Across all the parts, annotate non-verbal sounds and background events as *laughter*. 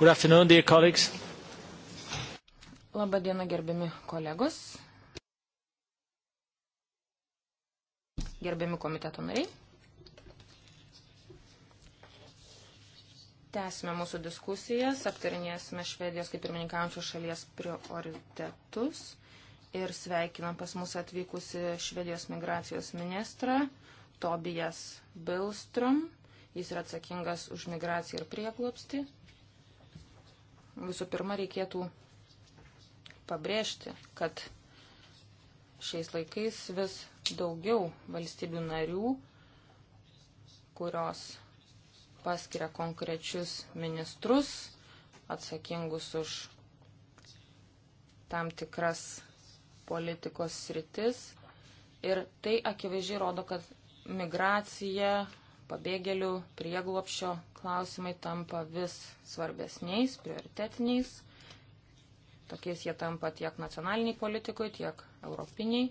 Good afternoon, dear colleagues. Labadiena, gerbiami kolegos. Gerbiami komiteto nariai. Tęsime mūsų diskusijas, aptarinėsime Švedijos kaip pirmininkaujančios šalies prioritetus ir sveikinam pas mus atvykusi Švedijos migracijos ministrą Tobijas Bilstrom. Jis yra atsakingas už migraciją ir prieglopstį. Visų pirma, reikėtų pabrėžti, kad šiais laikais vis daugiau valstybių narių, kurios paskiria konkrečius ministrus, atsakingus už tam tikras politikos sritis. Ir tai akivaizdžiai rodo, kad migracija, pabėgėlių prieglopšio klausimai tampa vis svarbesniais, prioritetiniais. Tokiais jie tampa tiek nacionaliniai politikui, tiek europiniai.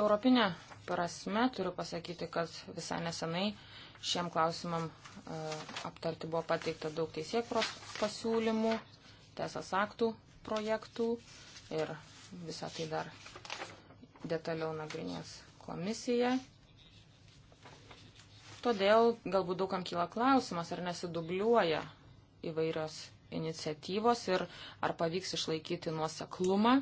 Europinė prasme turiu pasakyti, kad visai nesenai šiem klausimam e, aptarti buvo pateikta daug teisėkros pasiūlymų, teisės aktų projektų ir visą tai dar detaliau nagrinės komisija. Todėl galbūt daugam kyla klausimas, ar nesidubliuoja įvairios iniciatyvos ir ar pavyks išlaikyti nuoseklumą.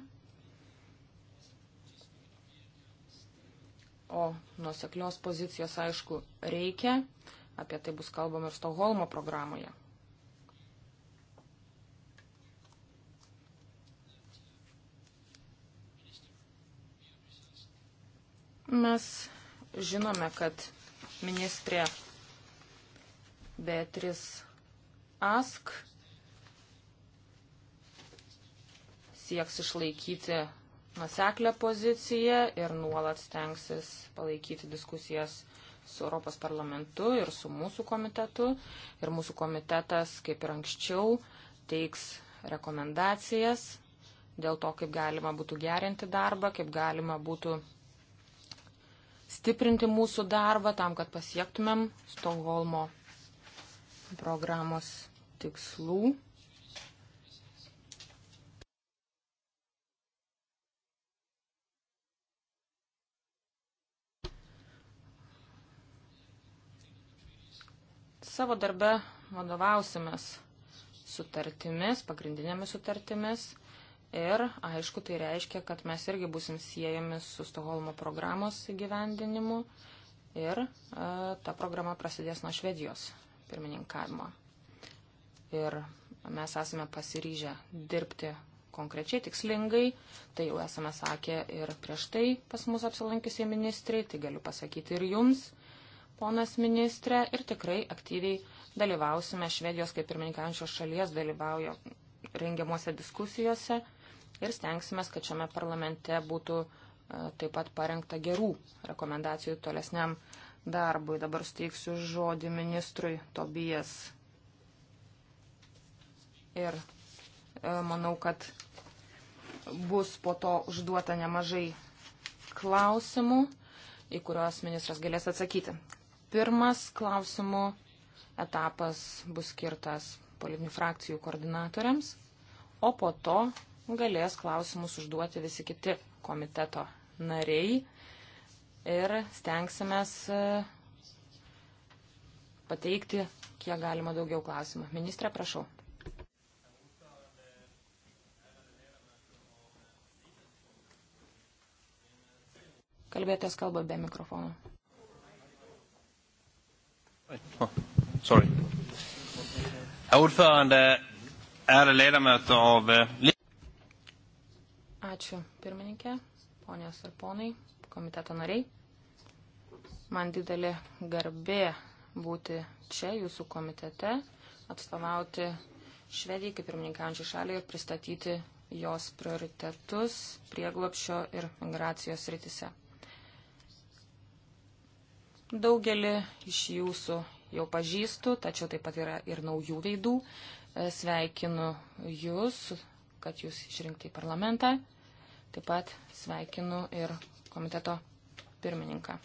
O nuoseklios pozicijos, aišku, reikia. Apie tai bus kalbama ir Stokholmo programoje. Mes žinome, kad ministrė Beatris Ask sieks išlaikyti nuseklę poziciją ir nuolat stengsis palaikyti diskusijas su Europos parlamentu ir su mūsų komitetu. Ir mūsų komitetas, kaip ir anksčiau, teiks rekomendacijas dėl to, kaip galima būtų gerinti darbą, kaip galima būtų stiprinti mūsų darbą tam, kad pasiektumėm Stokholmo programos tikslų. Savo darbe vadovausimės sutartimis, pagrindinėmis sutartimis Ir, aišku, tai reiškia, kad mes irgi busim siejami su Stoholmo programos įgyvendinimu ir e, ta programa prasidės nuo Švedijos pirmininkavimo. Ir mes esame pasiryžę dirbti konkrečiai, tikslingai, tai jau esame sakę ir prieš tai pas mus apsilankiusiai ministrai, tai galiu pasakyti ir jums, ponas ministrė, ir tikrai aktyviai dalyvausime Švedijos kaip pirmininkaujančios šalies dalyvaujo rengiamuose diskusijose ir stengsime, kad šiame parlamente būtų e, taip pat parengta gerų rekomendacijų tolesniam darbui. Dabar steiksiu žodį ministrui Tobijas. Ir e, manau, kad bus po to užduota nemažai klausimų, į kuriuos ministras galės atsakyti. Pirmas klausimų etapas bus skirtas politinių frakcijų koordinatoriams, o po to galės klausimus užduoti visi kiti komiteto nariai ir stengsimės e, pateikti kiek galima daugiau klausimų. Ministrė, prašau. Kalbėtės kalba be mikrofono. Oh, sorry. Herr er ordförande, ärade er ledamöter av Ačiū pirmininkė, ponios ir ponai, komiteto nariai. Man didelė garbė būti čia, jūsų komitete, atstovauti Švedijai kaip pirmininkančiai šaliai ir pristatyti jos prioritetus prieglopšio ir migracijos rytise. Daugelį iš jūsų jau pažįstu, tačiau taip pat yra ir naujų veidų. Sveikinu jūs kad jūs išrinkti į parlamentą. Taip pat sveikinu ir komiteto pirmininką.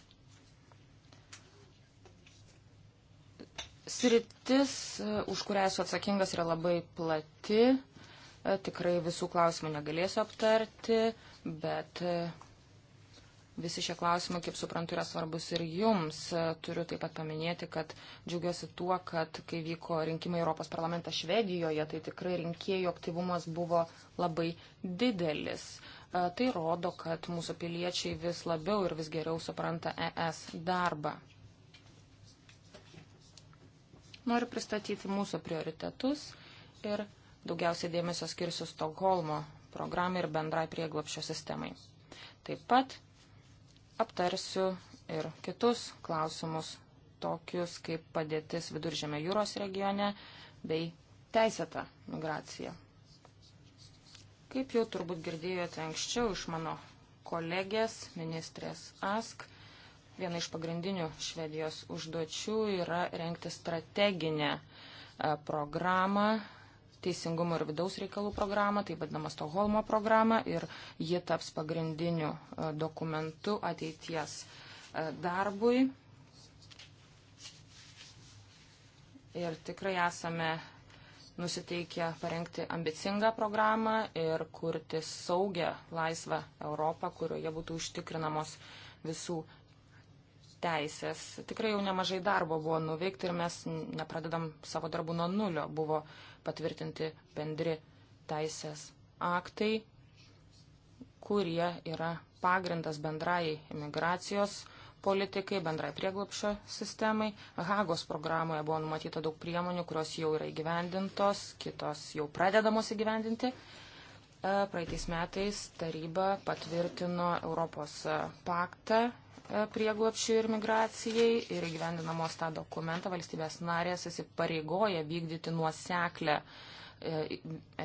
Sritis, uh, už kurią esu atsakingas, yra labai plati. Uh, tikrai visų klausimų negalėsiu aptarti, bet uh, Visi šie klausimai, kaip suprantu, yra svarbus ir jums. Turiu taip pat paminėti, kad džiaugiuosi tuo, kad kai vyko rinkimai Europos parlamentą Švedijoje, tai tikrai rinkėjų aktyvumas buvo labai didelis. E, tai rodo, kad mūsų piliečiai vis labiau ir vis geriau supranta ES darbą. Noriu pristatyti mūsų prioritetus ir daugiausiai dėmesio skirsiu Stokholmo programai ir bendrai prieglapščio sistemai. Taip pat aptarsiu ir kitus klausimus, tokius kaip padėtis viduržėme jūros regione bei teisėta migracija. Kaip jau turbūt girdėjote anksčiau iš mano kolegės, ministrės Ask, viena iš pagrindinių Švedijos užduočių yra renkti strateginę e, programą teisingumo ir vidaus reikalų programą, taip vadinamą Stoholmo programą, ir ji taps pagrindiniu e, dokumentu ateities e, darbui. Ir tikrai esame nusiteikę parengti ambicingą programą ir kurti saugę, laisvą Europą, kurioje būtų užtikrinamos visų teisės. Tikrai jau nemažai darbo buvo nuveikti ir mes nepradedam savo darbų nuo nulio. Buvo patvirtinti bendri teisės aktai, kurie yra pagrindas bendrai imigracijos politikai, bendrai prieglapšio sistemai. Hagos programoje buvo numatyta daug priemonių, kurios jau yra įgyvendintos, kitos jau pradedamos įgyvendinti. E, praeitais metais taryba patvirtino Europos paktą E, prieglopšiui ir migracijai ir įgyvendinamos tą dokumentą valstybės narės įsipareigoja vykdyti nuoseklę, e,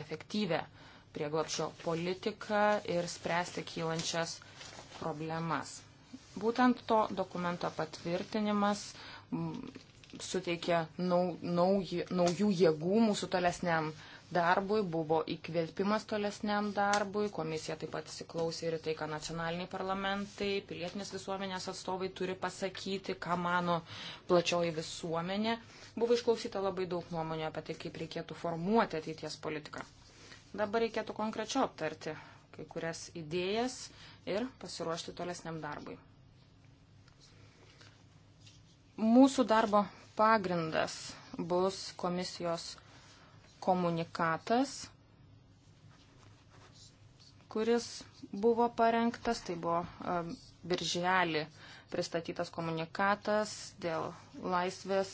efektyvę prieglopšio politiką ir spręsti kylančias problemas. Būtent to dokumento patvirtinimas suteikia nau, nauji, naujų jėgų mūsų tolesniam uh, darbui, buvo įkvėpimas tolesniam darbui. Komisija taip pat įsiklausė ir tai, ką nacionaliniai parlamentai, pilietinės visuomenės atstovai turi pasakyti, ką mano plačioji visuomenė. Buvo išklausyta labai daug nuomonių apie tai, kaip reikėtų formuoti ateities politiką. Dabar reikėtų konkrečiau aptarti kai kurias idėjas ir pasiruošti tolesniam darbui. Mūsų darbo pagrindas bus komisijos komunikatas, kuris buvo parengtas, tai buvo e, birželį pristatytas komunikatas dėl laisvės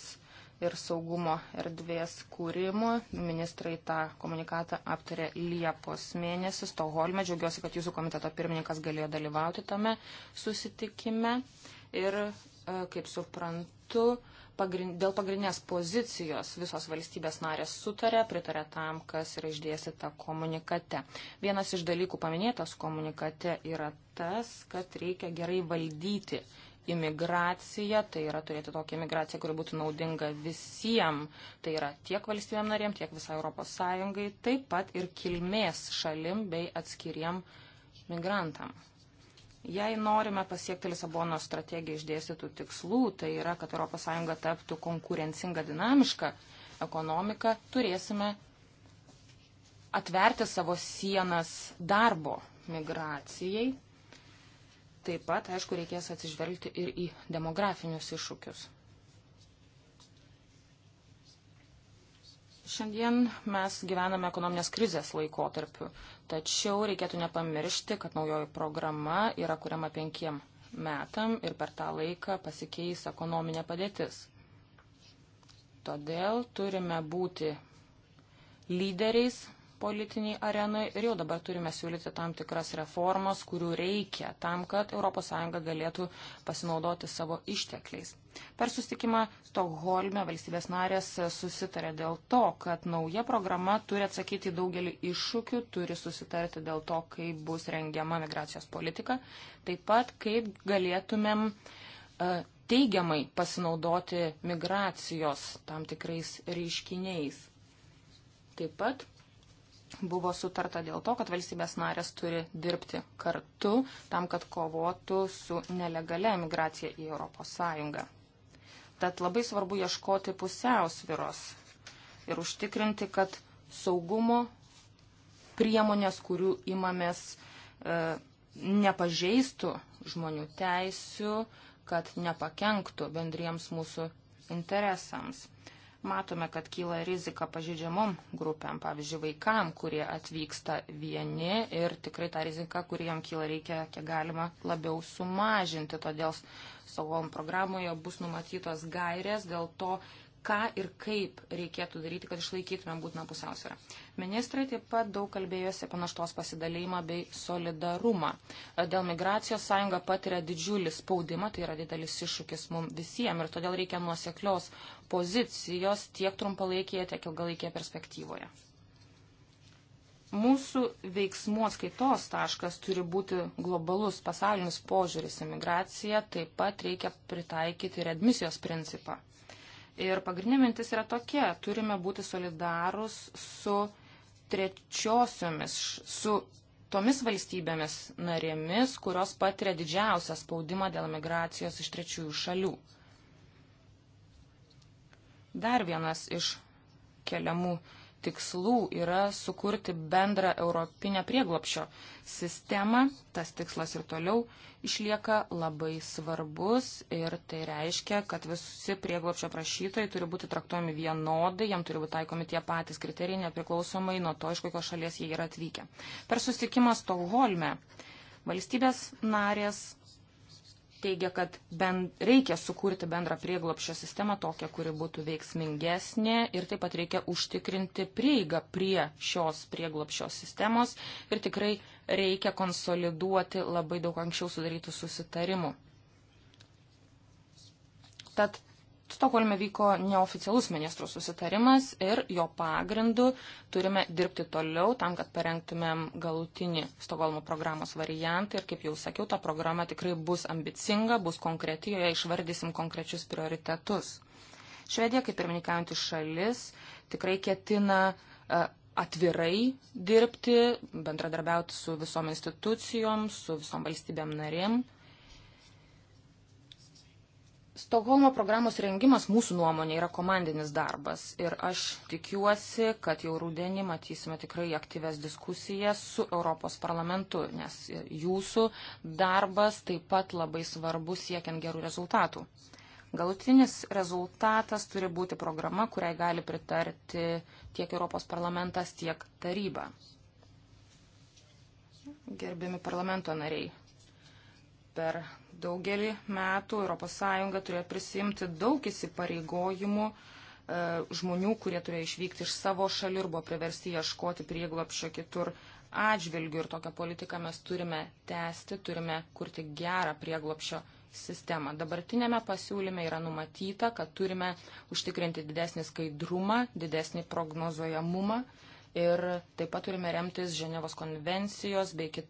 ir saugumo erdvės kūrimo. Ministrai tą komunikatą aptarė Liepos mėnesį Stoholme. Džiaugiuosi, kad jūsų komiteto pirmininkas galėjo dalyvauti tame susitikime. Ir, e, kaip suprantu, pagrind, dėl pagrindinės pozicijos visos valstybės narės sutarė, pritarė tam, kas yra išdėstyta komunikate. Vienas iš dalykų paminėtas komunikate yra tas, kad reikia gerai valdyti imigraciją, tai yra turėti tokią imigraciją, kuri būtų naudinga visiems, tai yra tiek valstybėm narėm, tiek visai Europos Sąjungai, taip pat ir kilmės šalim bei atskiriem migrantam. Jei norime pasiekti Lisabono strategiją išdėstytų tikslų, tai yra, kad ES taptų konkurencinga dinamiška ekonomika, turėsime atverti savo sienas darbo migracijai. Taip pat, aišku, reikės atsižvelgti ir į demografinius iššūkius. Šiandien mes gyvename ekonominės krizės laikotarpiu. Tačiau reikėtų nepamiršti, kad naujoji programa yra kuriama penkiem metam ir per tą laiką pasikeis ekonominė padėtis. Todėl turime būti lyderiais politiniai arenai ir jau dabar turime siūlyti tam tikras reformas, kurių reikia tam, kad ES galėtų pasinaudoti savo ištekliais. Per sustikimą Stokholme valstybės narės susitarė dėl to, kad nauja programa turi atsakyti daugelį iššūkių, turi susitarti dėl to, kaip bus rengiama migracijos politika, taip pat kaip galėtumėm e, teigiamai pasinaudoti migracijos tam tikrais reiškiniais. Taip pat buvo sutarta dėl to, kad valstybės narės turi dirbti kartu tam, kad kovotų su nelegalia migracija į ES. Tad labai svarbu ieškoti pusiausviros ir užtikrinti, kad saugumo priemonės, kurių imamės, e, nepažeistų žmonių teisių, kad nepakenktų bendriems mūsų interesams matome, kad kyla rizika pažydžiamom grupėm, pavyzdžiui, vaikam, kurie atvyksta vieni ir tikrai tą riziką, kurį jam kyla, reikia kiek galima labiau sumažinti. Todėl Stokholm programoje bus numatytos gairės dėl to, ką ir kaip reikėtų daryti, kad išlaikytume būtiną pusiausvyrą. Ministrai taip pat daug kalbėjosi apie naštos pasidalymą bei solidarumą. Dėl migracijos sąjunga patiria didžiulį spaudimą, tai yra didelis iššūkis mums visiems ir todėl reikia nuoseklios pozicijos tiek trumpalaikėje, tiek ilgalaikėje perspektyvoje. Mūsų veiksmų atskaitos taškas turi būti globalus pasaulinis požiūris į migraciją, taip pat reikia pritaikyti ir admisijos principą. Ir pagrindinė mintis yra tokia, turime būti solidarus su trečiosiomis, su tomis valstybėmis narėmis, kurios patiria didžiausią spaudimą dėl migracijos iš trečiųjų šalių. Dar vienas iš keliamų tikslų yra sukurti bendrą europinę prieglopšio sistemą. Tas tikslas ir toliau išlieka labai svarbus ir tai reiškia, kad visi prieglopšio prašytojai turi būti traktuojami vienodai, jam turi būti taikomi tie patys kriterijai, nepriklausomai nuo to, iš kokios šalies jie yra atvykę. Per susitikimą Stokholme valstybės narės teigia, kad ben, reikia sukurti bendrą prieglopščio sistemą tokią, kuri būtų veiksmingesnė ir taip pat reikia užtikrinti prieigą prie šios prieglopščio sistemos ir tikrai reikia konsoliduoti labai daug anksčiau sudarytų susitarimų. Tad Stokholme vyko neoficialus ministrų susitarimas ir jo pagrindu turime dirbti toliau tam, kad parengtumėm galutinį Stokholmo programos variantą. Ir kaip jau sakiau, ta programa tikrai bus ambicinga, bus konkreti, joje išvardysim konkrečius prioritetus. Švedija, kaip pirmininkaujantis šalis, tikrai ketina e, atvirai dirbti, bendradarbiauti su visom institucijom, su visom valstybėm narėm Stokholmo programos rengimas mūsų nuomonė yra komandinis darbas ir aš tikiuosi, kad jau rudenį matysime tikrai aktyves diskusijas su Europos parlamentu, nes jūsų darbas taip pat labai svarbus siekiant gerų rezultatų. Galutinis rezultatas turi būti programa, kuriai gali pritarti tiek Europos parlamentas, tiek taryba. Gerbiami parlamento nariai, per daugelį metų ES turėjo prisimti daug įsipareigojimų e, žmonių, kurie turėjo išvykti iš savo šalių ir buvo priversti ieškoti prieglapšio kitur atžvilgių. Ir tokią politiką mes turime tęsti, turime kurti gerą prieglapšio sistemą. Dabartinėme pasiūlyme yra numatyta, kad turime užtikrinti didesnį skaidrumą, didesnį prognozojamumą ir taip pat turime remtis Ženevos konvencijos bei kit,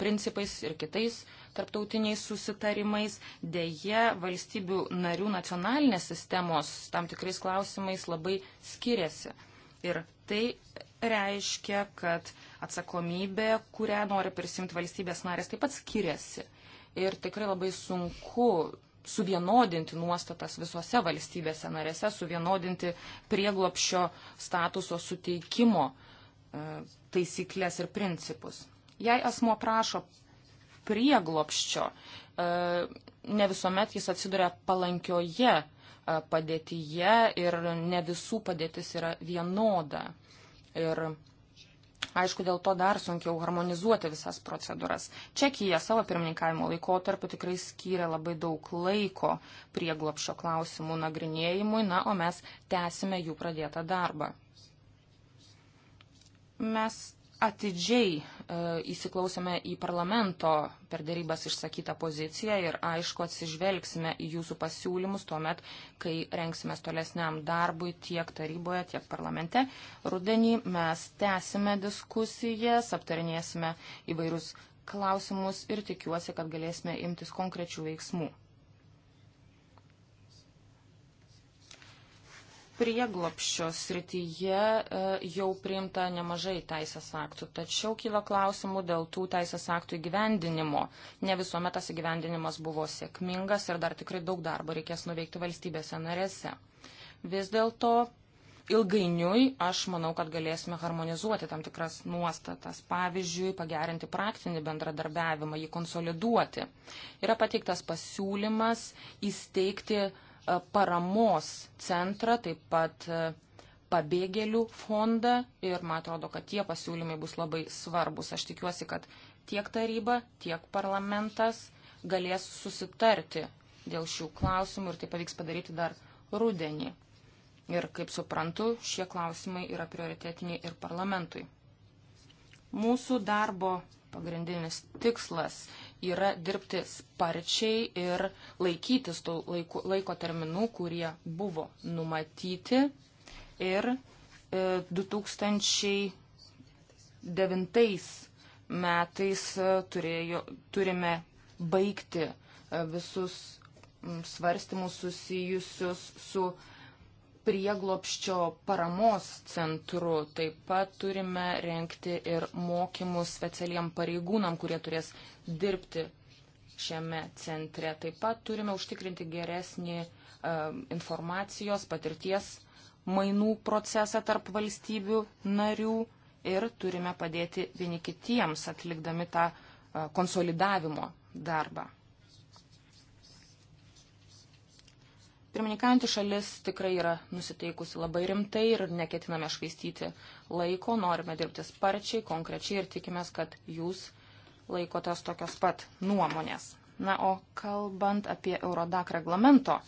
principais ir kitais tarptautiniais susitarimais. Deja, valstybių narių nacionalinės sistemos tam tikrais klausimais labai skiriasi. Ir tai reiškia, kad atsakomybė, kurią nori prisimti valstybės narės, taip pat skiriasi. Ir tikrai labai sunku suvienodinti nuostatas visose valstybėse narėse, suvienodinti prieglopšio statuso suteikimo e, taisyklės ir principus. Jei asmo prašo prieglopščio, e, ne visuomet jis atsiduria palankioje e, padėtyje ir ne visų padėtis yra vienoda. Ir Aišku, dėl to dar sunkiau harmonizuoti visas procedūras. Čekija savo pirmininkavimo laikotarpiu tikrai skyrė labai daug laiko prieglopšio klausimų nagrinėjimui, na, o mes tęsime jų pradėtą darbą. Mes atidžiai e, įsiklausėme į parlamento per dėrybas išsakytą poziciją ir aišku atsižvelgsime į jūsų pasiūlymus tuo met, kai renksime tolesniam darbui tiek taryboje, tiek parlamente. Rudenį mes tęsime diskusijas, aptarinėsime įvairius klausimus ir tikiuosi, kad galėsime imtis konkrečių veiksmų. prieglopščio srityje e, jau priimta nemažai teisės aktų, tačiau kyla klausimų dėl tų teisės aktų įgyvendinimo. Ne visuomet tas įgyvendinimas buvo sėkmingas ir dar tikrai daug darbo reikės nuveikti valstybėse narėse. Vis dėlto ilgainiui aš manau, kad galėsime harmonizuoti tam tikras nuostatas, pavyzdžiui, pagerinti praktinį bendradarbiavimą, jį konsoliduoti. Yra pateiktas pasiūlymas įsteigti E, paramos centrą, taip pat e, pabėgėlių fondą ir man atrodo, kad tie pasiūlymai bus labai svarbus. Aš tikiuosi, kad tiek taryba, tiek parlamentas galės susitarti dėl šių klausimų ir tai pavyks padaryti dar rudenį. Ir kaip suprantu, šie klausimai yra prioritetiniai ir parlamentui. Mūsų darbo pagrindinis tikslas yra dirbti sparčiai ir laikytis tų laiko, laiko terminų, kurie buvo numatyti. Ir 2009 e, metais e, turėjo, turime baigti e, visus svarstymus susijusius su prieglopščio paramos centru. Taip pat turime renkti ir mokymus specialiem pareigūnam, kurie turės dirbti šiame centre. Taip pat turime užtikrinti geresnį e, informacijos, patirties mainų procesą tarp valstybių narių ir turime padėti vieni kitiems atlikdami tą e, konsolidavimo darbą. Pirmininkanti šalis tikrai yra nusiteikusi labai rimtai ir neketiname švaistyti laiko, norime dirbti sparčiai, konkrečiai ir tikimės, kad jūs laikotės tokios pat nuomonės. Na, o kalbant apie Eurodak reglamento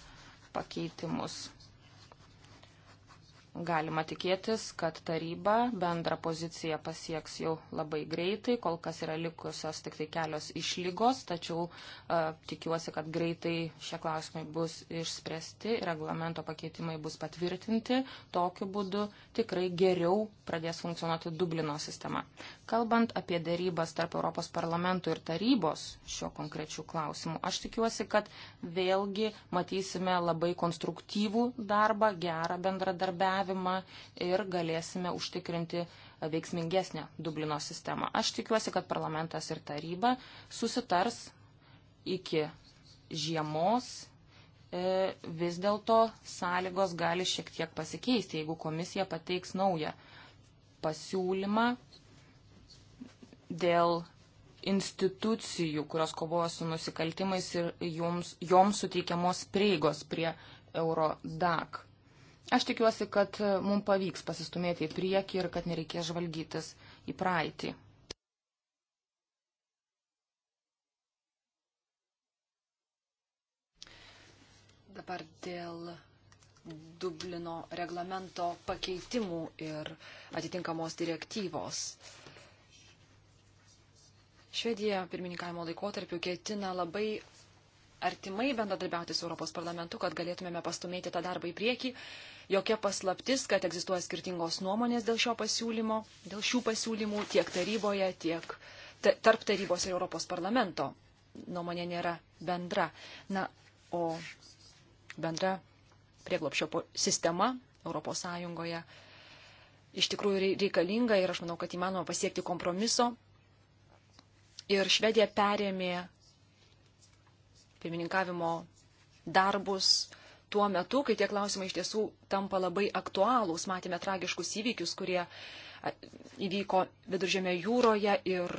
pakeitimus, Galima tikėtis, kad taryba bendrą poziciją pasieks jau labai greitai, kol kas yra likusios tik tai kelios išlygos, tačiau uh, tikiuosi, kad greitai šie klausimai bus išspręsti, reglamento pakeitimai bus patvirtinti, tokiu būdu tikrai geriau pradės funkcionuoti Dublino sistema. Kalbant apie dėrybas tarp Europos parlamento ir tarybos šiuo konkrečiu klausimu, aš tikiuosi, kad vėlgi matysime labai konstruktyvų darbą, gerą bendradarbiavimą koordinavimą ir galėsime užtikrinti veiksmingesnę Dublino sistemą. Aš tikiuosi, kad parlamentas ir taryba susitars iki žiemos. E, vis dėlto sąlygos gali šiek tiek pasikeisti, jeigu komisija pateiks naują pasiūlymą dėl institucijų, kurios kovoja su nusikaltimais ir joms, joms suteikiamos prieigos prie Eurodac. Aš tikiuosi, kad mums pavyks pasistumėti į priekį ir kad nereikės žvalgytis į praeitį. Dabar dėl Dublino reglamento pakeitimų ir atitinkamos direktyvos. Švedija pirmininkavimo laikotarpiu ketina labai artimai bendradarbiauti su Europos parlamentu, kad galėtumėme pastumėti tą darbą į priekį. Jokia paslaptis, kad egzistuoja skirtingos nuomonės dėl šio pasiūlymo, dėl šių pasiūlymų tiek taryboje, tiek tarp tarybos ir Europos parlamento. Nuomonė nėra bendra. Na, o bendra prieglopšio sistema Europos Sąjungoje iš tikrųjų reikalinga ir aš manau, kad įmanoma pasiekti kompromiso. Ir Švedija perėmė pirmininkavimo darbus tuo metu, kai tie klausimai iš tiesų tampa labai aktualūs. Matėme tragiškus įvykius, kurie įvyko viduržėme jūroje ir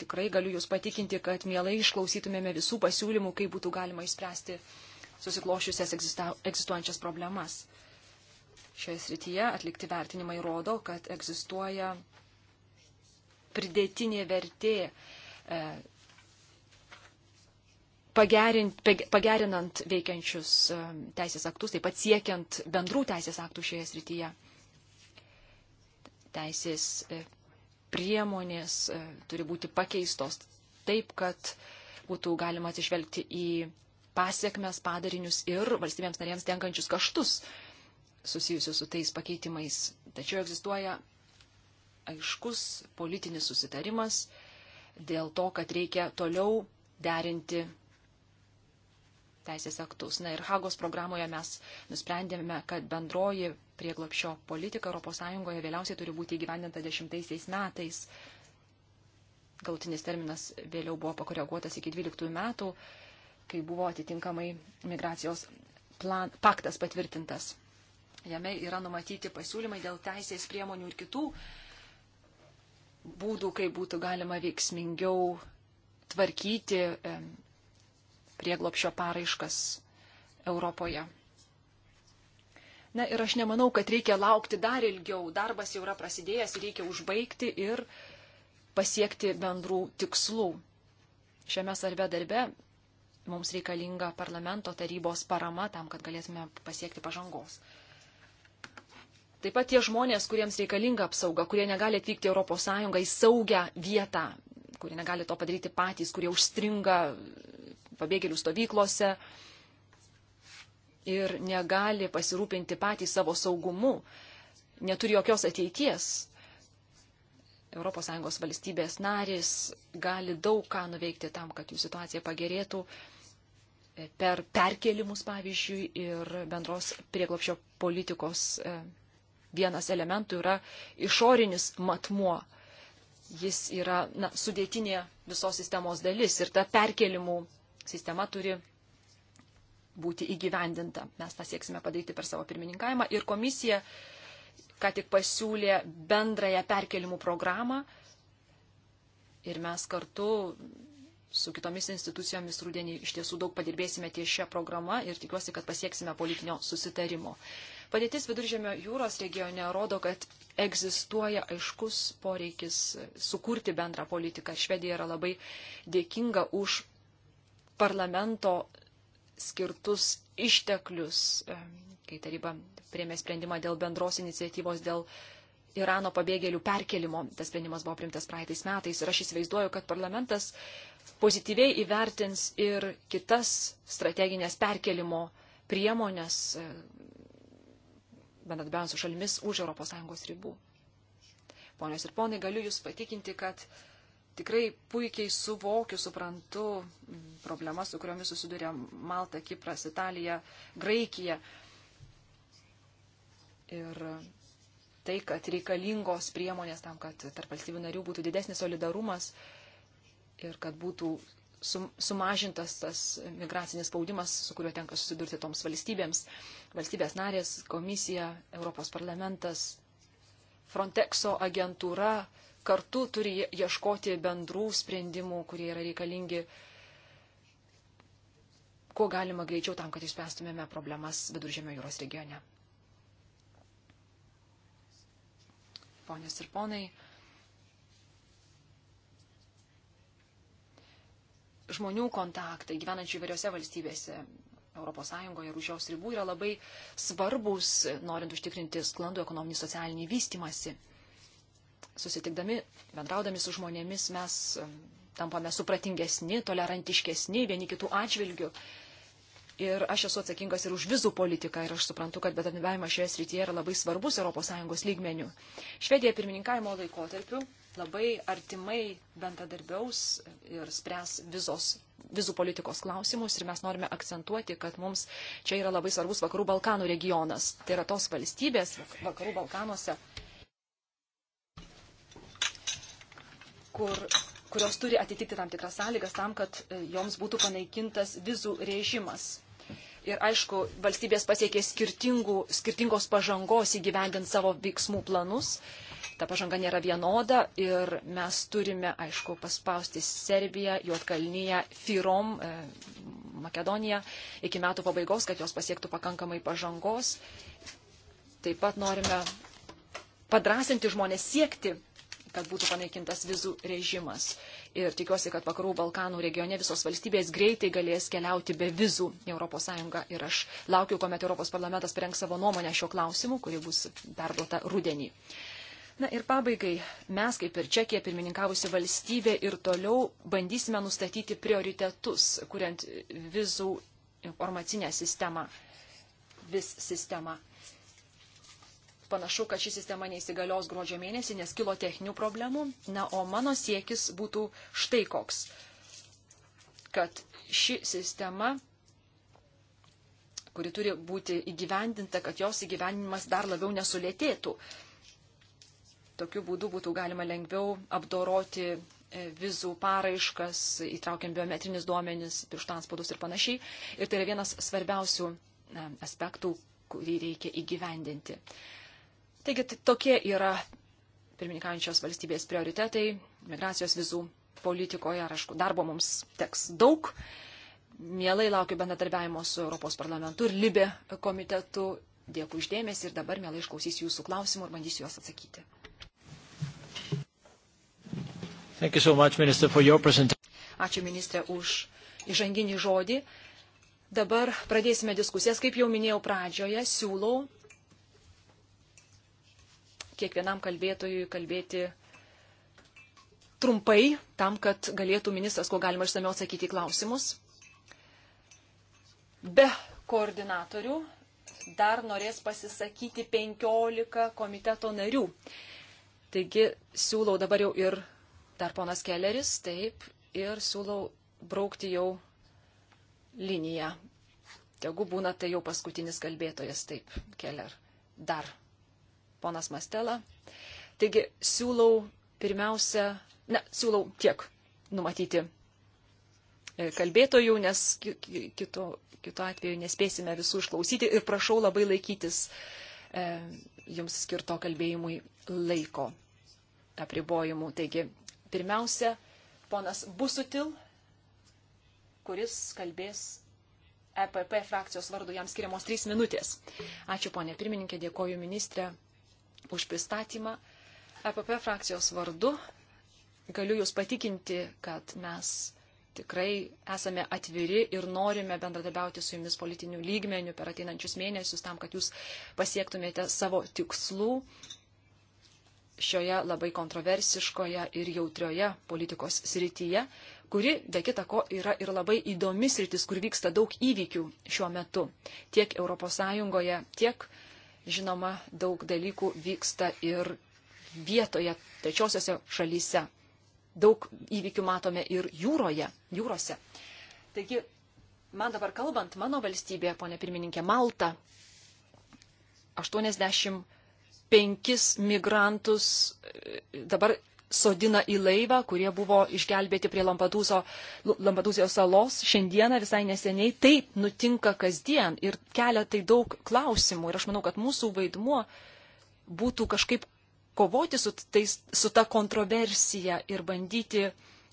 tikrai galiu Jūs patikinti, kad mielai išklausytumėme visų pasiūlymų, kaip būtų galima išspręsti susiklošiusias egzistuojančias problemas. Šioje srityje atlikti vertinimai rodo, kad egzistuoja pridėtinė vertė e, pagerint, pagerinant veikiančius um, teisės aktus, taip pat siekiant bendrų teisės aktų šioje srityje. Teisės e, priemonės e, turi būti pakeistos taip, kad būtų galima atsižvelgti į pasiekmes, padarinius ir valstybėms narėms tenkančius kaštus susijusius su tais pakeitimais. Tačiau egzistuoja aiškus politinis susitarimas dėl to, kad reikia toliau derinti teisės aktus. Na ir Hagos programoje mes nusprendėme, kad bendroji prieglopšio politika ES vėliausiai turi būti įgyvendinta dešimtaisiais metais. Galutinis terminas vėliau buvo pakoreguotas iki 12 metų, kai buvo atitinkamai migracijos plan, paktas patvirtintas. Jame yra numatyti pasiūlymai dėl teisės priemonių ir kitų būdų, kaip būtų galima veiksmingiau tvarkyti prieglopšio paraiškas Europoje. Na ir aš nemanau, kad reikia laukti dar ilgiau. Darbas jau yra prasidėjęs, reikia užbaigti ir pasiekti bendrų tikslų. Šiame svarbia darbe mums reikalinga parlamento tarybos parama tam, kad galėtume pasiekti pažangos. Taip pat tie žmonės, kuriems reikalinga apsauga, kurie negali atvykti ES į saugią vietą, kurie negali to padaryti patys, kurie užstringa pabėgėlių stovyklose ir negali pasirūpinti patys savo saugumu, neturi jokios ateities. ES valstybės narės gali daug ką nuveikti tam, kad jų situacija pagerėtų e, per perkelimus, pavyzdžiui, ir bendros prieglopšio politikos e, vienas elementų yra išorinis matmuo. Jis yra na, sudėtinė visos sistemos dalis ir ta perkelimų sistema turi būti įgyvendinta. Mes tą sieksime padaryti per savo pirmininkavimą. Ir komisija ką tik pasiūlė bendrąją perkelimų programą. Ir mes kartu su kitomis institucijomis rūdienį iš tiesų daug padirbėsime ties šią programą ir tikiuosi, kad pasieksime politinio susitarimo. Padėtis viduržėmio jūros regione rodo, kad egzistuoja aiškus poreikis sukurti bendrą politiką. Švedija yra labai dėkinga už parlamento skirtus išteklius, kai taryba priemė sprendimą dėl bendros iniciatyvos dėl Irano pabėgėlių perkelimo. Tas sprendimas buvo primtas praeitais metais ir aš įsivaizduoju, kad parlamentas pozityviai įvertins ir kitas strateginės perkelimo priemonės, bendradarbiaujant su šalimis už ES ribų. Ponios ir ponai, galiu Jūs patikinti, kad tikrai puikiai suvokiu, suprantu problemas, su kuriomis susiduria Malta, Kipras, Italija, Graikija. Ir tai, kad reikalingos priemonės tam, kad tarp valstybių narių būtų didesnis solidarumas ir kad būtų sumažintas tas migracinis spaudimas, su kuriuo tenka susidurti toms valstybėms. Valstybės narės, komisija, Europos parlamentas, Frontexo agentūra, kartu turi ieškoti bendrų sprendimų, kurie yra reikalingi, kuo galima greičiau tam, kad išspręstumėme problemas Viduržėmio jūros regione. Ponios ir ponai, žmonių kontaktai gyvenančių įvairiose valstybėse, ES ir už jos ribų yra labai svarbus, norint užtikrinti sklandų ekonominį socialinį vystimasi susitikdami, bendraudami su žmonėmis, mes tampame supratingesni, tolerantiškesni vieni kitų atžvilgių. Ir aš esu atsakingas ir už vizų politiką ir aš suprantu, kad bendradarbiavimas šioje srityje yra labai svarbus ES lygmenių. Švedija pirmininkavimo laikotarpiu labai artimai bendradarbiaus ir spręs vizos, vizų politikos klausimus ir mes norime akcentuoti, kad mums čia yra labai svarbus Vakarų Balkanų regionas. Tai yra tos valstybės Vakarų Balkanuose, kur, kurios turi atitikti tam tikras sąlygas tam, kad e, joms būtų panaikintas vizų režimas. Ir aišku, valstybės pasiekė skirtingos pažangos įgyvendint savo veiksmų planus. Ta pažanga nėra vienoda ir mes turime, aišku, paspausti Serbiją, Juotkalnyje, Firom, e, Makedoniją iki metų pabaigos, kad jos pasiektų pakankamai pažangos. Taip pat norime padrasinti žmonės siekti kad būtų panaikintas vizų režimas. Ir tikiuosi, kad vakarų Balkanų regione visos valstybės greitai galės keliauti be vizų į ES. Ir aš laukiu, kuomet Europos parlamentas parengs savo nuomonę šio klausimu, kuri bus perduota rudenį. Na ir pabaigai, mes kaip ir Čekija pirmininkavusi valstybė ir toliau bandysime nustatyti prioritetus, kuriant vizų informacinę sistemą, vis sistemą Panašu, kad ši sistema neįsigalios gruodžio mėnesį, nes kilo techninių problemų. Na, o mano siekis būtų štai koks, kad ši sistema, kuri turi būti įgyvendinta, kad jos įgyvendinimas dar labiau nesulėtėtų. Tokiu būdu būtų galima lengviau apdoroti e, vizų paraiškas, įtraukiant biometrinis duomenis, pirštanspaudus ir panašiai. Ir tai yra vienas svarbiausių e, aspektų, kurį reikia įgyvendinti. Taigi tai tokie yra pirmininkančios valstybės prioritetai migracijos vizų politikoje ir, aišku, darbo mums teks daug. Mielai laukiu bendradarbiavimo su Europos parlamentu ir Libė komitetu. Dėkui uždėmesi ir dabar mielai išklausysiu jūsų klausimų ir bandysiu juos atsakyti. So much, minister, Ačiū ministrė už įžanginį žodį. Dabar pradėsime diskusijas. Kaip jau minėjau pradžioje, siūlau kiekvienam kalbėtojui kalbėti trumpai, tam, kad galėtų ministras, kuo galima išsameu atsakyti į klausimus. Be koordinatorių dar norės pasisakyti 15 komiteto narių. Taigi siūlau dabar jau ir dar ponas Kelleris, taip, ir siūlau braukti jau liniją. Tegu būna tai jau paskutinis kalbėtojas, taip, Keller. Dar ponas Mastela. Taigi siūlau pirmiausia, ne, siūlau tiek numatyti e, kalbėtojų, nes kito, kito atveju nespėsime visų išklausyti ir prašau labai laikytis e, jums skirto kalbėjimui laiko apribojimų. Taigi, pirmiausia, ponas Busutil, kuris kalbės EPP frakcijos vardu, jam skiriamos trys minutės. Ačiū, ponė pirmininkė, dėkoju ministrė už pristatymą. EPP frakcijos vardu galiu Jūs patikinti, kad mes tikrai esame atviri ir norime bendradabiauti su Jumis politinių lygmenių per ateinančius mėnesius tam, kad Jūs pasiektumėte savo tikslų šioje labai kontroversiškoje ir jautrioje politikos srityje, kuri, be kita ko, yra ir labai įdomi sritis, kur vyksta daug įvykių šiuo metu tiek ES, tiek Žinoma, daug dalykų vyksta ir vietoje, trečiosiose šalyse. Daug įvykių matome ir jūroje, jūrose. Taigi, man dabar kalbant, mano valstybė, ponė pirmininkė, Malta, 85 migrantus e, dabar sodina į laivą, kurie buvo išgelbėti prie Lampadūzijos salos šiandieną visai neseniai. Taip nutinka kasdien ir kelia tai daug klausimų. Ir aš manau, kad mūsų vaidmuo būtų kažkaip kovoti su, tais, su ta kontroversija ir bandyti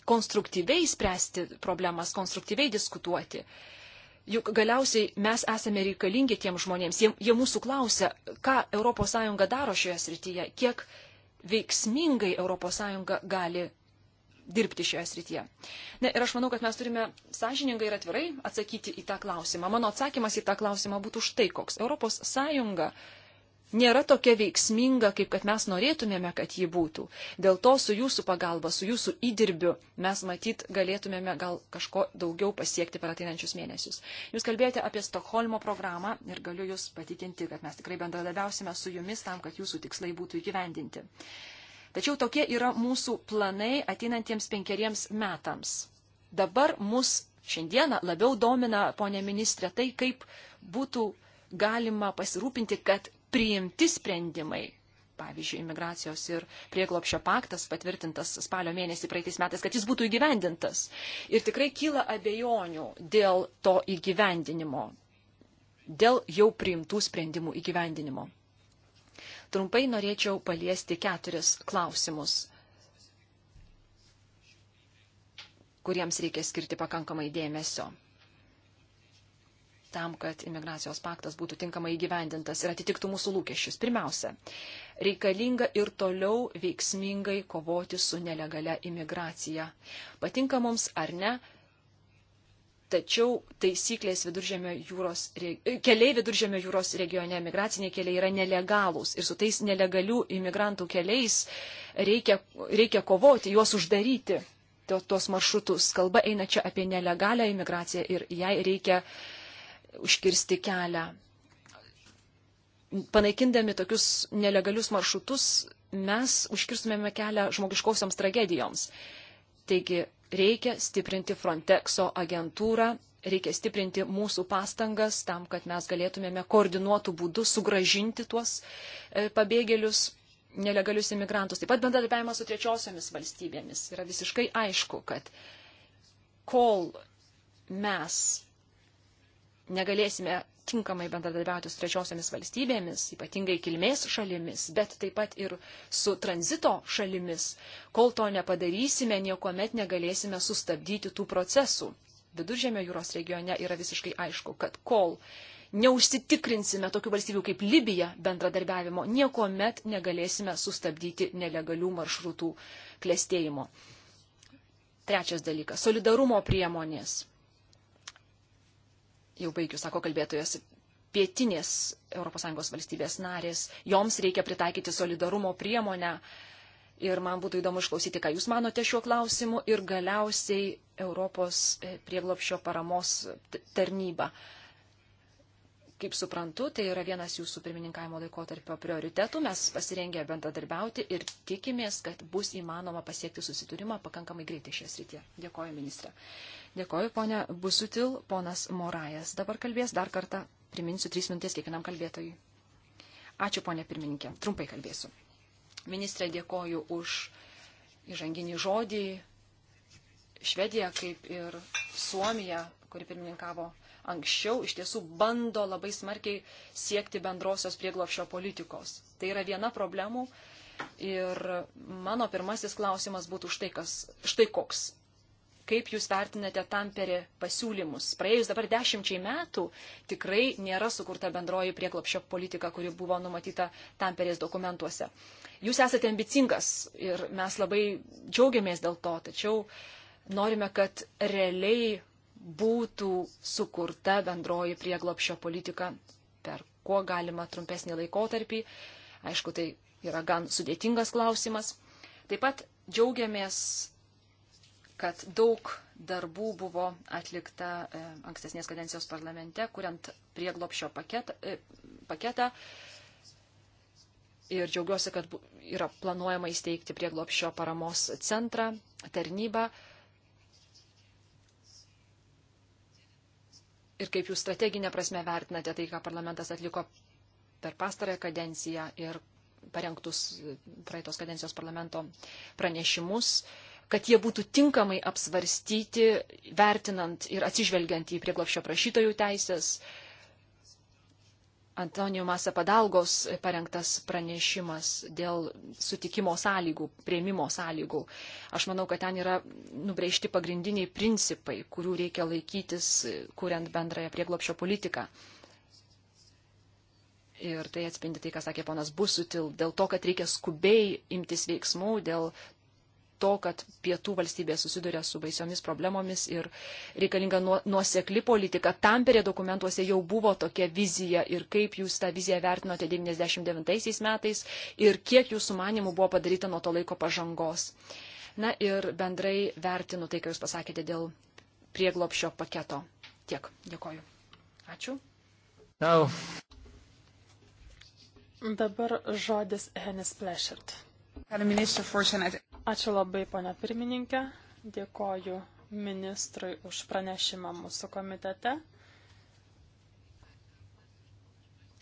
konstruktyviai spręsti problemas, konstruktyviai diskutuoti. Juk galiausiai mes esame reikalingi tiem žmonėms. Jie, jie mūsų klausia, ką ES daro šioje srityje, kiek veiksmingai ES gali dirbti šioje srityje. Ne, ir aš manau, kad mes turime sąžiningai ir atvirai atsakyti į tą klausimą. Mano atsakymas į tą klausimą būtų štai koks. ES nėra tokia veiksminga, kaip kad mes norėtumėme, kad ji būtų. Dėl to su jūsų pagalba, su jūsų įdirbiu mes matyt galėtumėme gal kažko daugiau pasiekti per ateinančius mėnesius. Jūs kalbėjote apie Stokholmo programą ir galiu jūs patikinti, kad mes tikrai bendradarbiausime su jumis tam, kad jūsų tikslai būtų įgyvendinti. Tačiau tokie yra mūsų planai ateinantiems penkeriems metams. Dabar mus šiandieną labiau domina, ponė ministrė, tai kaip būtų galima pasirūpinti, kad priimti sprendimai. Pavyzdžiui, imigracijos ir prieglopšio paktas patvirtintas spalio mėnesį praeitais metais, kad jis būtų įgyvendintas. Ir tikrai kyla abejonių dėl to įgyvendinimo, dėl jau priimtų sprendimų įgyvendinimo. Trumpai norėčiau paliesti keturis klausimus, kuriems reikia skirti pakankamai dėmesio tam, kad imigracijos paktas būtų tinkamai įgyvendintas ir atitiktų mūsų lūkesčius. Pirmiausia, reikalinga ir toliau veiksmingai kovoti su nelegale imigracija. Patinka mums ar ne, tačiau taisyklės viduržėmio jūros, keliai viduržėmio jūros regione, migraciniai keliai yra nelegalūs ir su tais nelegalių imigrantų keliais reikia, reikia kovoti, juos uždaryti to, tuos maršrutus. Kalba eina čia apie nelegalią imigraciją ir jai reikia uh, užkirsti kelią. Panaikindami tokius nelegalius maršrutus, mes užkirstumėme kelią žmogiškausiams tragedijoms. Taigi reikia stiprinti Frontexo agentūrą, reikia stiprinti mūsų pastangas tam, kad mes galėtumėme koordinuotų būdų sugražinti tuos e, pabėgėlius, nelegalius imigrantus. Taip pat bendradarbiavimas su trečiosiomis valstybėmis yra visiškai aišku, kad kol mes negalėsime tinkamai bendradarbiauti su trečiosiamis valstybėmis, ypatingai kilmės šalimis, bet taip pat ir su tranzito šalimis. Kol to nepadarysime, niekuomet negalėsime sustabdyti tų procesų. Viduržėmio jūros regione yra visiškai aišku, kad kol neužsitikrinsime tokių valstybių kaip Libija bendradarbiavimo, niekuomet negalėsime sustabdyti nelegalių maršrutų klėstėjimo. Trečias dalykas - solidarumo priemonės jau baigiu, sako kalbėtojas, pietinės ES valstybės narės, joms reikia pritaikyti solidarumo priemonę. Ir man būtų įdomu išklausyti, ką Jūs manote šiuo klausimu ir galiausiai Europos e, prieglopšio paramos tarnyba. Kaip suprantu, tai yra vienas Jūsų pirmininkavimo laikotarpio prioritetų. Mes pasirengę bendradarbiauti ir tikimės, kad bus įmanoma pasiekti susiturimą pakankamai greitai šią srityje. Dėkoju, ministrė. Dėkoju, ponia Busutil, ponas Morajas. Dabar kalbės dar kartą, priminsiu trys minties kiekvienam kalbėtojui. Ačiū, ponia pirmininkė. Trumpai kalbėsiu. Ministrė, dėkoju už įžanginį žodį. Švedija, kaip ir Suomija, kuri pirmininkavo anksčiau iš tiesų bando labai smarkiai siekti bendrosios prieglopšio politikos. Tai yra viena problemų ir mano pirmasis klausimas būtų štai, kas, štai koks. Kaip jūs vertinate tamperį pasiūlymus? Praėjus dabar dešimčiai metų tikrai nėra sukurta bendroji prieklopšio politika, kuri buvo numatyta tamperės dokumentuose. Jūs esate ambicingas ir mes labai džiaugiamės dėl to, tačiau norime, kad realiai būtų sukurta bendroji prieglopšio politika per kuo galima trumpesnį laikotarpį. Aišku, tai yra gan sudėtingas klausimas. Taip pat džiaugiamės kad daug darbų buvo atlikta e, ankstesnės kadencijos parlamente, kuriant prieglopšio paketą. E, paketą. Ir džiaugiuosi, kad yra planuojama įsteigti prieglopšio paramos centrą, tarnybą. Ir kaip jūs strateginė prasme vertinate tai, ką parlamentas atliko per pastarąją kadenciją ir parengtus praeitos kadencijos parlamento pranešimus, uh, kad jie būtų tinkamai apsvarstyti, vertinant ir atsižvelgiant į prieglopščio prašytojų teisės. Antonijų Masa Padalgos parengtas pranešimas dėl sutikimo sąlygų, prieimimo sąlygų. Aš manau, kad ten yra nubrėžti pagrindiniai principai, kurių reikia laikytis, kuriant bendrąją prieglopščio politiką. Ir tai atspindi tai, ką sakė ponas Busutil, dėl to, kad reikia skubiai imtis veiksmų, dėl to, kad pietų valstybė susiduria su baisiomis problemomis ir reikalinga nuosekli politika. Tamperė dokumentuose jau buvo tokia vizija ir kaip jūs tą viziją vertinote 99 metais ir kiek jūsų manimų buvo padaryta nuo to laiko pažangos. Na ir bendrai vertinu tai, ką jūs pasakėte dėl prieglopšio paketo. Tiek. Dėkoju. Ačiū. Now. Dabar žodis Henis Plešert. Ačiū labai, ponia pirmininkė. Dėkoju ministrui už pranešimą mūsų komitete.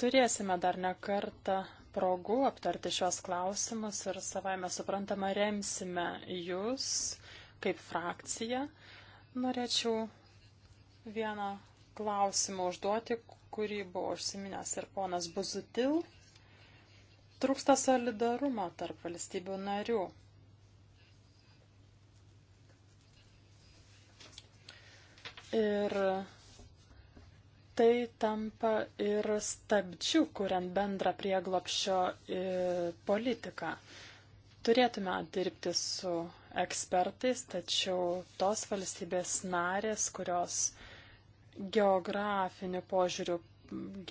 Turėsime dar ne kartą progų aptarti šios klausimus ir savaime suprantama remsime jūs kaip frakcija. Norėčiau vieną klausimą užduoti, kurį buvo užsiminęs ir ponas Buzutil. Trūksta solidarumo tarp valstybių narių. Ir tai tampa ir stabdžių, kuriant bendrą prieglopšio e, politiką. Turėtume dirbti su ekspertais, tačiau tos valstybės narės, kurios geografiniu požiūriu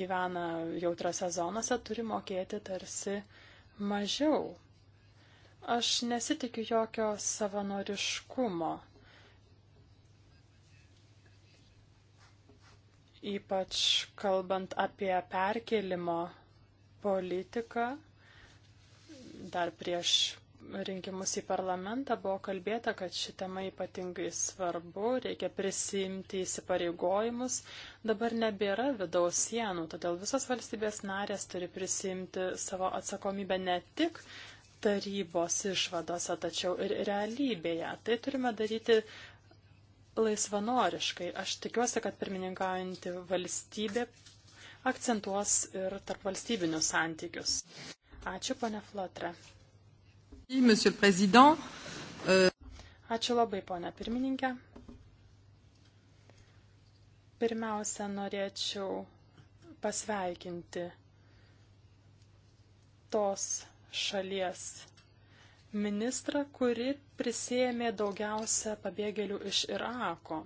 gyvena jautrose zonose, turi mokėti tarsi mažiau. Aš nesitikiu jokio savanoriškumo. Ypač kalbant apie perkelimo politiką, dar prieš rinkimus į parlamentą buvo kalbėta, kad ši tema ypatingai svarbu, reikia prisimti įsipareigojimus. Dabar nebėra vidaus sienų, todėl visos valstybės narės turi prisimti savo atsakomybę ne tik tarybos išvadose, tačiau ir realybėje. Tai turime daryti laisvanoriškai. Aš tikiuosi, kad pirmininkaujanti valstybė akcentuos ir tarp valstybinius santykius. Ačiū, ponia Flotre. Euh, Ačiū labai, ponia pirmininkė. Pirmiausia, norėčiau pasveikinti tos šalies ministrą, kuri prisėmė daugiausia pabėgėlių iš Irako.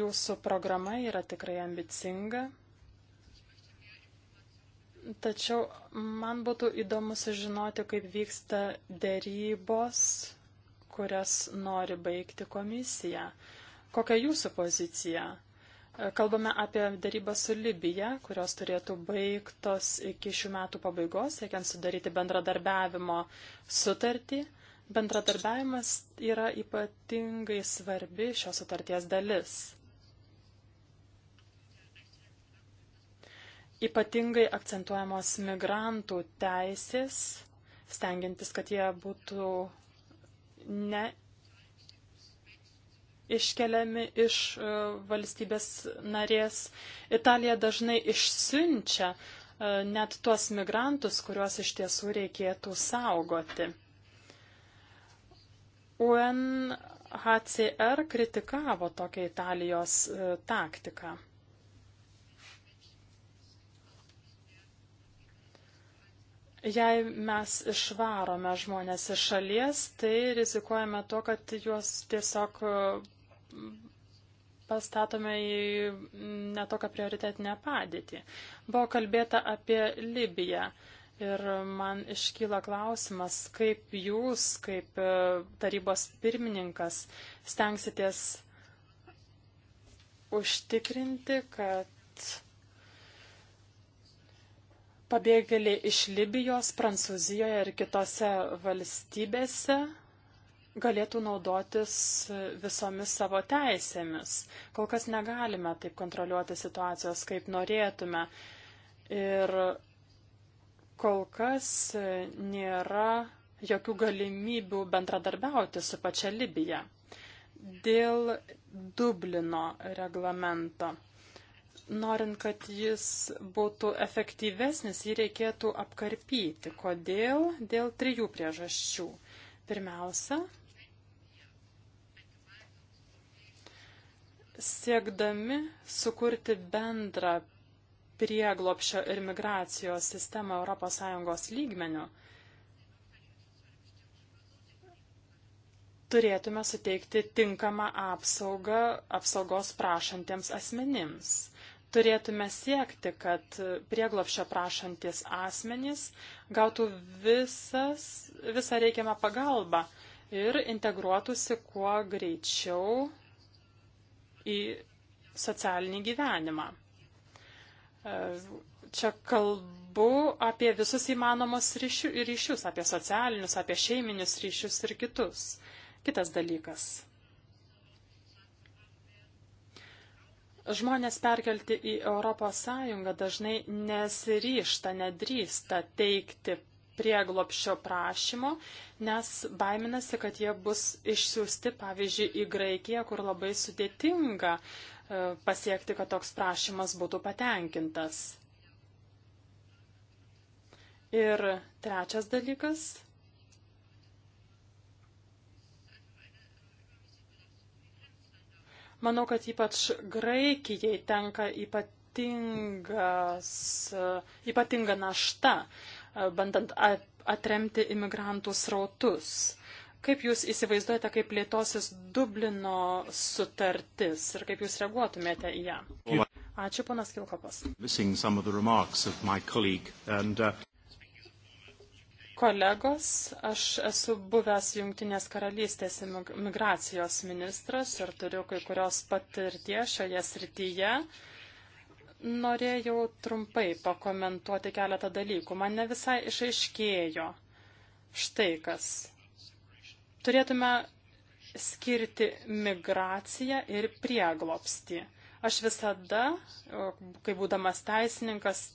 Jūsų programa yra tikrai ambicinga. Tačiau man būtų įdomu sužinoti, kaip vyksta dėrybos, kurias nori baigti komisija. Kokia jūsų pozicija? Kalbame apie dėrybą su Libija, kurios turėtų baigtos iki šių metų pabaigos, siekiant sudaryti bendradarbiavimo sutartį. Bendradarbiavimas yra ypatingai svarbi šios sutarties dalis. ypatingai akcentuojamos migrantų teisės, stengiantis, kad jie būtų ne iškeliami iš e, valstybės narės. Italija dažnai išsiunčia e, net tuos migrantus, kuriuos iš tiesų reikėtų saugoti. UNHCR kritikavo tokią Italijos e, taktiką. Jei mes išvarome žmonės iš šalies, tai rizikuojame to, kad juos tiesiog uh, pastatome į netokią prioritetinę padėtį. Buvo kalbėta apie Libiją. Ir man iškyla klausimas, kaip jūs, kaip uh, tarybos pirmininkas, stengsitės užtikrinti, kad pabėgėliai iš Libijos, Prancūzijoje ir kitose valstybėse galėtų naudotis visomis savo teisėmis. Kol kas negalime taip kontroliuoti situacijos, kaip norėtume. Ir kol kas nėra jokių galimybių bendradarbiauti su pačia Libija. Dėl Dublino reglamento norint, kad jis būtų efektyvesnis, jį reikėtų apkarpyti. Kodėl? Dėl trijų priežasčių. Pirmiausia, siekdami sukurti bendrą prieglopšio ir migracijos sistemą ES lygmenių, turėtume suteikti tinkamą apsaugą apsaugos prašantiems asmenims turėtume siekti, kad prieglopšio prašantis asmenys gautų visas, visą reikiamą pagalbą ir integruotųsi kuo greičiau į socialinį gyvenimą. E, čia kalbu apie visus įmanomus ryšius, apie socialinius, apie šeiminius ryšius ir kitus. Kitas dalykas Žmonės perkelti į ES dažnai nesiryšta, nedrįsta teikti prieglopščio prašymo, nes baiminasi, kad jie bus išsiųsti, pavyzdžiui, į Graikiją, kur labai sudėtinga e, pasiekti, kad toks prašymas būtų patenkintas. Ir trečias dalykas Manau, kad ypač Graikijai tenka ypatingas, ypatinga našta, bandant atremti imigrantų srautus. Kaip Jūs įsivaizduojate, kaip plėtosis Dublino sutartis ir kaip Jūs reaguotumėte į ją? Ačiū, ponas Kilkopas. And, uh kolegos, aš esu buvęs Junktinės karalystės migracijos ministras ir turiu kai kurios patirties šioje srityje. Norėjau trumpai pakomentuoti keletą dalykų. Man ne visai išaiškėjo štai kas. Turėtume skirti migraciją ir prieglopstį. Aš visada, kai būdamas teisininkas,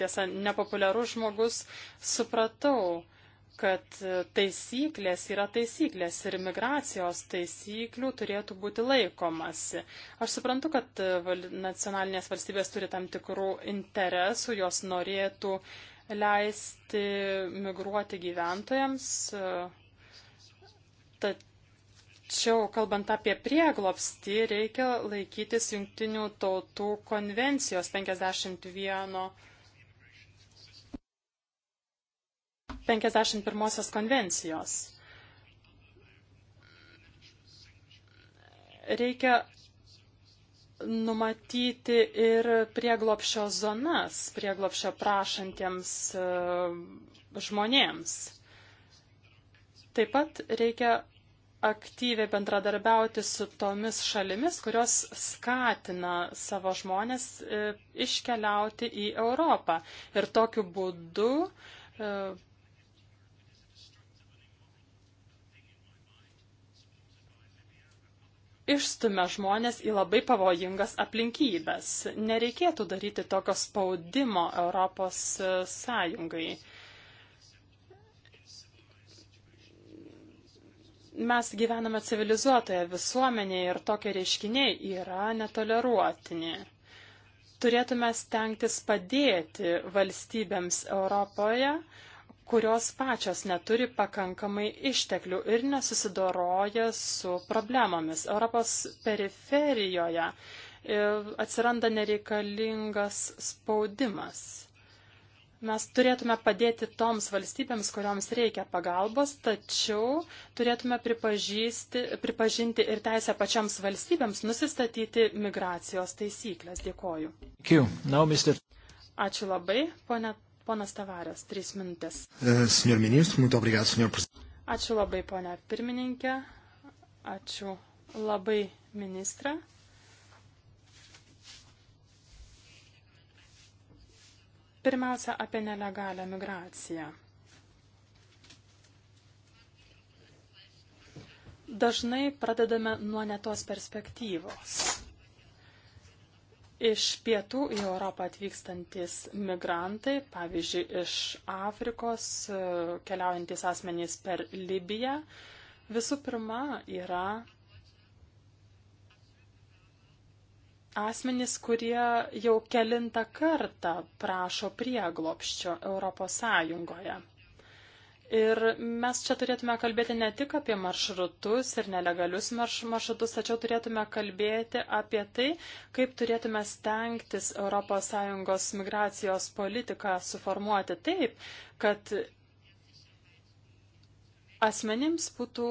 tiesa, nepopuliarus žmogus, supratau, kad taisyklės yra taisyklės ir migracijos taisyklių turėtų būti laikomasi. Aš suprantu, kad nacionalinės valstybės turi tam tikrų interesų, jos norėtų leisti migruoti gyventojams, tad Tačiau, kalbant apie prieglopstį, reikia laikytis jungtinių tautų konvencijos 51. 51 konvencijos. Reikia numatyti ir prieglopšio zonas prieglopšio prašantiems e, žmonėms. Taip pat reikia aktyviai bendradarbiauti su tomis šalimis, kurios skatina savo žmonės e, iškeliauti į Europą. Ir tokiu būdu e, išstumia žmonės į labai pavojingas aplinkybės. Nereikėtų daryti tokio spaudimo Europos e, Sąjungai. Mes gyvename civilizuotoje visuomenėje ir tokie reiškiniai yra netoleruotini. Turėtume stengtis padėti valstybėms Europoje, kurios pačios neturi pakankamai išteklių ir nesusidoroja su problemomis. Europos periferijoje e, atsiranda nereikalingas spaudimas. Mes turėtume padėti toms valstybėms, kurioms reikia pagalbos, tačiau turėtume pripažinti ir teisę pačiams valstybėms nusistatyti migracijos taisyklės. Dėkoju. Now, Ačiū labai, ponė, ponas Tavarės, trys minutės. Uh, Ačiū labai, ponė pirmininkė. Ačiū labai, ministra. Pirmiausia, apie nelegalią migraciją. Dažnai pradedame nuo netos perspektyvos. Iš pietų į Europą atvykstantis migrantai, pavyzdžiui, iš Afrikos e, keliaujantis asmenys per Libiją, visų pirma yra asmenys, kurie jau kelintą kartą prašo prieglopščio Europos Sąjungoje. Ir mes čia turėtume kalbėti ne tik apie maršrutus ir nelegalius marš maršrutus, tačiau turėtume kalbėti apie tai, kaip turėtume stengtis ES migracijos politiką suformuoti taip, kad asmenims būtų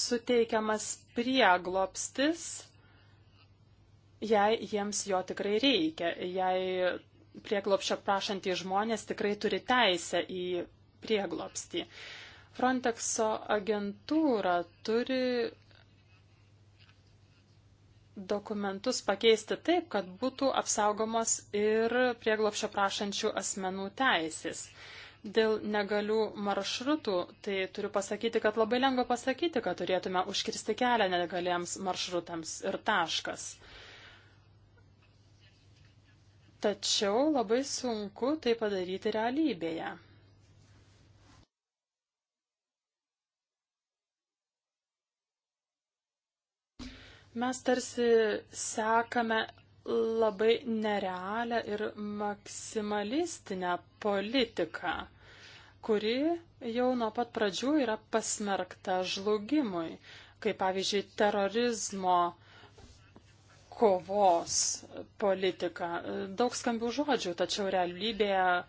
suteikiamas prieglopstis jei jiems jo tikrai reikia, jei prieglopščio prašantys žmonės tikrai turi teisę į prieglopstį. Frontexo agentūra turi dokumentus pakeisti taip, kad būtų apsaugomos ir prieglopščio prašančių asmenų teisės. Dėl negalių maršrutų, tai turiu pasakyti, kad labai lengva pasakyti, kad turėtume užkirsti kelią negaliems maršrutams ir taškas. Tačiau labai sunku tai padaryti realybėje. Mes tarsi sekame labai nerealią ir maksimalistinę politiką, kuri jau nuo pat pradžių yra pasmerkta žlugimui, kaip pavyzdžiui terorizmo kovos politiką. Daug skambių žodžių, tačiau realybėje e,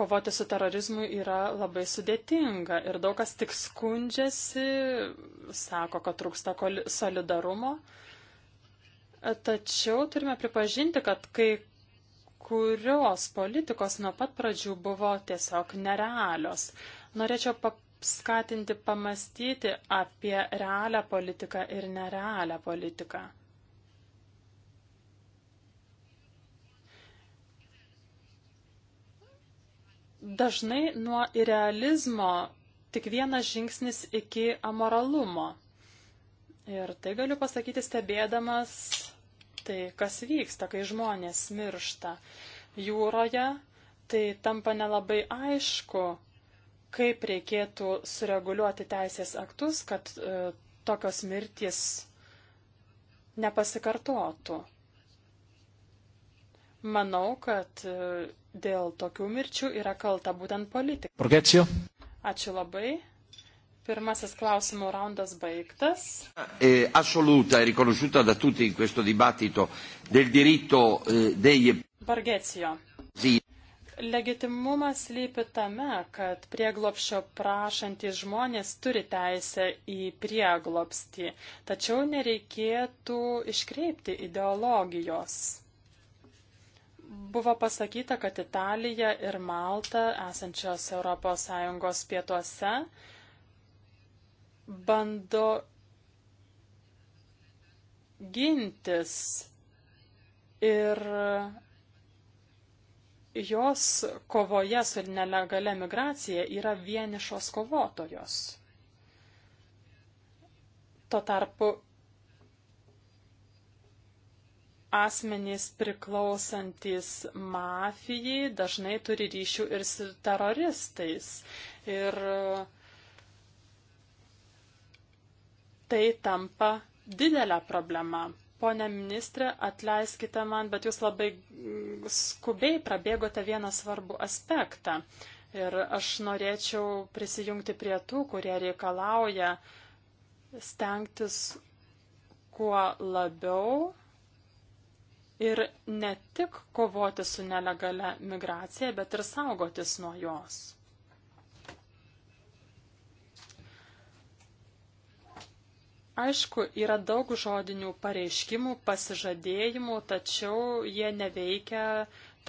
kovoti su terorizmu yra labai sudėtinga ir daug kas tik skundžiasi, sako, kad trūksta solidarumo. E, tačiau turime pripažinti, kad kai kurios politikos nuo pat pradžių buvo tiesiog nerealios. Norėčiau skatinti pamastyti apie realią politiką ir nerealią politiką. dažnai nuo realizmo tik vienas žingsnis iki amoralumo. Ir tai galiu pasakyti stebėdamas tai, kas vyksta, kai žmonės miršta jūroje, tai tampa nelabai aišku, kaip reikėtų sureguliuoti teisės aktus, kad e, tokios mirtis nepasikartotų. Manau, kad e, dėl tokių mirčių yra kalta būtent politika. Progecijo. Ačiū labai. Pirmasis klausimų raundas baigtas. E, assoluta e riconosciuta da tutti in questo dibattito del diritto e, dei. Bargecijo. Sì. Legitimumas lypi tame, kad prieglopščio prašantys žmonės turi teisę į prieglopstį, tačiau nereikėtų iškreipti ideologijos buvo pasakyta, kad Italija ir Malta, esančios ES pietuose, bando gintis ir jos kovoje su nelegalia migracija yra vienišos kovotojos. Tuo tarpu asmenys priklausantis mafijai dažnai turi ryšių ir su teroristais. Ir e, tai tampa didelė problema. Pone ministrė, atleiskite man, bet jūs labai mm, skubiai prabėgote vieną svarbų aspektą. Ir aš norėčiau prisijungti prie tų, kurie reikalauja stengtis kuo labiau ir ne tik kovoti su nelegale migracija, bet ir saugotis nuo jos. Aišku, yra daug žodinių pareiškimų, pasižadėjimų, tačiau jie neveikia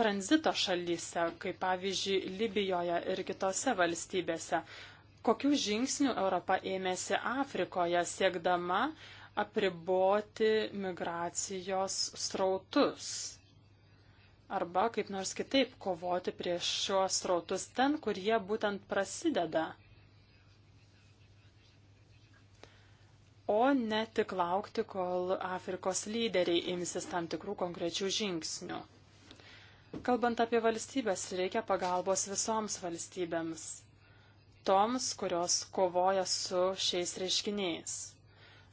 tranzito šalyse, kaip pavyzdžiui Libijoje ir kitose valstybėse. Kokių žingsnių Europa ėmėsi Afrikoje siekdama apriboti migracijos srautus arba kaip nors kitaip kovoti prieš šios srautus ten, kur jie būtent prasideda, o ne tik laukti, kol Afrikos lyderiai imsis tam tikrų konkrečių žingsnių. Kalbant apie valstybės, reikia pagalbos visoms valstybėms, toms, kurios kovoja su šiais reiškiniais.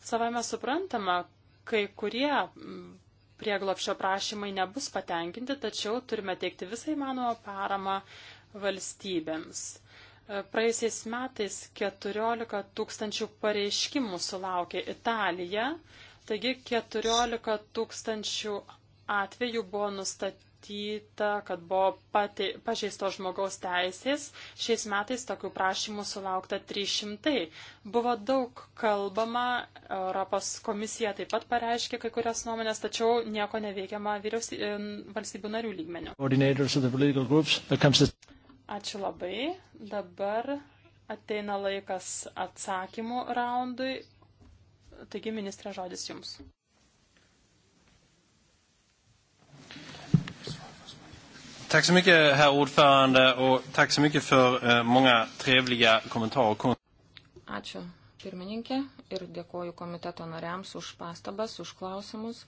Savame suprantama, kai kurie prieglopšio prašymai nebus patenkinti, tačiau turime teikti visai mano paramą valstybėms. E, praėjusiais metais 14 tūkstančių pareiškimų sulaukė Italija, taigi 14 tūkstančių atvejų buvo nustatyti nustatyta, kad buvo pati, pažeisto žmogaus teisės. Šiais metais tokių prašymų sulaukta 300. Buvo daug kalbama, Europos komisija taip pat pareiškė kai kurias nuomonės, tačiau nieko neveikiama vyriausy... valstybių narių lygmenių. Ačiū labai. Dabar ateina laikas atsakymų raundui. Taigi, ministrė, žodis jums. Tack så mycket, herr ordförande, och tack så mycket för eh, många trevliga kommentarer. Ačiū, pirmininkė, ir dėkoju komiteto nariams už pastabas, už klausimus.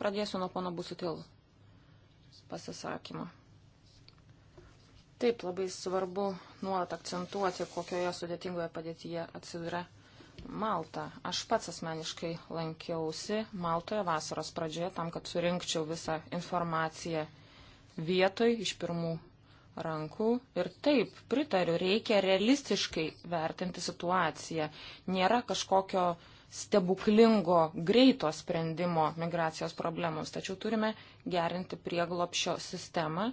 Pradėsiu nuo pono Busutil pasisakymo. Taip, labai svarbu nuolat akcentuoti, kokioje sudėtingoje padėtyje atsiduria Malta. Aš pats asmeniškai lankiausi Maltoje vasaros pradžioje tam, kad surinkčiau visą informaciją vietoj iš pirmų rankų. Ir taip, pritariu, reikia realistiškai vertinti situaciją. Nėra kažkokio stebuklingo, greito sprendimo migracijos problemams, tačiau turime gerinti prieglopšio sistemą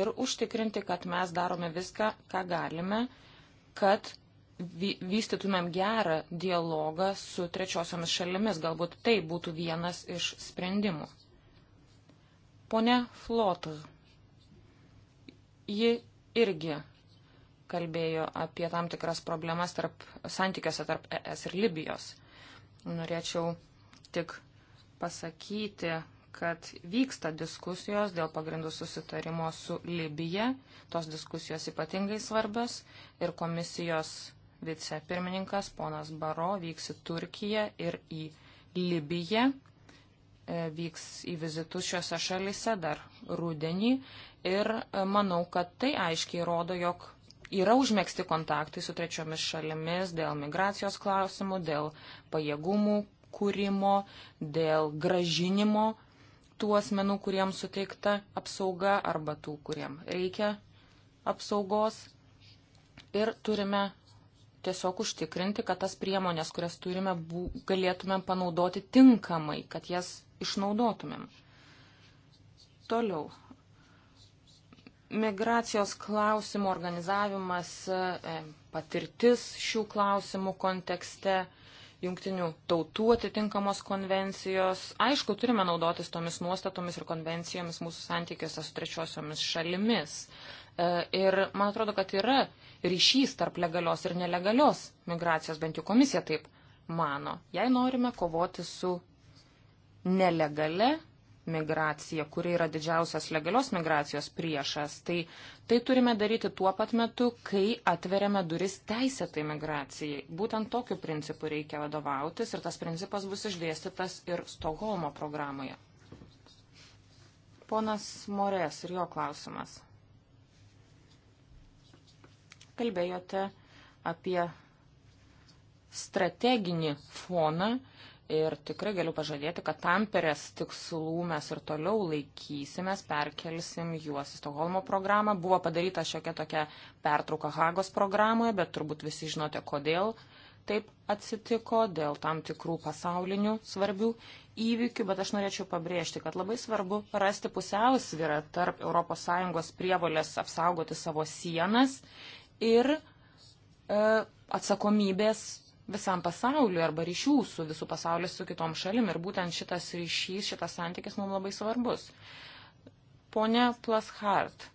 ir užtikrinti, kad mes darome viską, ką galime, kad vystytumėm gerą dialogą su trečiosiomis šalimis. Galbūt tai būtų vienas iš sprendimų. Pone Flotas ji irgi kalbėjo apie tam tikras problemas tarp, santykiuose tarp ES ir Libijos. Norėčiau tik pasakyti, kad vyksta diskusijos dėl pagrindų susitarimo su Libija. Tos diskusijos ypatingai svarbios ir komisijos vicepirmininkas ponas Baro vyks į Turkiją ir į Libiją E, vyks į vizitus šiuose šalise dar rudenį ir e, manau, kad tai aiškiai rodo, jog yra užmėgsti kontaktai su trečiomis šalimis dėl migracijos klausimų, dėl pajėgumų kūrimo, dėl gražinimo tų asmenų, kuriems suteikta apsauga arba tų, kuriems reikia apsaugos. Ir turime tiesiog užtikrinti, kad tas priemonės, kurias turime, bū, galėtume panaudoti tinkamai, kad jas išnaudotumėm. Toliau. Migracijos klausimų organizavimas, e, patirtis šių klausimų kontekste, jungtinių tautų atitinkamos konvencijos. Aišku, turime naudotis tomis nuostatomis ir konvencijomis mūsų santykiuose su trečiosiomis šalimis. E, ir man atrodo, kad yra ryšys tarp legalios ir nelegalios migracijos, bent jau komisija taip mano. Jei norime kovoti su nelegale migracija, kuri yra didžiausias legalios migracijos priešas, tai tai turime daryti tuo pat metu, kai atveriame duris teisėtai migracijai. Būtent tokiu principu reikia vadovautis ir tas principas bus išdėstytas ir Stokholmo programoje. Ponas Morės ir jo klausimas. Kalbėjote apie strateginį foną, ir tikrai galiu pažadėti, kad Tamperės tikslų mes ir toliau laikysimės, perkelsim juos į Stokholmo programą. Buvo padaryta šiokia tokia pertrauka Hagos programoje, bet turbūt visi žinote, kodėl taip atsitiko, dėl tam tikrų pasaulinių svarbių įvykių, bet aš norėčiau pabrėžti, kad labai svarbu rasti pusiausvyrą tarp ES prievolės apsaugoti savo sienas ir e, atsakomybės visam pasauliu arba ryšių su visų pasauliu, su kitom šalim. Ir būtent šitas ryšys, šitas santykis mums labai svarbus. Pone Plashart,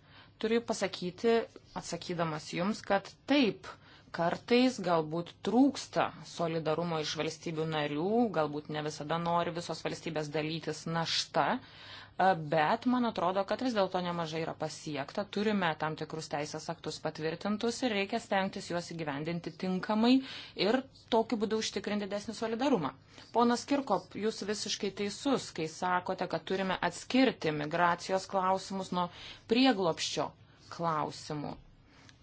turiu pasakyti, atsakydamas jums, kad taip, kartais galbūt trūksta solidarumo iš valstybių narių, galbūt ne visada nori visos valstybės dalytis našta, bet man atrodo, kad vis dėlto nemažai yra pasiekta. Turime tam tikrus teisės aktus patvirtintus ir reikia stengtis juos įgyvendinti tinkamai ir tokiu būdu užtikrinti didesnį solidarumą. Ponas Kirkop, jūs visiškai teisus, kai sakote, kad turime atskirti migracijos klausimus nuo prieglopščio klausimų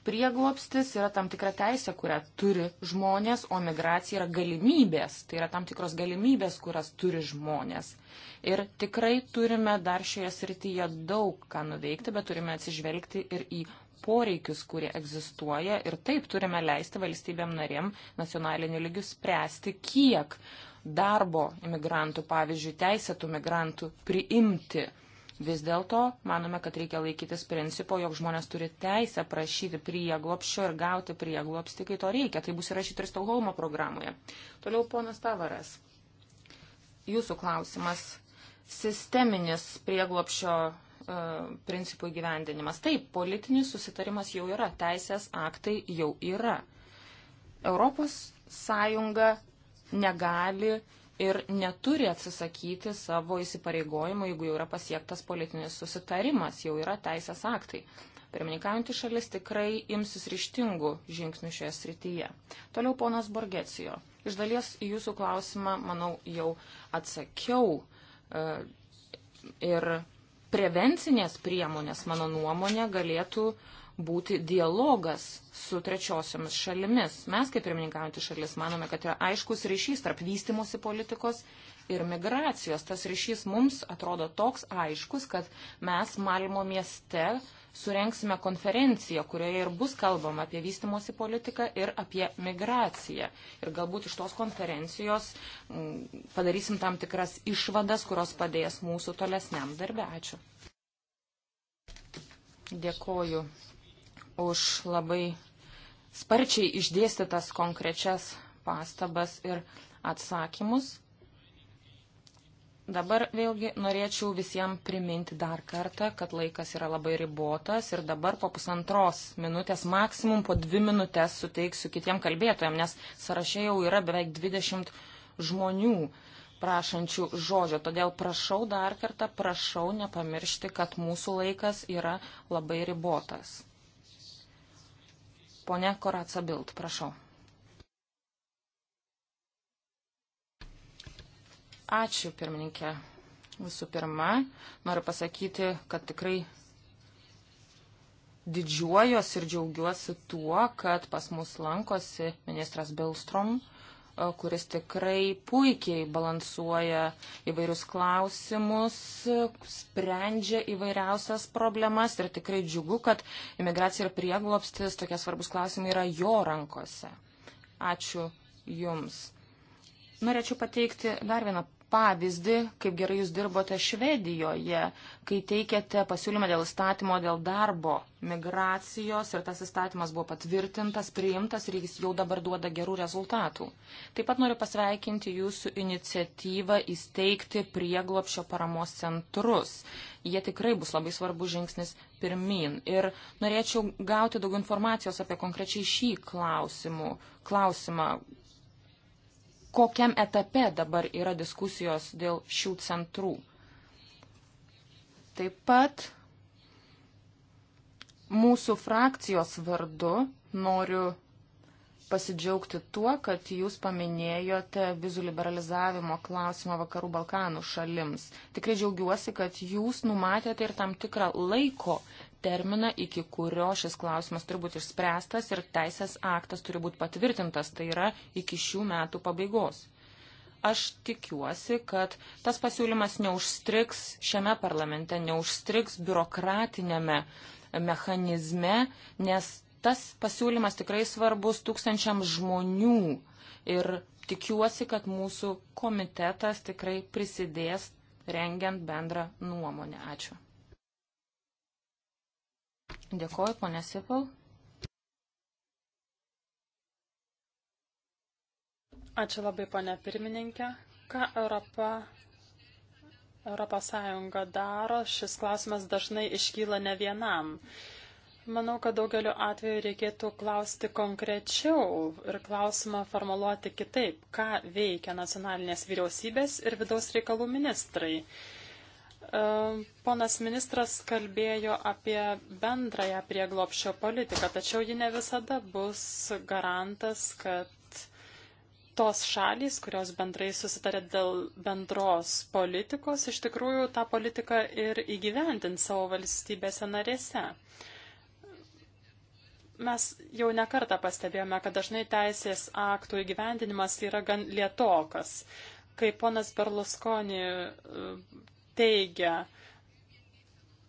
prieglopstis yra tam tikra teisė, kurią turi žmonės, o migracija yra galimybės. Tai yra tam tikros galimybės, kurias turi žmonės. Ir tikrai turime dar šioje srityje daug ką nuveikti, bet turime atsižvelgti ir į poreikius, kurie egzistuoja. Ir taip turime leisti valstybėm narėm nacionaliniu lygiu spręsti, kiek darbo imigrantų, pavyzdžiui, teisėtų migrantų priimti Vis dėlto manome, kad reikia laikytis principo, jog žmonės turi teisę prašyti prieglopščio ir gauti prieglopstį, kai to reikia. Tai bus įrašyta ir Stokholmo programoje. Toliau ponas Tavaras. Jūsų klausimas. Sisteminis prieglopščio e, principų įgyvendinimas. Taip, politinis susitarimas jau yra, teisės aktai jau yra. Europos Sąjunga negali ir neturi atsisakyti savo įsipareigojimų, jeigu jau yra pasiektas politinis susitarimas, jau yra teisės aktai. Pirmininkaujantys šalis tikrai imsis ryštingų žingsnių šioje srityje. Toliau ponas Borgecijo. Iš dalies į jūsų klausimą, manau, jau atsakiau. E, ir prevencinės priemonės, mano nuomonė, galėtų uh, būti dialogas su trečiosiomis šalimis. Mes, kaip pirmininkaujantį šalis, manome, kad yra aiškus ryšys tarp vystimosi politikos ir migracijos. Tas ryšys mums atrodo toks aiškus, kad mes Malmo mieste surenksime konferenciją, kurioje ir bus kalbama apie vystimosi politiką ir apie migraciją. Ir galbūt iš tos konferencijos mm, padarysim tam tikras išvadas, kurios padės mūsų tolesniam darbe. Ačiū. Dėkoju už labai sparčiai išdėstytas konkrečias pastabas ir atsakymus. Dabar vėlgi norėčiau visiems priminti dar kartą, kad laikas yra labai ribotas ir dabar po pusantros minutės, maksimum po dvi minutės suteiksiu kitiem kalbėtojams, nes sąraše jau yra beveik 20 žmonių prašančių žodžio. Todėl prašau dar kartą, prašau nepamiršti, kad mūsų laikas yra labai ribotas. Pone Koratsa Bild, prašau. Ačiū, pirmininkė. Visų pirma, noriu pasakyti, kad tikrai didžiuojuosi ir džiaugiuosi tuo, kad pas mus lankosi ministras Bilstrom kuris tikrai puikiai balansuoja įvairius klausimus, sprendžia įvairiausias problemas ir tikrai džiugu, kad imigracija ir prieglopstis tokie svarbus klausimai yra jo rankose. Ačiū Jums. Norėčiau pateikti dar vieną pavyzdį, kaip gerai jūs dirbote Švedijoje, kai teikėte pasiūlymą dėl įstatymo dėl darbo migracijos ir tas įstatymas buvo patvirtintas, priimtas ir jis jau dabar duoda gerų rezultatų. Taip pat noriu pasveikinti jūsų iniciatyvą įsteigti prieglopšio paramos centrus. Jie tikrai bus labai svarbus žingsnis pirmin. Ir norėčiau gauti daugiau informacijos apie konkrečiai šį klausimų, klausimą, kokiam etape dabar yra diskusijos dėl šių centrų. Taip pat mūsų frakcijos vardu noriu pasidžiaugti tuo, kad jūs paminėjote vizų liberalizavimo klausimą Vakarų Balkanų šalims. Tikrai džiaugiuosi, kad jūs numatėte ir tam tikrą laiko terminą, iki kurio šis klausimas turi būti išspręstas ir teisės aktas turi būti patvirtintas, tai yra iki šių metų pabaigos. Aš tikiuosi, kad tas pasiūlymas neužstriks šiame parlamente, neužstriks biurokratinėme mechanizme, nes tas pasiūlymas tikrai svarbus tūkstančiam žmonių ir tikiuosi, kad mūsų komitetas tikrai prisidės rengiant bendrą nuomonę. Ačiū. Dėkoju, ponė Sipal. Ačiū labai, ponė pirmininkė. Ką Europa, Europos Sąjunga daro, šis klausimas dažnai iškyla ne vienam. Manau, kad daugeliu atveju reikėtų klausti konkrečiau ir klausimą formuluoti kitaip, ką veikia nacionalinės vyriausybės ir vidaus reikalų ministrai. E, ponas ministras kalbėjo apie bendrąją prieglopščio politiką, tačiau ji ne visada bus garantas, kad tos šalys, kurios bendrai susitarė dėl bendros politikos, iš tikrųjų tą politiką ir įgyvendint savo valstybėse narėse. Mes jau nekartą pastebėjome, kad dažnai teisės aktų įgyvendinimas yra gan lietokas kai ponas Berlusconi teigia,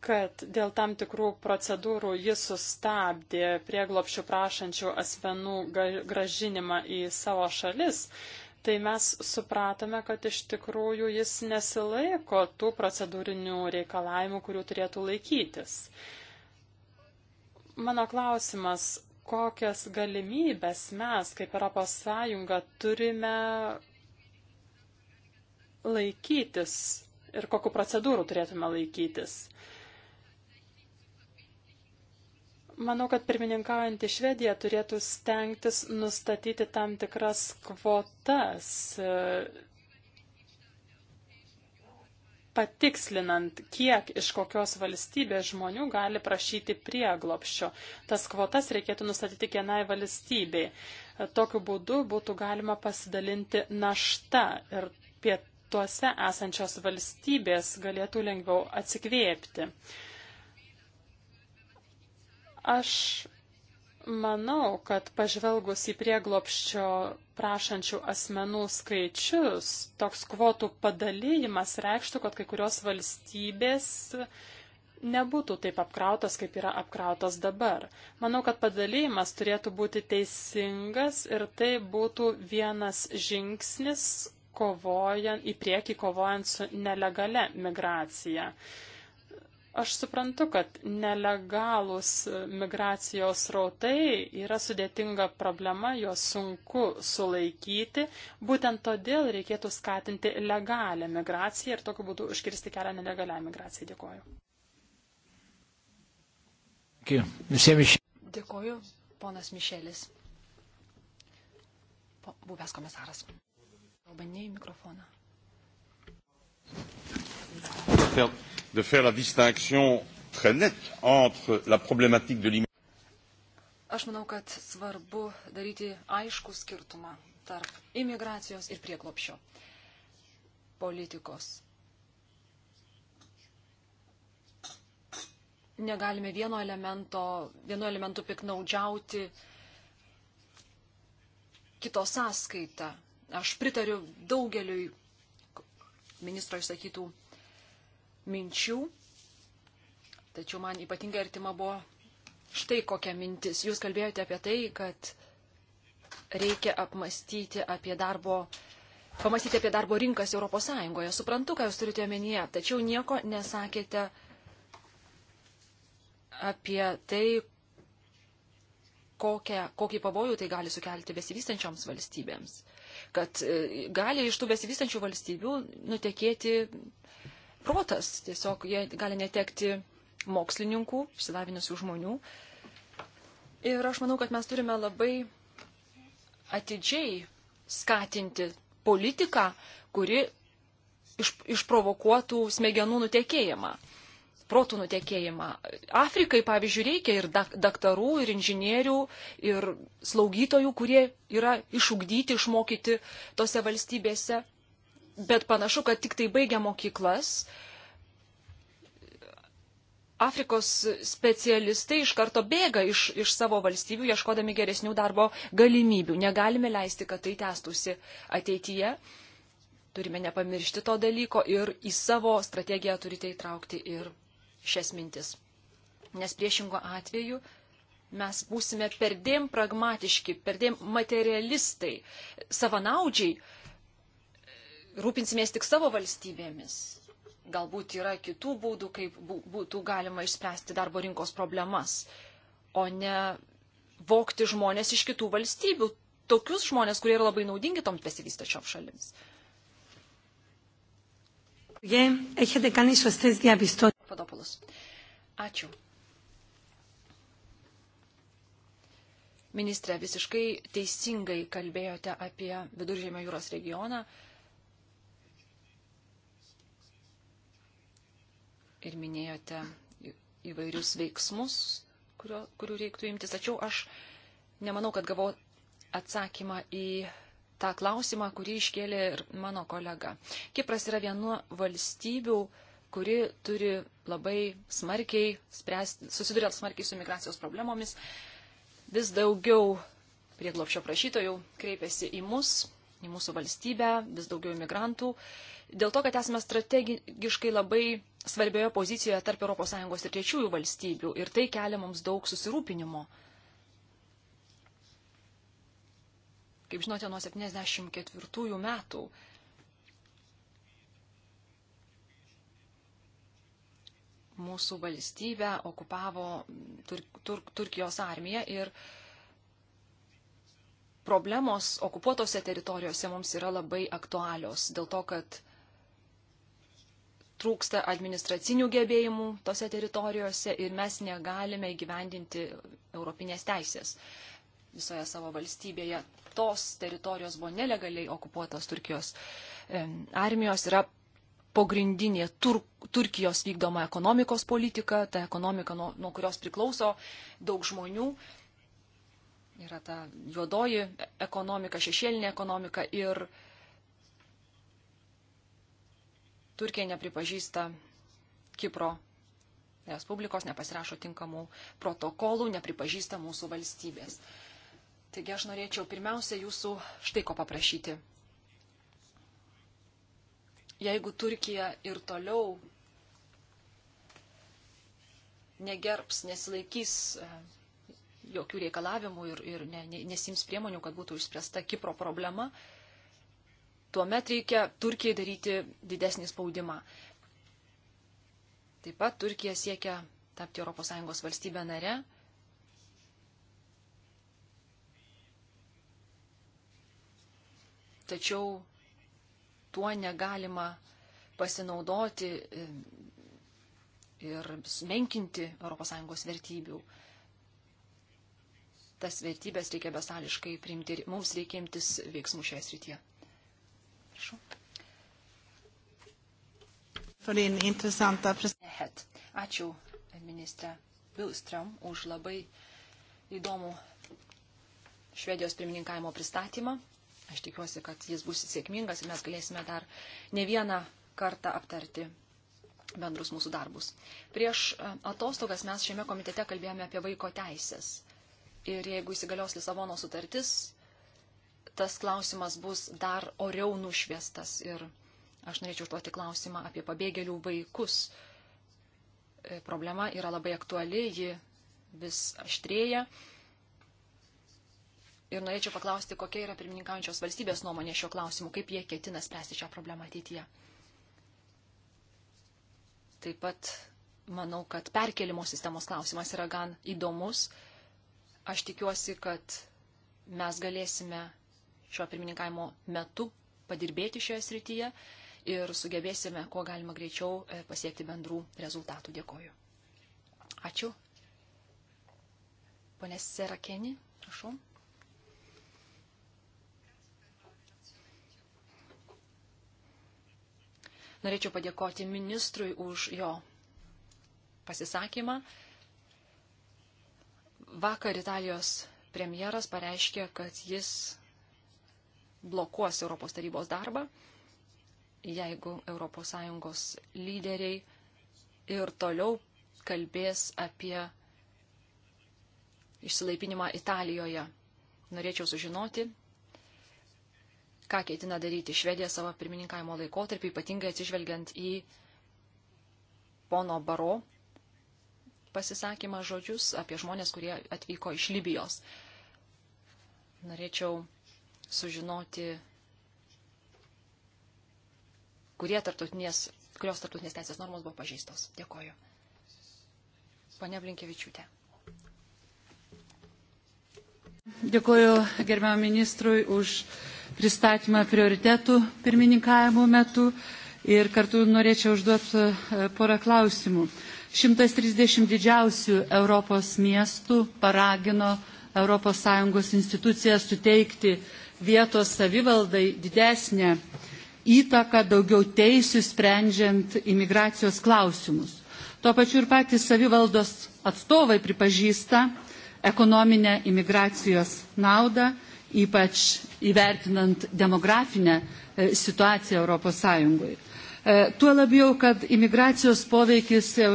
kad dėl tam tikrų procedūrų jis sustabdė prieglopšių prašančių asmenų gražinimą į savo šalis, tai mes supratome, kad iš tikrųjų jis nesilaiko tų procedūrinių reikalavimų, kurių turėtų laikytis. Mano klausimas, kokias galimybės mes kaip ES turime laikytis ir kokiu procedūrų turėtume laikytis. Manau, kad pirmininkaujantį Švediją turėtų stengtis nustatyti tam tikras kvotas, patikslinant, kiek iš kokios valstybės žmonių gali prašyti prieglopščio. Tas kvotas reikėtų nustatyti kienai valstybei. Tokiu būdu būtų galima pasidalinti naštą ir pietų rytuose esančios valstybės galėtų lengviau atsikvėpti. Aš manau, kad pažvelgus į prieglopščio prašančių asmenų skaičius, toks kvotų padalyjimas reikštų, kad kai kurios valstybės nebūtų taip apkrautas, kaip yra apkrautas dabar. Manau, kad padalymas turėtų būti teisingas ir tai būtų vienas žingsnis, kovojant, į priekį kovojant su nelegale migracija. Aš suprantu, kad nelegalūs migracijos rautai yra sudėtinga problema, juos sunku sulaikyti. Būtent todėl reikėtų skatinti legalią migraciją ir tokiu būdu užkirsti kelią nelegalią migraciją. Dėkoju. Dėkoju, ponas Mišelis, buvęs komisaras. Albanie į mikrofoną. De faire la distinction très nette entre la problématique de l'immigration. Aš manau, kad svarbu daryti aišku skirtumą tarp imigracijos ir prieklopšio politikos. Negalime vieno elemento, vieno elementu piknaudžiauti kito sąskaitą. Aš pritariu daugeliui ministro išsakytų minčių, tačiau man ypatingai artima buvo štai kokia mintis. Jūs kalbėjote apie tai, kad reikia apmastyti apie darbo. Pamastyti apie darbo rinkas ES. Suprantu, ką jūs turite omenyje, tačiau nieko nesakėte apie tai, kokią, kokį pavojų tai gali sukelti besivystančioms valstybėms kad e, gali iš tų besivystančių valstybių nutekėti protas, tiesiog jie gali netekti mokslininkų, išsilavinusių žmonių. Ir aš manau, kad mes turime labai atidžiai skatinti politiką, kuri iš, išprovokuotų smegenų nutekėjimą protų nutekėjimą. Afrikai, pavyzdžiui, reikia ir daktarų, ir inžinierių, ir slaugytojų, kurie yra išugdyti, išmokyti tose valstybėse. Bet panašu, kad tik tai baigia mokyklas. Afrikos specialistai iš karto bėga iš, iš savo valstybių, ieškodami geresnių darbo galimybių. Negalime leisti, kad tai tęstųsi ateityje turime nepamiršti to dalyko ir į savo strategiją turite įtraukti ir šias mintis. Nes priešingo atveju mes būsime perdėm pragmatiški, perdėm materialistai, savanaudžiai, rūpinsimės tik savo valstybėmis. Galbūt yra kitų būdų, kaip būtų galima išspręsti darbo rinkos problemas, o ne vokti žmonės iš kitų valstybių, tokius žmonės, kurie yra labai naudingi toms besivystačioms šalims. Jei, έχετε κάνει σωστές διαπιστώσεις. Padopulus. Ačiū. Ministre, visiškai teisingai kalbėjote apie Viduržėmio jūros regioną. Ir minėjote įvairius veiksmus, kurio, kurių reiktų imtis. Tačiau aš nemanau, kad gavau atsakymą į tą klausimą, kurį iškėlė ir mano kolega. Kipras yra vienu valstybių, kuri turi labai smarkiai, spręsti, susidurėt smarkiai su migracijos problemomis. Vis daugiau prieglopšio prašytojų kreipiasi į mus, į mūsų valstybę, vis daugiau imigrantų. Dėl to, kad esame strategiškai labai svarbioje pozicijoje tarp ES ir trečiųjų valstybių ir tai kelia mums daug susirūpinimo. Kaip žinote, nuo 74 metų mūsų valstybę okupavo Tur Tur Turkijos armija ir problemos okupuotose teritorijose mums yra labai aktualios dėl to, kad trūksta administracinių gebėjimų tose teritorijose ir mes negalime įgyvendinti europinės teisės visoje savo valstybėje. Tos teritorijos buvo nelegaliai okupuotos Turkijos armijos, yra pogrindinė tur, Turkijos vykdoma ekonomikos politika, ta ekonomika, nuo, nuo kurios priklauso daug žmonių. Yra ta juodoji ekonomika, šešėlinė ekonomika ir Turkija nepripažįsta Kipro Respublikos, nepasirašo tinkamų protokolų, nepripažįsta mūsų valstybės. Taigi aš norėčiau pirmiausia jūsų štai ko paprašyti. Jeigu Turkija ir toliau negerbs, nesilaikys e, jokių reikalavimų ir, ir ne, ne, nesims priemonių, kad būtų išspręsta Kipro problema, tuomet reikia Turkijai daryti didesnį spaudimą. Taip pat Turkija siekia tapti ES valstybę nare. Tačiau tuo negalima pasinaudoti e, ir sumenkinti ES vertybių. Tas vertybės reikia besališkai priimti ir mums reikia imtis veiksmų šioje srityje. Prašau. Ačiū, ministrė Vilström, už labai įdomų Švedijos pirmininkavimo pristatymą. Aš tikiuosi, kad jis bus sėkmingas ir mes galėsime dar ne vieną kartą aptarti bendrus mūsų darbus. Prieš e, atostogas mes šiame komitete kalbėjome apie vaiko teisės. Ir jeigu įsigalios Lisabono sutartis, tas klausimas bus dar oriau nušviestas. Ir aš norėčiau užduoti klausimą apie pabėgėlių vaikus. E, problema yra labai aktuali, ji vis aštrėja. Ir norėčiau paklausti, kokia yra pirmininkaujančios valstybės nuomonė šio klausimu, kaip jie ketina spręsti šią problemą ateityje. Taip pat manau, kad perkelimo sistemos klausimas yra gan įdomus. Aš tikiuosi, kad mes galėsime šio pirmininkavimo metu padirbėti šioje srityje ir sugebėsime, kuo galima greičiau, e, pasiekti bendrų rezultatų. Dėkoju. Ačiū. Pone Serakeni, prašau. Norėčiau padėkoti ministrui už jo pasisakymą. Vakar Italijos premjeras pareiškė, kad jis blokuos Europos tarybos darbą, jeigu ES lyderiai ir toliau kalbės apie išsilaipinimą Italijoje. Norėčiau sužinoti, ką ketina daryti Švedija savo pirmininkavimo laikotarpį, ypatingai atsižvelgiant į pono Baro pasisakymą žodžius apie žmonės, kurie atvyko iš Libijos. Norėčiau sužinoti, kurie tartutinės, kurios tartutinės teisės normos buvo pažeistos. Dėkoju. Pane Blinkevičiūtė. Dėkoju gerbiamam ministrui už pristatymą prioritetų pirmininkavimo metu ir kartu norėčiau užduoti e, porą klausimų. 130 didžiausių Europos miestų paragino ES institucijas suteikti vietos savivaldai didesnę įtaką, daugiau teisių sprendžiant imigracijos klausimus. Tuo pačiu ir patys savivaldos atstovai pripažįsta ekonominę imigracijos naudą ypač įvertinant demografinę e, situaciją Europos Sąjungoje. E, tuo labiau, kad imigracijos poveikis ES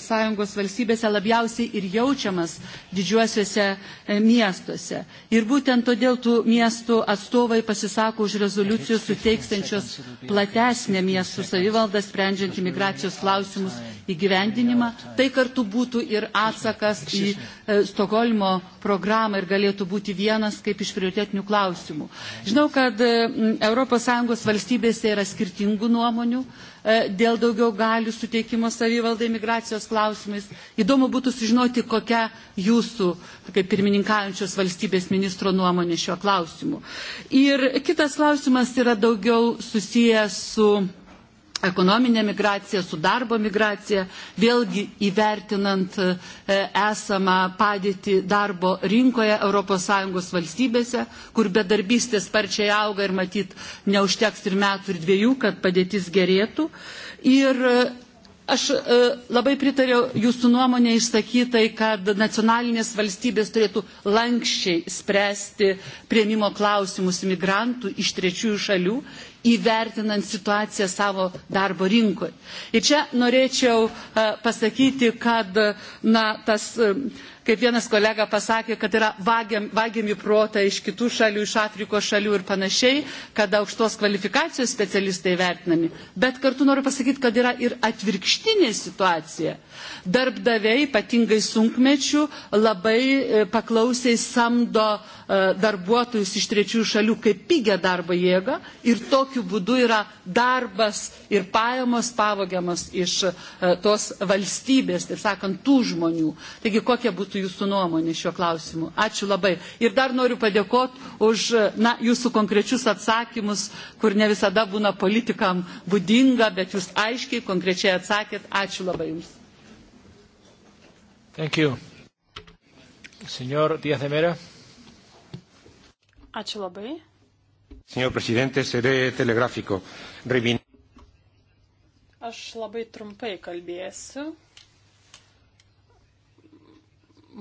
e, valstybėse labiausiai ir jaučiamas didžiuosiuose e, miestuose. Ir būtent todėl tų miestų atstovai pasisako už rezoliucijos suteikstančios platesnę miestų savivaldą sprendžiant imigracijos klausimus įgyvendinimą. Tai kartu būtų ir atsakas į Stokholmo programą ir galėtų būti vienas kaip iš prioritetinių klausimų. Žinau, kad ES valstybėse yra skirtingų nuo nuomonių e, dėl daugiau galių suteikimo savivaldai migracijos klausimais. Įdomu būtų sužinoti, kokia jūsų, kaip pirmininkaujančios valstybės ministro nuomonė šiuo klausimu. Ir kitas klausimas yra daugiau susijęs su ekonominė migracija, su darbo migracija, vėlgi įvertinant e, esamą padėtį darbo rinkoje ES valstybėse, kur bedarbystė sparčiai auga ir matyt neužteks ir metų ir dviejų, kad padėtis gerėtų. Ir e, Aš e, labai pritariu jūsų nuomonė išsakytai, kad nacionalinės valstybės turėtų lankščiai spręsti prieimimo klausimus imigrantų iš trečiųjų šalių įvertinant situaciją savo darbo rinkoje. Ir čia norėčiau e, pasakyti, kad na, tas e, kaip vienas kolega pasakė, kad yra vagiam, vagiami protą iš kitų šalių, iš Afrikos šalių ir panašiai, kad aukštos kvalifikacijos specialistai vertinami. Bet kartu noriu pasakyti, kad yra ir atvirkštinė situacija. Darbdaviai, ypatingai sunkmečių, labai e, paklausiai samdo E, darbuotojus iš trečiųjų šalių kaip pigę darbo jėgą ir tokiu būdu yra darbas ir pajamos pavogiamas iš e, tos valstybės, taip sakant, tų žmonių. Taigi kokia būtų jūsų nuomonė šiuo klausimu? Ačiū labai. Ir dar noriu padėkoti už e, na, jūsų konkrečius atsakymus, kur ne visada būna politikam būdinga, bet jūs aiškiai, konkrečiai atsakėt. Ačiū labai jums. Thank you. Señor Díaz de Mera. Ačiū labai. Senor prezidente, seré telegrafiko. Reimin... Aš labai trumpai kalbėsiu.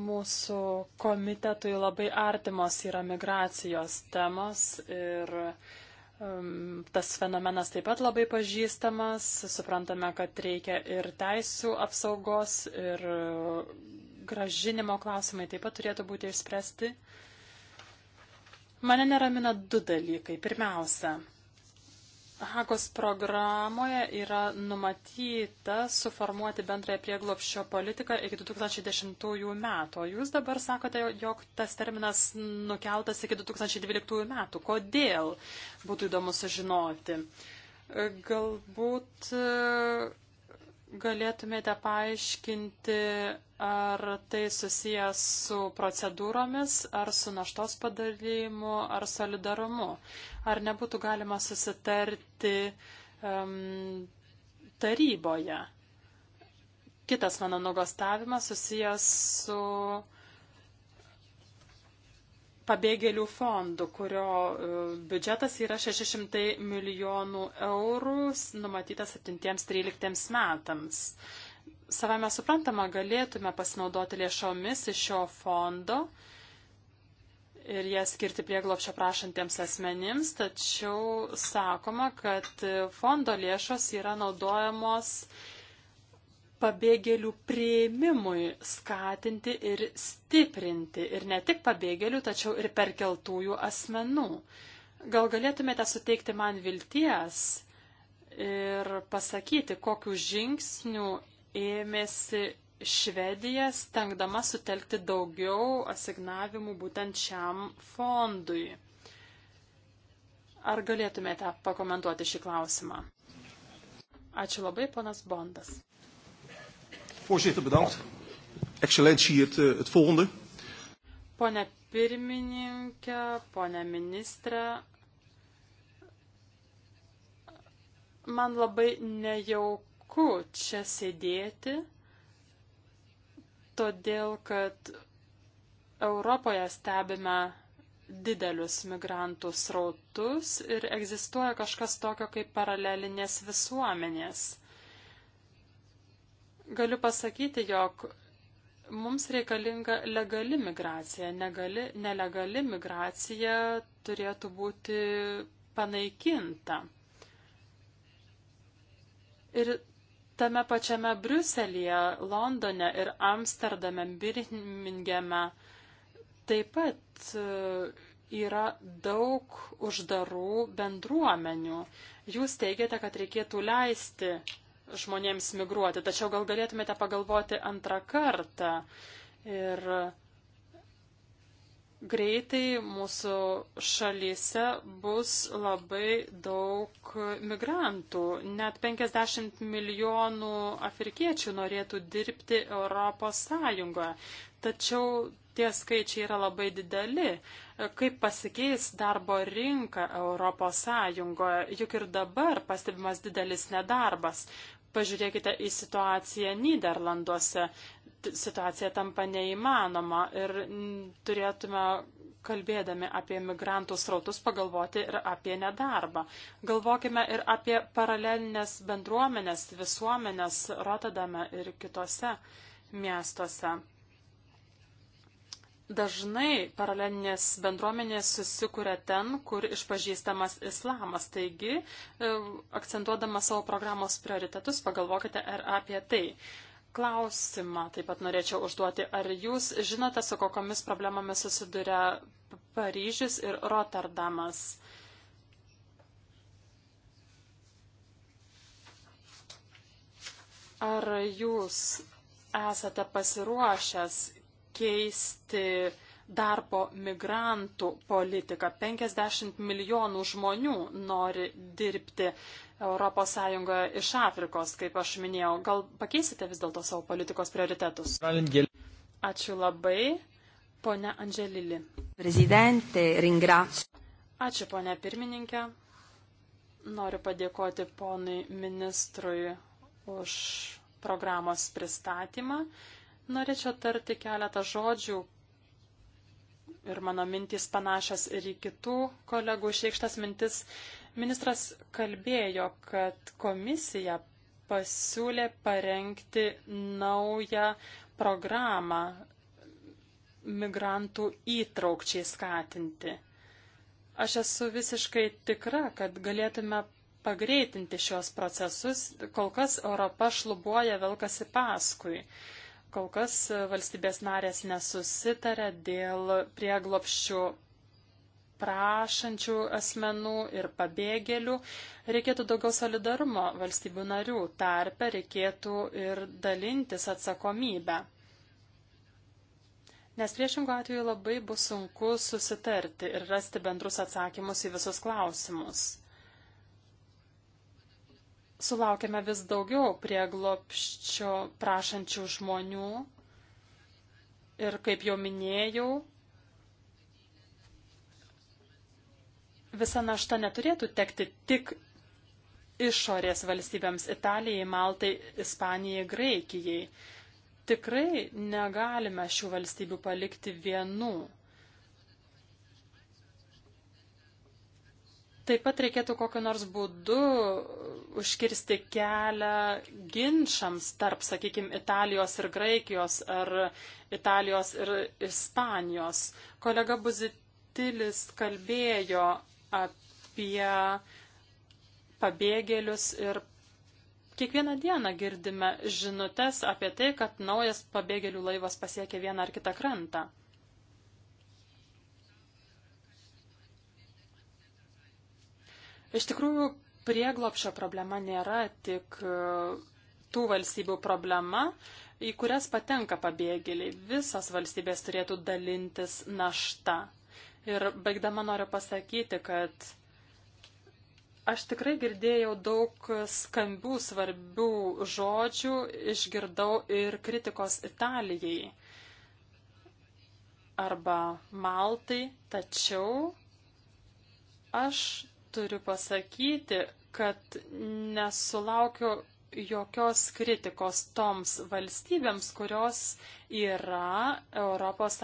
Mūsų komitetui labai artimos yra migracijos temos ir um, tas fenomenas taip pat labai pažįstamas. Suprantame, kad reikia ir teisų apsaugos, ir uh, gražinimo klausimai taip pat turėtų būti išspręsti. Uh, Mane neramina du dalykai. Pirmiausia, Hagos programoje yra numatyta suformuoti bendrąją prieglopščio politiką iki 2010 metų. O jūs dabar sakote, jog tas terminas nukeltas iki 2012 metų. Kodėl? Būtų įdomu sužinoti. Galbūt galėtumėte paaiškinti, ar tai susijęs su procedūromis, ar su naštos padalymu, ar solidarumu? Ar nebūtų galima susitarti um, taryboje? Kitas mano nuogastavimas susijęs su pabėgėlių fondu, kurio e, biudžetas yra 600 milijonų eurų, numatytas 7-13 metams. Savame suprantama, galėtume pasinaudoti lėšomis iš šio fondo ir jas skirti prieglopšio prašantiems asmenims, tačiau sakoma, kad fondo lėšos yra naudojamos pabėgėlių prieimimui skatinti ir stiprinti. Ir ne tik pabėgėlių, tačiau ir perkeltųjų asmenų. Gal galėtumėte suteikti man vilties ir pasakyti, kokiu žingsniu ėmėsi Švedija, stengdama sutelkti daugiau asignavimų būtent šiam fondui. Ar galėtumėte pakomentuoti šį klausimą? Ačiū labai, ponas Bondas. Voorzitter, bedankt. Excellentie, het, eh, het volgende. Pone pirmininkė, pone ministrė, man labai nejauku čia sėdėti, todėl kad Europoje stebime didelius migrantų srautus ir egzistuoja kažkas tokio kaip paralelinės visuomenės galiu pasakyti, jog mums reikalinga legali migracija. Negali, nelegali migracija turėtų būti panaikinta. Ir tame pačiame Briuselėje, Londone ir Amsterdame, Birmingeme taip pat e, yra daug uždarų bendruomenių. Jūs teigiate, kad reikėtų leisti žmonėms migruoti. Tačiau gal galėtumėte pagalvoti antrą kartą. Ir greitai mūsų šalyse bus labai daug migrantų. Net 50 milijonų afrikiečių norėtų dirbti Europos Sąjungoje. Tačiau tie skaičiai yra labai dideli. Kaip pasikeis darbo rinka Europos Sąjungoje, juk ir dabar pastebimas didelis nedarbas. Pažiūrėkite į situaciją Niderlanduose. Situacija tampa neįmanoma ir turėtume, kalbėdami apie migrantų srautus, pagalvoti ir apie nedarbą. Galvokime ir apie paralelinės bendruomenės, visuomenės Rotadame ir kitose miestuose. Dažnai paralelinės bendruomenės susikuria ten, kur išpažįstamas islamas. Taigi, e, akcentuodama savo programos prioritetus, pagalvokite ir apie tai. Klausimą taip pat norėčiau užduoti. Ar jūs žinote, su kokiamis problemomis susiduria Paryžius ir Rotterdamas? Ar jūs esate pasiruošęs keisti darbo migrantų politiką. 50 milijonų žmonių nori dirbti ES iš Afrikos, kaip aš minėjau. Gal pakeisite vis dėlto savo politikos prioritetus? Ačiū labai, ponia Angelili. Prezidentė, ringraciu. Ačiū, ponia pirmininkė. Noriu padėkoti ponui ministrui už programos pristatymą. Norėčiau tarti keletą žodžių ir mano mintys panašios ir į kitų kolegų išreikštas mintis. Ministras kalbėjo, kad komisija pasiūlė parengti naują programą migrantų įtraukčiai skatinti. Aš esu visiškai tikra, kad galėtume pagreitinti šios procesus, kol kas Europa šlubuoja velkasi paskui. Kol kas valstybės narės nesusitarė dėl prieglopščių prašančių asmenų ir pabėgėlių. Reikėtų daugiau solidarumo valstybių narių tarpe, reikėtų ir dalintis atsakomybę. Nes priešingų atveju labai bus sunku susitarti ir rasti bendrus atsakymus į visus klausimus. Sulaukime vis daugiau prieglopščio prašančių žmonių. Ir kaip jau minėjau, visa našta neturėtų tekti tik išorės valstybėms - Italijai, Maltai, Ispanijai, Graikijai. Tikrai negalime šių valstybių palikti vienų. Taip pat reikėtų kokiu nors būdu užkirsti kelią ginčiams tarp, sakykime, Italijos ir Graikijos ar Italijos ir Ispanijos. Kolega Buzitilis kalbėjo apie pabėgėlius ir kiekvieną dieną girdime žinutes apie tai, kad naujas pabėgėlių laivas pasiekia vieną ar kitą krantą. Iš tikrųjų, prieglopšio problema nėra tik e, tų valstybių problema, į kurias patenka pabėgėliai. Visas valstybės turėtų dalintis našta. Ir baigdama noriu pasakyti, kad aš tikrai girdėjau daug skambių, svarbių žodžių, išgirdau ir kritikos Italijai arba Maltai, tačiau aš turiu pasakyti, kad nesulaukiu jokios kritikos toms valstybėms, kurios yra ES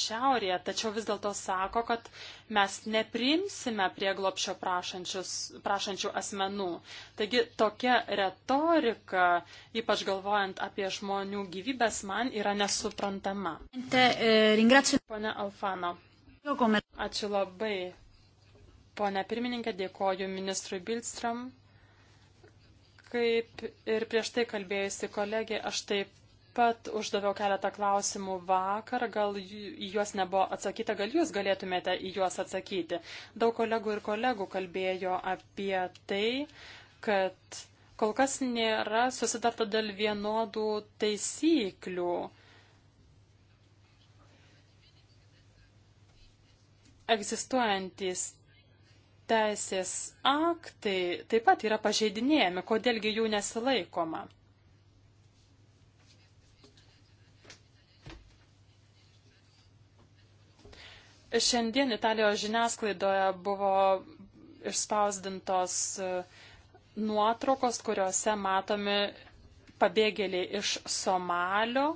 šiaurėje, tačiau vis dėlto sako, kad mes nepriimsime prieglopšio prašančių asmenų. Taigi tokia retorika, ypač galvojant apie žmonių gyvybės, man yra nesuprantama. Pone Alfano, ačiū labai Pone pirmininkė, dėkoju ministrui Bilstrom. Kaip ir prieš tai kalbėjusi kolegė, aš taip pat uždaviau keletą klausimų vakar, gal į juos nebuvo atsakyta, gal jūs galėtumėte į juos atsakyti. Daug kolegų ir kolegų kalbėjo apie tai, kad kol kas nėra susidarta dėl vienodų taisyklių. Egzistuojantis teisės aktai taip pat yra pažeidinėjami, kodėlgi jų nesilaikoma. Šiandien Italijos žiniasklaidoje buvo išspausdintos e, nuotraukos, kuriuose matomi pabėgėliai iš Somalio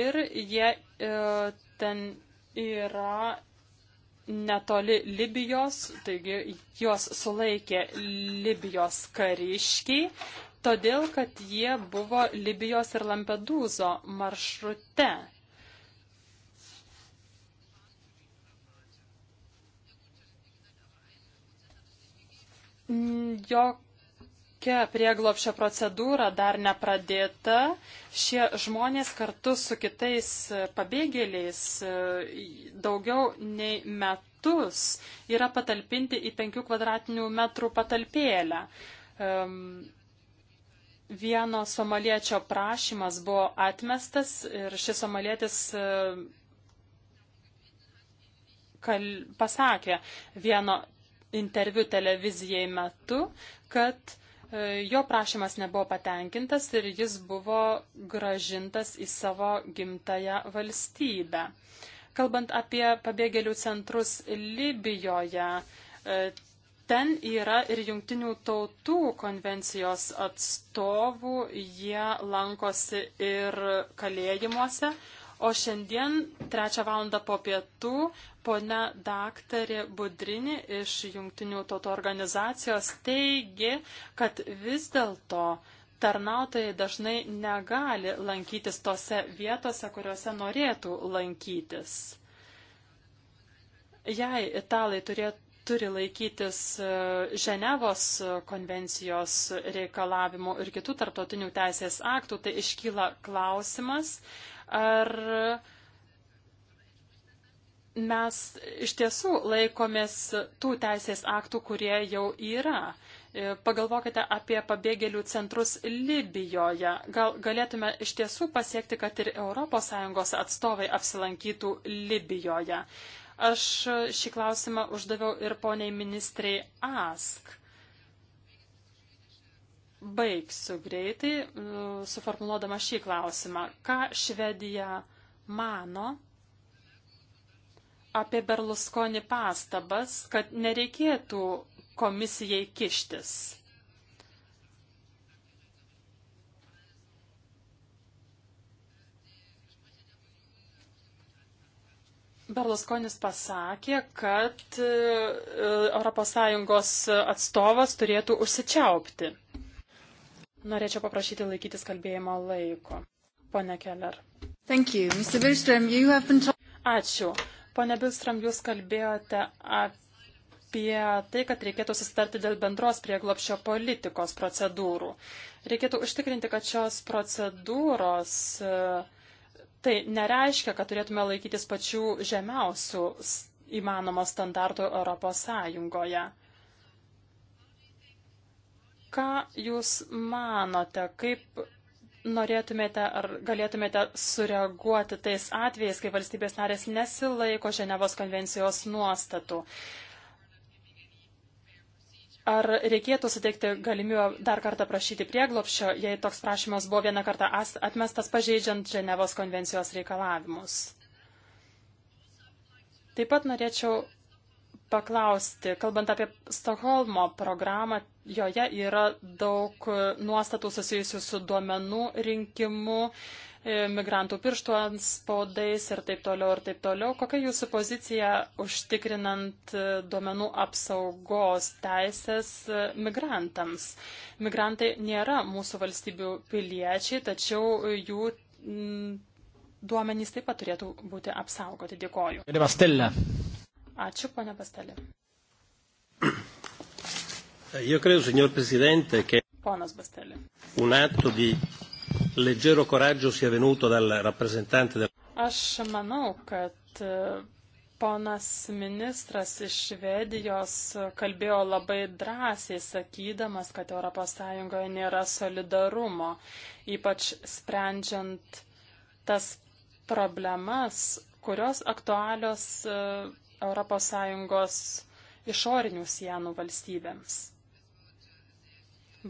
ir jie e, ten yra netoli Libijos, taigi juos sulaikė Libijos kariškiai, todėl kad jie buvo Libijos ir Lampedūzo maršrute. Jok tokia prieglopšio procedūra dar nepradėta, šie žmonės kartu su kitais pabėgėliais e, daugiau nei metus yra patalpinti į 5 kvadratinių metrų patalpėlę. Vieno somaliečio prašymas buvo atmestas ir šis somalietis e, kal... pasakė vieno interviu televizijai metu, kad E, jo prašymas nebuvo patenkintas ir jis buvo gražintas į savo gimtają valstybę. Kalbant apie pabėgėlių centrus Libijoje, e, ten yra ir jungtinių tautų konvencijos atstovų, jie lankosi ir kalėjimuose, O šiandien, trečią valandą po pietų, ponia daktarė Budrini iš Jungtinių tautų organizacijos teigi, kad vis dėlto tarnautojai dažnai negali lankytis tose vietose, kuriuose norėtų lankytis. Jei italai turėtų turi laikytis e, Ženevos e, konvencijos reikalavimų ir kitų tartotinių teisės aktų, tai iškyla klausimas, Ar mes iš tiesų laikomės tų teisės aktų, kurie jau yra? E, pagalvokite apie pabėgėlių centrus Libijoje. Gal galėtume iš tiesų pasiekti, kad ir ES atstovai apsilankytų Libijoje. Aš šį klausimą uždaviau ir poniai ministrei Ask baigsiu greitai, e, suformuluodama šį klausimą. Ką Švedija mano apie Berlusconi pastabas, kad nereikėtų komisijai kištis? Berlusconis pasakė, kad ES atstovas turėtų užsičiaupti. Norėčiau paprašyti laikytis kalbėjimo laiko. Pone Keller. Thank you. Mr. Bilstrom, you have been Ačiū. Pone Bilstrom, jūs kalbėjote apie tai, kad reikėtų sustarti dėl bendros prieglopščio politikos procedūrų. Reikėtų užtikrinti, kad šios procedūros e, tai nereiškia, kad turėtume laikytis pačių žemiausių įmanomo standartų Europos Sąjungoje. Ką Jūs manote, kaip norėtumėte ar galėtumėte sureaguoti tais atvejais, kai valstybės narės nesilaiko Ženevos konvencijos nuostatų? Ar reikėtų suteikti galimybę dar kartą prašyti prieglopščio, jei toks prašymas buvo vieną kartą atmestas pažeidžiant Ženevos konvencijos reikalavimus? Taip pat norėčiau paklausti, kalbant apie Stokholmo programą, Joje yra daug nuostatų susijusių su duomenų rinkimu, e, migrantų pirštų anspaudais ir taip toliau ir taip toliau. Kokia jūsų pozicija užtikrinant e, duomenų apsaugos teisės e, migrantams? Migrantai nėra mūsų valstybių piliečiai, tačiau jų duomenys taip pat turėtų būti apsaugoti. Dėkoju. Ačiū, ponia Pastelė. Io credo, signor Presidente, che Ponas Bastelli. un atto di leggero coraggio sia venuto dal rappresentante del... Aš manau, kad eh, ponas ministras iš Švedijos kalbėjo labai drąsiai, sakydamas, kad ES nėra solidarumo, ypač sprendžiant tas problemas, kurios aktualios ES eh, išorinių sienų valstybėms.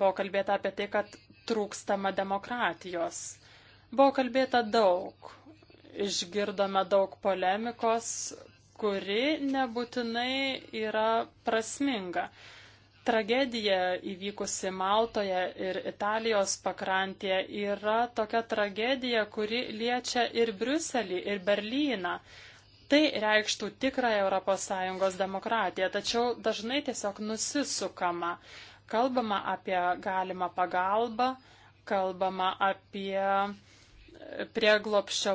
Buvo kalbėta apie tai, kad trūkstama demokratijos. Buvo kalbėta daug. Išgirdome daug polemikos, kuri nebūtinai yra prasminga. Tragedija įvykusi Maltoje ir Italijos pakrantėje yra tokia tragedija, kuri liečia ir Briuselį, ir Berlyną. Tai reikštų tikrąją ES demokratiją, tačiau dažnai tiesiog nusisukama. Kalbama apie galimą pagalbą, kalbama apie e, prieglopščio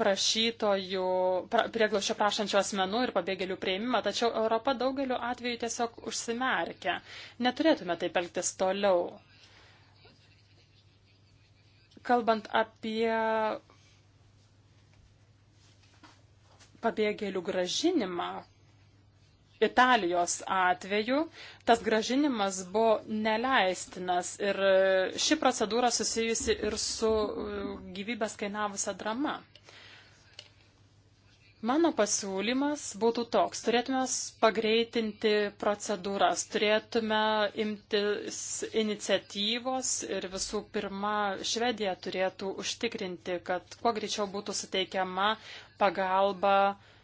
prašytojų, pra, prieglopščio prašančių asmenų ir pabėgėlių prieimimą, tačiau Europa daugeliu atveju tiesiog užsimerkia. Neturėtume taip elgtis toliau. Kalbant apie pabėgėlių gražinimą, Italijos atveju tas gražinimas buvo neleistinas ir e, ši procedūra susijusi ir su e, gyvybės kainavusią drama. Mano pasiūlymas būtų toks. Turėtume pagreitinti procedūras, turėtume imtis iniciatyvos ir visų pirma, Švedija turėtų užtikrinti, kad kuo greičiau būtų suteikiama pagalba uh,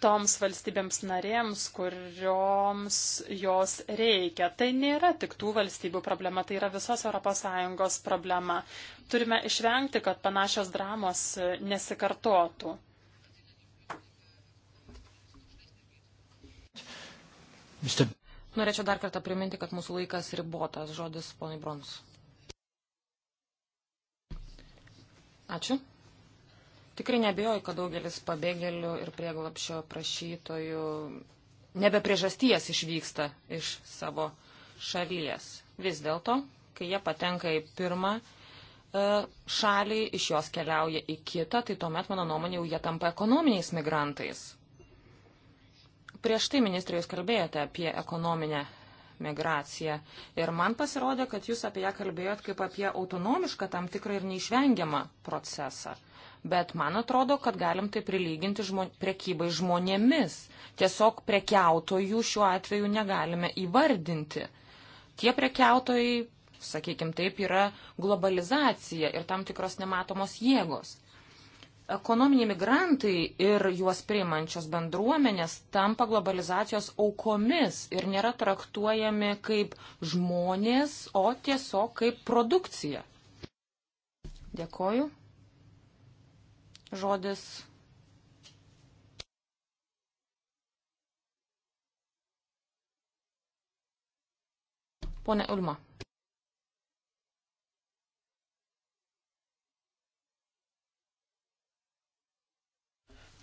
toms valstybėms narėms, kurioms jos reikia. Tai nėra tik tų valstybių problema, tai yra visos ES problema. Turime išvengti, kad panašios dramos e, nesikartotų. Norėčiau dar kartą priminti, kad mūsų laikas ribotas žodis ponai Brons. Ačiū. Tikrai nebejoju, kad daugelis pabėgėlių ir prieglapšio prašytojų nebe priežasties išvyksta iš savo šalies. Vis dėlto, kai jie patenka į pirmą e, šalį, iš jos keliauja į kitą, tai tuomet, mano nuomonė, jau jie tampa ekonominiais migrantais. Prieš tai, ministrė, jūs kalbėjote apie ekonominę migraciją ir man pasirodė, kad jūs apie ją kalbėjot kaip apie autonomišką tam tikrą ir neišvengiamą procesą bet man atrodo, kad galim tai prilyginti žmon, prekybai žmonėmis. Tiesiog prekiautojų šiuo atveju negalime įvardinti. Tie prekiautojai, sakykime taip, yra globalizacija ir tam tikros nematomos jėgos. Ekonominiai migrantai ir juos priimančios bendruomenės tampa globalizacijos aukomis ir nėra traktuojami kaip žmonės, o tiesiog kaip produkcija. Dėkoju žodis Pone Ulma.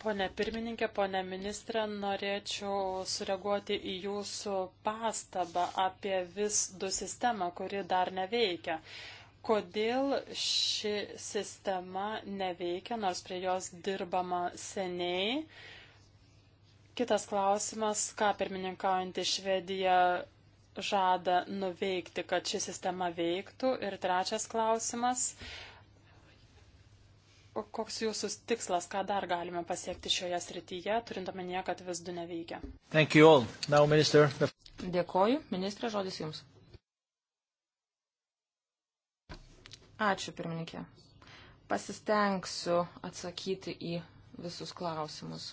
Pone pirmininkė, pone ministrė, norėčiau sureaguoti į jūsų pastabą apie vis du sistemą, kuri dar neveikia kodėl ši sistema neveikia, nors prie jos dirbama seniai. Kitas klausimas, ką pirmininkaujantį Švediją žada nuveikti, kad ši sistema veiktų. Ir trečias klausimas, koks jūsų tikslas, ką dar galime pasiekti šioje srityje, turint omenyje, kad vis du neveikia. Now, minister. Dėkoju, ministrė, žodis jums. Ačiū, pirmininkė. Pasistengsiu atsakyti į visus klausimus.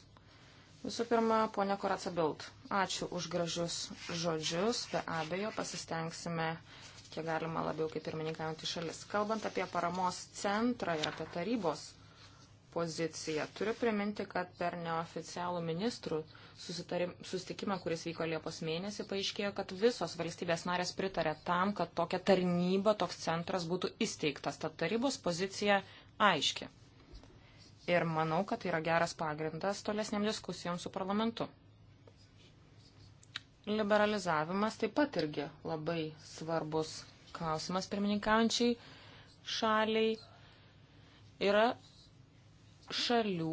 Visų pirma, ponia Koraca Bild, ačiū už gražius žodžius, be abejo, pasistengsime kiek galima labiau kaip pirmininkaujantis šalis. Kalbant apie paramos centrą ir apie tarybos poziciją. Turiu priminti, kad per neoficialų ministrų susitikimą, kuris vyko Liepos mėnesį, paaiškėjo, kad visos valstybės narės pritarė tam, kad tokia tarnyba, toks centras būtų įsteigtas. Tad tarybos pozicija aiški. Ir manau, kad tai yra geras pagrindas tolesniam diskusijom su parlamentu. Liberalizavimas taip pat irgi labai svarbus klausimas pirmininkaujančiai šaliai. Yra šalių,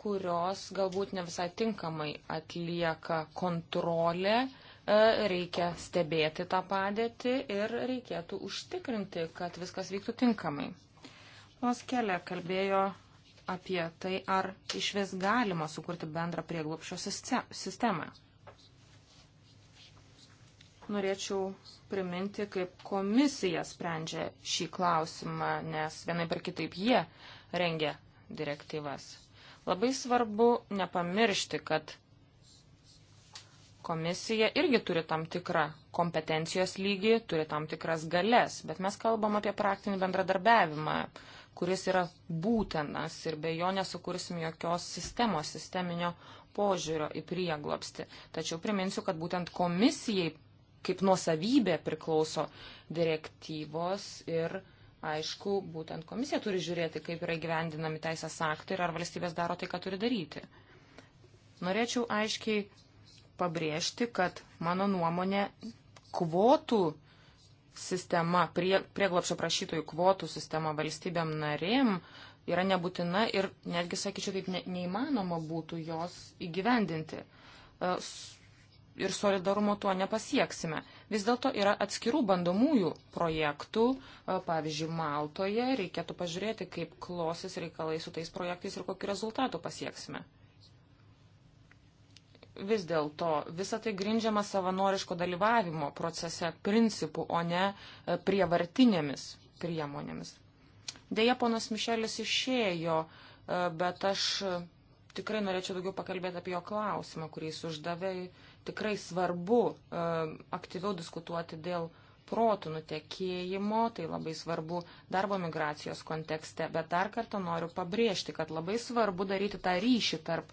kurios galbūt ne visai tinkamai atlieka kontrolę, e, reikia stebėti tą padėtį ir reikėtų užtikrinti, kad viskas vyktų tinkamai. Nors kelia kalbėjo apie tai, ar iš vis galima sukurti bendrą prieglopšio sistemą. Norėčiau priminti, kaip komisija sprendžia šį klausimą, nes vienai per kitaip jie rengia direktyvas. Labai svarbu nepamiršti, kad komisija irgi turi tam tikrą kompetencijos lygį, turi tam tikras galės, bet mes kalbam apie praktinį bendradarbiavimą, kuris yra būtinas ir be jo nesukursim jokios sistemos, sisteminio požiūrio į prieglopsti. Tačiau priminsiu, kad būtent komisijai kaip nuosavybė priklauso direktyvos ir direktyvos aišku, būtent komisija turi žiūrėti, kaip yra gyvendinami teisės aktai ir ar valstybės daro tai, ką turi daryti. Norėčiau aiškiai pabrėžti, kad mano nuomonė kvotų sistema, prie, prieglopšio prašytojų kvotų sistema valstybėm narėm yra nebūtina ir netgi, sakyčiau, taip ne, neįmanoma būtų jos įgyvendinti. E, ir solidarumo tuo nepasieksime. Vis dėlto yra atskirų bandomųjų projektų, e, pavyzdžiui, Maltoje reikėtų pažiūrėti, kaip klosis reikalai su tais projektais ir kokiu rezultatu pasieksime. Vis dėlto visa tai grindžiama savanoriško dalyvavimo procese principų, o ne e, prievartinėmis priemonėmis. Deja, ponas Mišelis išėjo, e, bet aš tikrai norėčiau daugiau pakalbėti apie jo klausimą, kurį jis uždavė tikrai svarbu e, aktyviau diskutuoti dėl protų nutekėjimo, tai labai svarbu darbo migracijos kontekste, bet dar kartą noriu pabrėžti, kad labai svarbu daryti tą ryšį tarp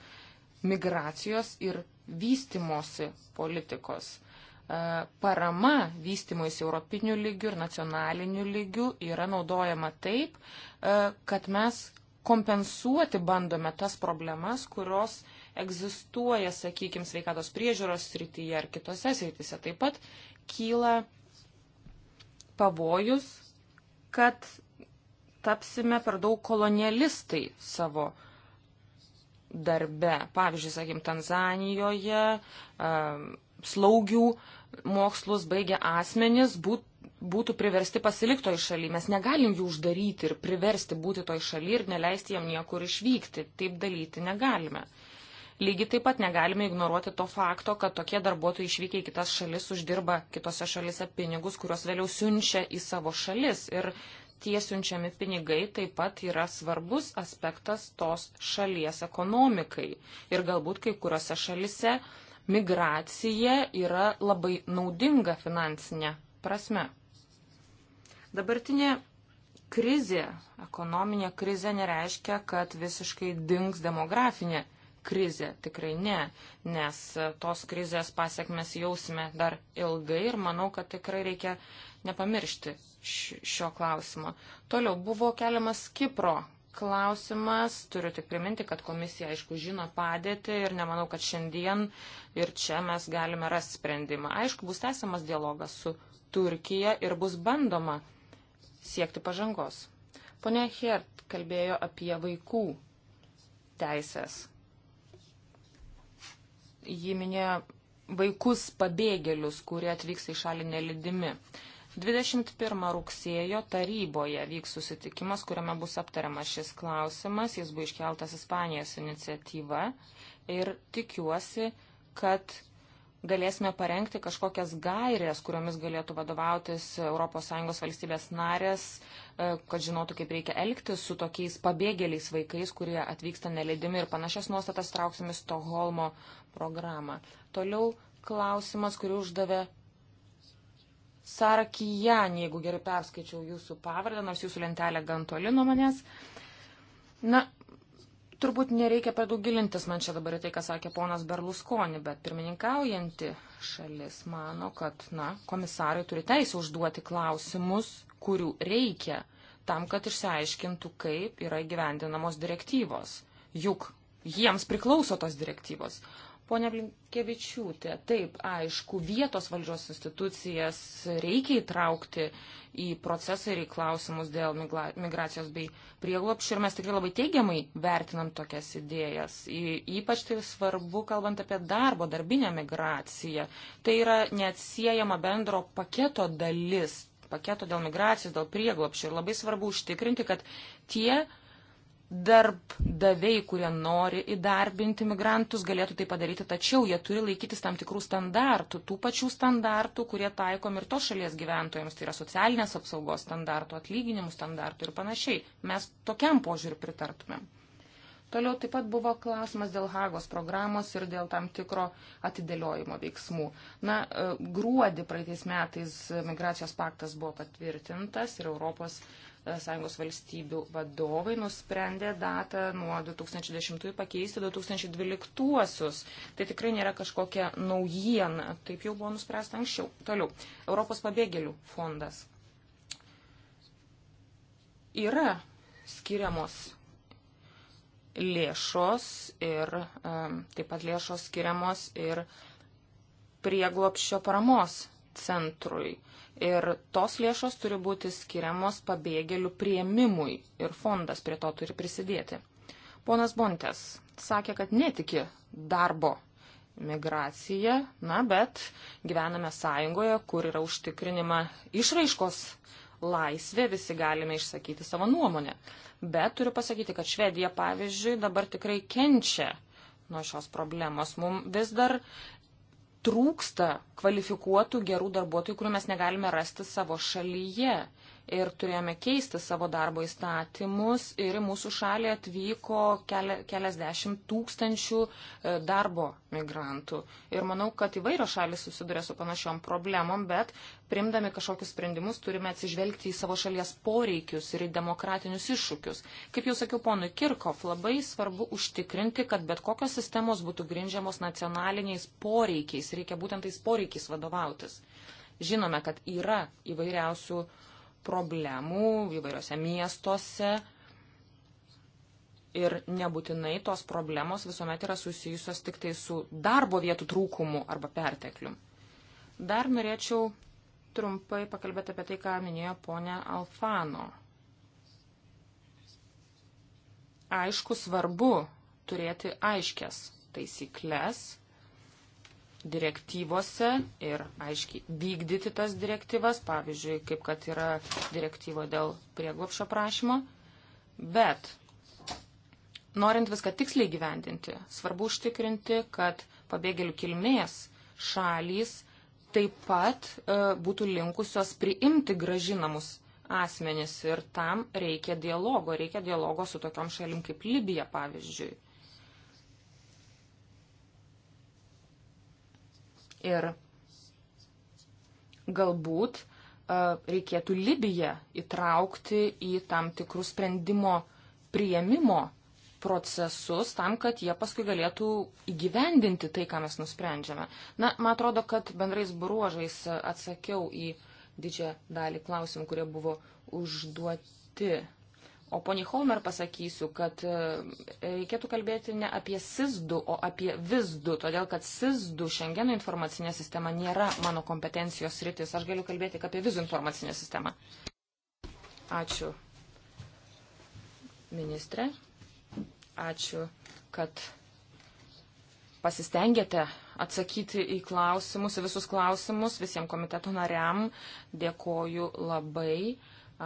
migracijos ir vystimosi politikos. E, parama vystimuisi europinių lygių ir nacionalinių lygių yra naudojama taip, e, kad mes kompensuoti bandome tas problemas, kurios uh, egzistuoja, sakykime, sveikatos priežiūros srityje ar kitose srityse. Taip pat kyla pavojus, kad tapsime per daug kolonialistai savo darbe. Pavyzdžiui, sakim, Tanzanijoje slaugių mokslus baigę asmenys būtų priversti pasilikti toj šaly. Mes negalim jų uždaryti ir priversti būti toj šaly ir neleisti jam niekur išvykti. Taip dalyti negalime. Lygiai taip pat negalime ignoruoti to fakto, kad tokie darbuotojai išvykę į kitas šalis uždirba kitose šalise pinigus, kuriuos vėliau siunčia į savo šalis. Ir tie siunčiami pinigai taip pat yra svarbus aspektas tos šalies ekonomikai. Ir galbūt kai kuriuose šalise migracija yra labai naudinga finansinė prasme. Dabartinė krizė, ekonominė krizė nereiškia, kad visiškai dings demografinė krizė. Tikrai ne, nes tos krizės pasiekmes jausime dar ilgai ir manau, kad tikrai reikia nepamiršti šio klausimo. Toliau buvo keliamas Kipro klausimas. Turiu tik priminti, kad komisija, aišku, žino padėtį ir nemanau, kad šiandien ir čia mes galime rasti sprendimą. Aišku, bus tęsiamas dialogas su Turkija ir bus bandoma siekti pažangos. Pone Hert kalbėjo apie vaikų teisės jį minėjo vaikus pabėgėlius, kurie atvyks į šalį nelidimi. 21 rugsėjo taryboje vyks susitikimas, kuriame bus aptariamas šis klausimas. Jis buvo iškeltas Ispanijos iniciatyva ir tikiuosi, kad galėsime parengti kažkokias gairės, kuriomis galėtų vadovautis ES valstybės narės, e, kad žinotų, kaip reikia elgtis su tokiais pabėgėliais vaikais, kurie atvyksta nelidimi ir panašias nuostatas trauksime Stokholmo programą. Toliau klausimas, kurį uždavė Sarakijan, jeigu gerai perskaičiau jūsų pavardę, nors jūsų lentelė gan toli nuo manęs. Na, turbūt nereikia per daug gilintis man čia dabar į tai, ką sakė ponas Berlusconi, bet pirmininkaujanti šalis mano, kad, na, komisarai turi teisę užduoti klausimus, kurių reikia, tam, kad išsiaiškintų, kaip yra gyvendinamos direktyvos. Juk jiems priklauso tos direktyvos. Pone Blinkevičiūtė, taip, aišku, vietos valdžios institucijas reikia įtraukti į procesą ir į klausimus dėl migracijos bei prieglopščių ir mes tikrai labai teigiamai vertinam tokias idėjas. Ypač tai svarbu, kalbant apie darbo, darbinę migraciją. Tai yra neatsiejama bendro paketo dalis, paketo dėl migracijos, dėl prieglopščių ir labai svarbu užtikrinti, kad tie darbdaviai, kurie nori įdarbinti migrantus, galėtų tai padaryti, tačiau jie turi laikytis tam tikrų standartų, tų pačių standartų, kurie taikom ir to šalies gyventojams, tai yra socialinės apsaugos standartų, atlyginimų standartų ir panašiai. Mes tokiam požiūriu pritartumėm. Toliau taip pat buvo klausimas dėl Hagos programos ir dėl tam tikro atidėliojimo veiksmų. Na, e, gruodį praeitais metais migracijos paktas buvo patvirtintas ir Europos uh, Sąjungos valstybių vadovai nusprendė datą nuo 2010 pakeisti 2012. Tai tikrai nėra kažkokia naujiena, taip jau buvo nuspręsta anksčiau. Toliau, Europos pabėgėlių fondas. Yra skiriamos lėšos ir um, taip pat lėšos skiriamos ir prieglopščio paramos centrui. Uh, ir tos lėšos turi būti skiriamos pabėgėlių prieimimui ir fondas prie to turi prisidėti. Ponas Bontes sakė, kad netiki darbo migracija, na, bet gyvename sąjungoje, kur yra užtikrinima išraiškos laisvė, visi galime išsakyti savo nuomonę. Bet turiu pasakyti, kad Švedija, pavyzdžiui, dabar tikrai kenčia nuo šios problemos. Mums vis dar trūksta kvalifikuotų gerų darbuotojų, kurių mes negalime rasti savo šalyje ir turėjome keisti savo darbo įstatymus ir į mūsų šalį atvyko keliasdešimt tūkstančių e, darbo migrantų. Ir manau, kad įvairios šalis susiduria su panašiom problemom, bet primdami kažkokius sprendimus turime atsižvelgti į savo šalies poreikius ir į demokratinius iššūkius. Kaip jau sakiau ponui Kirkov, labai svarbu užtikrinti, kad bet kokios sistemos būtų grindžiamos nacionaliniais poreikiais. Reikia būtent tais poreikiais vadovautis. Žinome, kad yra įvairiausių uh, problemų įvairiose miestuose ir nebūtinai tos problemos visuomet yra susijusios tik tai su darbo vietų trūkumu arba pertekliu. Dar norėčiau trumpai pakalbėti apie tai, ką minėjo ponia Alfano. Aišku, svarbu turėti aiškias taisyklės direktyvose ir aiškiai vykdyti tas direktyvas, pavyzdžiui, kaip kad yra direktyvo dėl prieglopšio prašymo. Bet norint viską tiksliai gyvendinti, svarbu užtikrinti, kad pabėgėlių kilmės šalys taip pat e, būtų linkusios priimti gražinamus asmenis ir tam reikia dialogo, reikia dialogo su tokiom šalim kaip Libija, pavyzdžiui. Ir galbūt e, reikėtų Libiją įtraukti į tam tikrus sprendimo prieimimo procesus tam, kad jie paskui galėtų įgyvendinti tai, ką mes nusprendžiame. Na, man atrodo, kad bendrais bruožais atsakiau į didžiąją dalį klausimų, kurie buvo užduoti. O poni Holmer pasakysiu, kad e, reikėtų kalbėti ne apie SIS2, o apie VIS2, todėl kad SIS2 šiandieno informacinė sistema nėra mano kompetencijos rytis. Aš galiu kalbėti tik apie vizų informacinę sistemą. Ačiū, ministrė. Ačiū, kad pasistengėte atsakyti į klausimus, į visus klausimus visiems komiteto nariam. Dėkoju labai.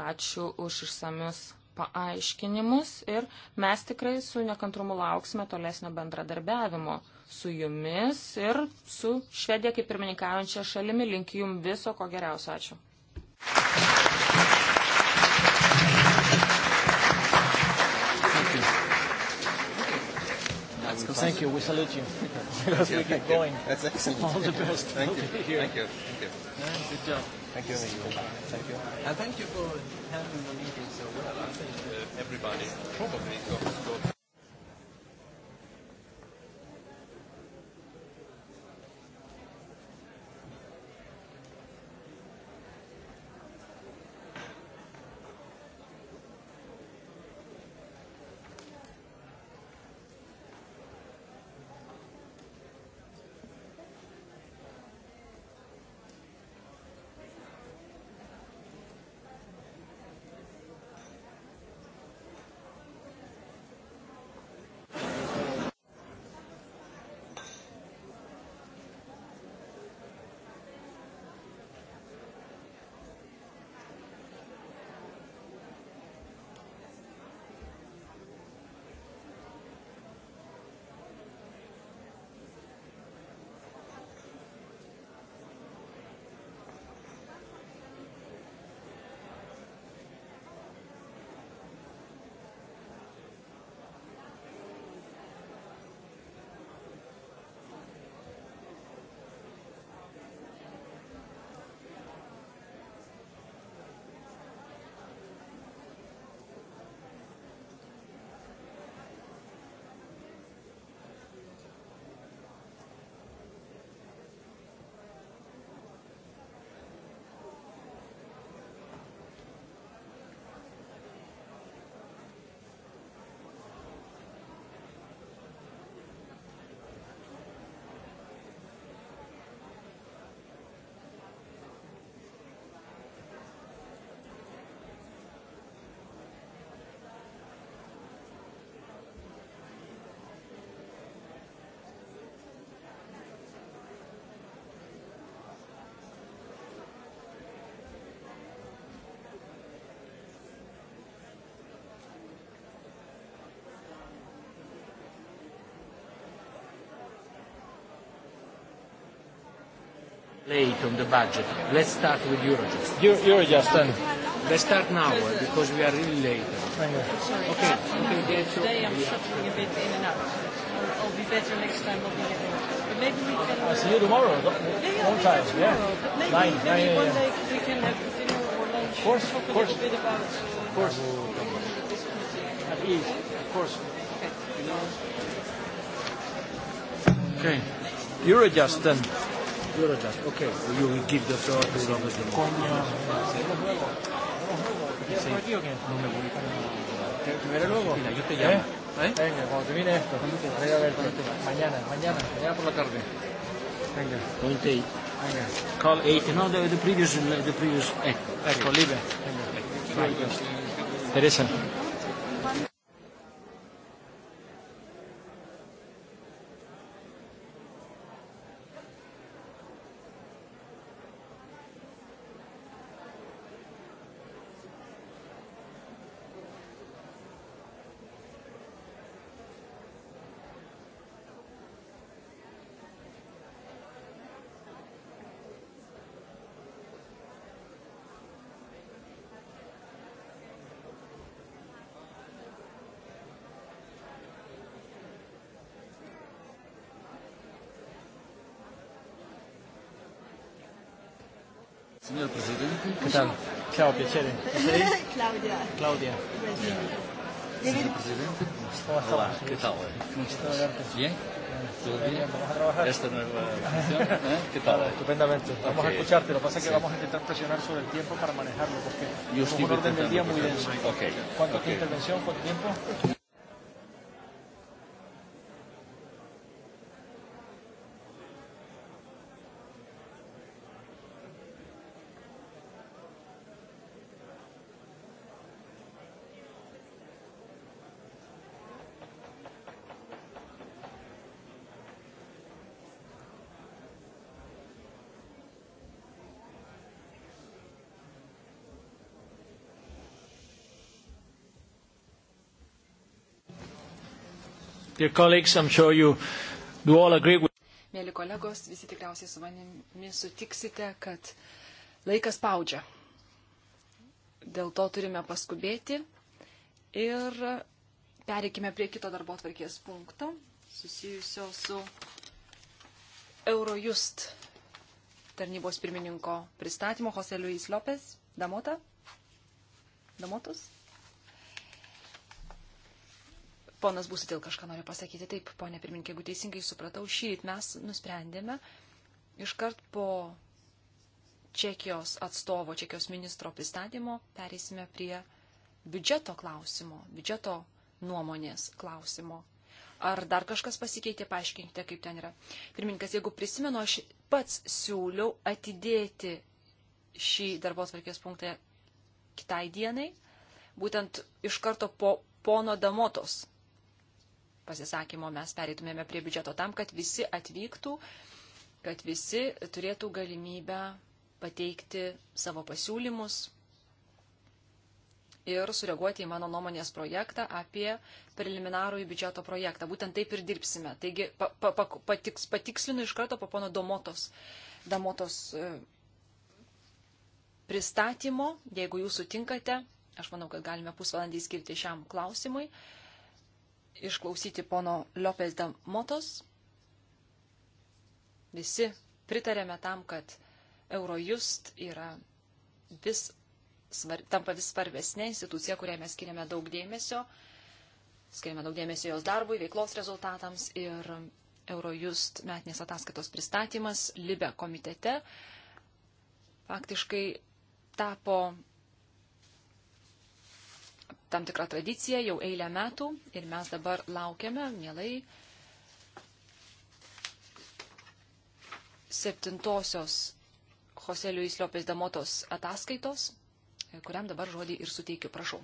Ačiū už išsamius paaiškinimus ir mes tikrai su nekantrumu lauksime tolesnio bendradarbiavimo su jumis ir su Švedija kaip pirmininkaujančia šalimi. Linkiu jums viso ko geriausio. Ačiū. Thank you. Thank you. We salute you. Because *laughs* we keep going. That's excellent. All the best. Thank you. Thank you. Thank you. Yeah, good job. Thank you. Thank you. And thank you for handling the meeting so well. I think uh, everybody probably got, got late on the budget. Let's start with Eurojust. You, Eurojust, then. Let's start now uh, because we are really late. Thank you. Sorry, okay. okay. There, so today I'm shuttling a bit in and out. I'll, I'll be better next time. I'll be getting. But maybe we can. I'll see you tomorrow. Yeah, yeah, one time. Tomorrow, yeah. But maybe, nine, maybe nine, one yeah, day yeah. we can have dinner or lunch. Of course, talk of course. A little bit about. Uh, of course. At ease. Of course. Okay. You know. Okay. Eurojust then. Eurojust. Okay, you will give the floor to López de Coño. Sí. No me voy para... ¿Te, ¿Te veré luego? Mira, yo te llamo. ¿Eh? ¿Eh? Venga, cuando termine esto. ¿Cuándo te vas? Voy a verte. ¿Cuándo te vas? Mañana, mañana, mañana por la tarde. Venga. Point eight. Venga. Call eight. No, the, the previous, the previous. Eh, ecco, libre. Venga. Teresa. Venga. Ciao, piacere. Sei? Claudia. Claudia. Signor Presidente, Hola, ¿qué tal? Bien. ¿Todo bien? Vamos a trabajar. Esta nueva función, *laughs* ¿eh? ¿Qué tal? Vale, estupendamente. Vamos okay. a escucharte. Lo que pasa es que sí. vamos a intentar presionar sobre el tiempo para manejarlo, porque es un orden del día muy denso. Okay. ¿Cuánto okay. tiempo intervención? ¿Cuánto tiempo? Mėly kolegos, visi tikriausiai su manimi sutiksite, kad laikas spaudžia. Dėl to turime paskubėti ir pereikime prie kito darbo tvarkės punkto susijusio su Eurojust tarnybos pirmininko pristatymo Jose Luis Lopez Damota. Damotos? Ponas Būsitil kažką nori pasakyti. Taip, ponė pirminkė, jeigu teisingai supratau, šį rytą mes nusprendėme iškart po Čekijos atstovo, Čekijos ministro pristatymo pereisime prie biudžeto klausimo, biudžeto nuomonės klausimo. Ar dar kažkas pasikeitė, paaiškinkite, kaip ten yra. Pirmininkas, jeigu prisimenu, aš pats siūliau atidėti šį darbo atvarkės punktą kitai dienai, būtent iš karto po pono Damotos pasisakymo mes pereitumėme prie biudžeto tam, kad visi atvyktų, kad visi turėtų galimybę pateikti savo pasiūlymus ir sureaguoti į mano nuomonės projektą apie preliminarų į biudžeto projektą. Būtent taip ir dirbsime. Taigi pa, pa, pa, patiks, patikslinu iš karto po pono Domotos, Damotos e, pristatymo, jeigu jūs sutinkate, aš manau, kad galime pusvalandį skirti šiam klausimui. Uh, išklausyti pono Lopez Damotos. Visi pritarėme tam, kad Eurojust yra vis svar, tampa vis svarbesnė institucija, kuriai mes skiriame daug dėmesio, skiriame daug dėmesio jos darbui, veiklos rezultatams ir Eurojust metinės ataskaitos pristatymas Libe komitete faktiškai tapo tam tikrą tradiciją jau eilę metų ir mes dabar laukiame, mielai, septintosios Jose Luis Lopez Damotos ataskaitos, kuriam dabar žodį ir suteikiu, prašau.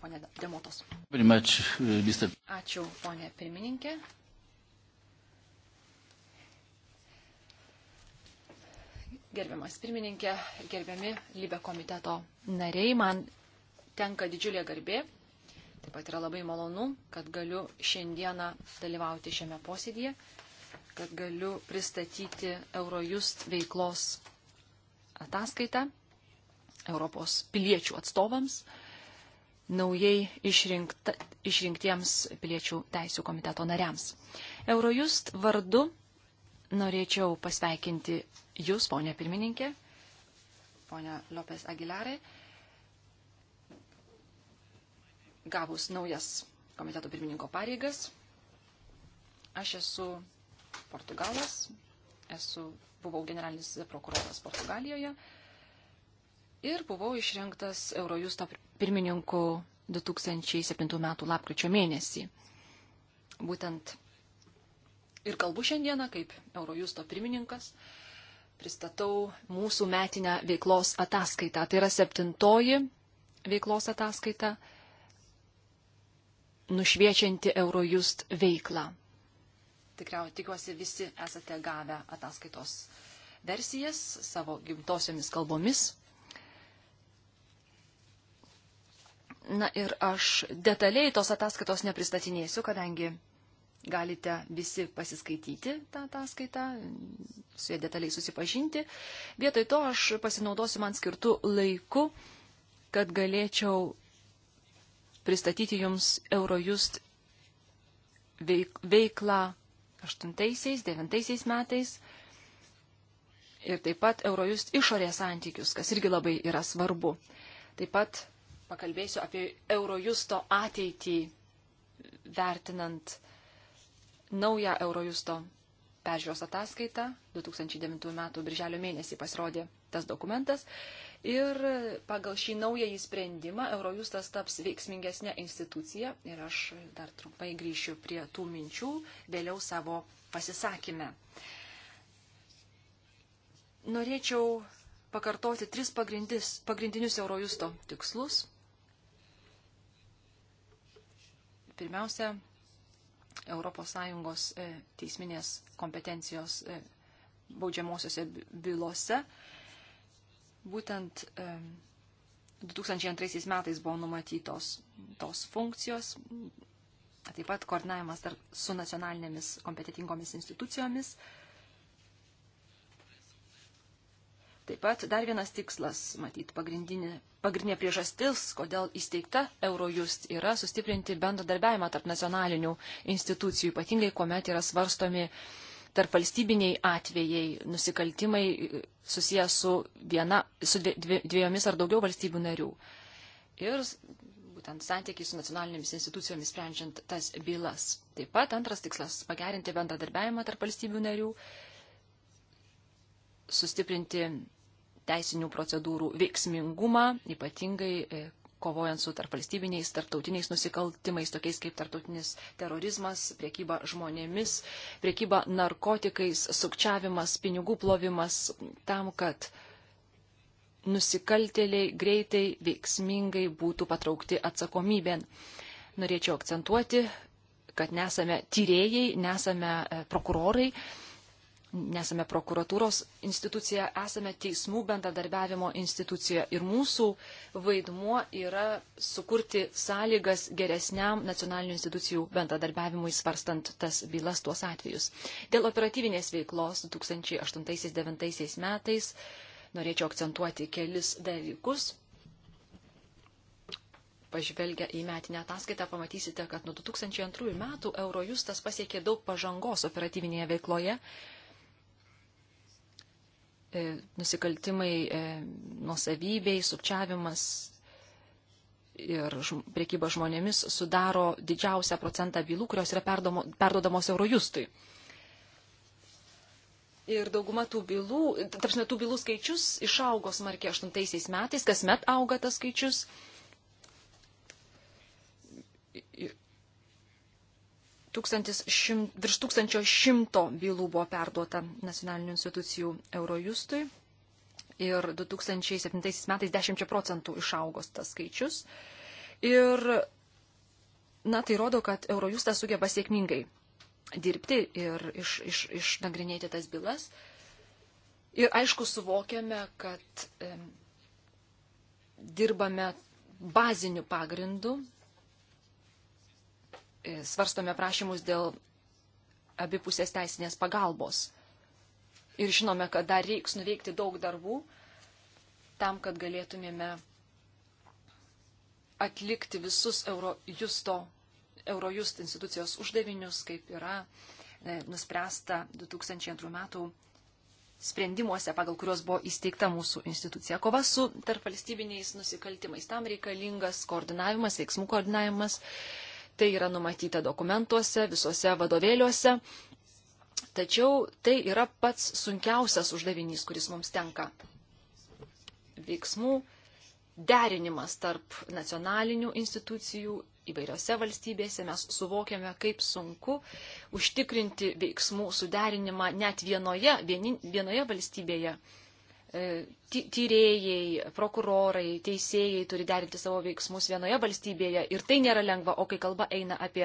Pone Demotos. Uh, Ačiū, ponė pirmininkė. Gerbiamas pirmininkė, gerbiami Libe komiteto nariai, man tenka didžiulė garbė. Taip pat yra labai malonu, kad galiu šiandieną dalyvauti šiame posėdėje, kad galiu pristatyti Eurojust veiklos ataskaitą Europos piliečių atstovams, naujai išrinkta, išrinktiems piliečių teisų komiteto nariams. Eurojust vardu norėčiau pasveikinti Jūs, ponė pirmininkė, ponė Lopes Aguilarė, gavus naujas komiteto pirmininko pareigas. Aš esu Portugalas, esu, buvau generalinis prokuroras Portugalijoje ir buvau išrinktas Eurojusto pirmininku 2007 m. lapkričio mėnesį. Būtent ir kalbu šiandieną kaip Eurojusto pirmininkas, pristatau mūsų metinę veiklos ataskaitą. Tai yra septintoji veiklos ataskaita nušviečianti Eurojust veiklą. Tikriausiai tikiuosi visi esate gavę ataskaitos versijas savo gimtosiomis kalbomis. Na ir aš detaliai tos ataskaitos nepristatinėsiu, kadangi galite visi pasiskaityti tą ataskaitą, su ja detaliai susipažinti. Vietoj to aš pasinaudosiu man skirtų laiku, kad galėčiau pristatyti Jums Eurojust veiklą 8-9 metais ir taip pat Eurojust išorės santykius, kas irgi labai yra svarbu. Taip pat pakalbėsiu apie Eurojusto ateitį, vertinant naują Eurojusto peržiūros ataskaitą 2009 m. birželio mėnesį pasirodė tas dokumentas. Ir pagal šį naująjį sprendimą Eurojustas taps veiksmingesnė institucija ir aš dar trumpai grįšiu prie tų minčių vėliau savo pasisakymę. Norėčiau pakartoti tris pagrindinius Eurojusto tikslus. Pirmiausia, ES e, teisminės kompetencijos e, baudžiamosiose bylose Būtent 2002 metais buvo numatytos tos funkcijos, taip pat koordinavimas tarp, su nacionalinėmis kompetitingomis institucijomis. Taip pat dar vienas tikslas, matyt, pagrindinė, pagrindinė priežastis, kodėl įsteigta Eurojust yra sustiprinti bendradarbiavimą tarp nacionalinių institucijų, ypatingai kuomet yra svarstomi uh, tarp valstybiniai atvejai, nusikaltimai e, susijęs su, viena, su dviejomis ar daugiau valstybių narių. Ir būtent santykiai su nacionalinėmis institucijomis sprendžiant tas bylas. Taip pat antras tikslas - pagerinti bendradarbiavimą tarp valstybių narių, sustiprinti teisinių procedūrų veiksmingumą, ypatingai e, kovojant su tarpvalstybiniais, tarptautiniais nusikaltimais, tokiais kaip tarptautinis terorizmas, priekyba žmonėmis, priekyba narkotikais, sukčiavimas, pinigų plovimas, tam, kad nusikaltėliai greitai, veiksmingai būtų patraukti atsakomybėn. Norėčiau akcentuoti, kad nesame tyrėjai, nesame e, prokurorai, nesame prokuratūros institucija, esame teismų bendradarbiavimo institucija ir mūsų vaidmuo yra sukurti sąlygas geresniam nacionalinių institucijų bendradarbiavimui svarstant tas bylas tuos atvejus. Dėl operatyvinės veiklos 2008-2009 metais norėčiau akcentuoti kelis dalykus. Pažvelgę į metinę ataskaitą, pamatysite, kad nuo 2002 metų Eurojustas pasiekė daug pažangos operatyvinėje veikloje, E, nusikaltimai e, nusavybei, sukčiavimas ir priekyba žmonėmis sudaro didžiausią procentą bylų, kurios yra perdodamos Eurojustui. Ir dauguma tų bylų, tarpsime, tų bylų skaičius išaugo smarkiai 8 metais, kasmet auga tas skaičius. 1100, virš 1100 bylų buvo perduota nacionalinių institucijų Eurojustui ir 2007 metais 10 procentų išaugos tas skaičius. Ir, na, tai rodo, kad Eurojustas sugeba sėkmingai dirbti ir iš, iš, išnagrinėti tas bylas. Ir aišku, suvokiame, kad e, dirbame baziniu pagrindu, E, svarstome prašymus dėl abipusės teisinės pagalbos. Ir žinome, kad dar reiks nuveikti daug darbų tam, kad galėtumėme atlikti visus Eurojusto, Eurojust institucijos uždavinius, kaip yra e, nuspręsta 2002 metų sprendimuose, pagal kuriuos buvo įsteigta mūsų institucija. Kova su tarpvalstybiniais nusikaltimais. Tam reikalingas koordinavimas, veiksmų koordinavimas, Tai yra numatyta dokumentuose, visuose vadovėliuose. Tačiau tai yra pats sunkiausias uždavinys, kuris mums tenka. Veiksmų derinimas tarp nacionalinių institucijų įvairiose valstybėse mes suvokiame, kaip sunku užtikrinti veiksmų suderinimą net vienoje, vieni, vienoje valstybėje E, tyrėjai, prokurorai, teisėjai turi derinti savo veiksmus vienoje valstybėje ir tai nėra lengva, o kai kalba eina apie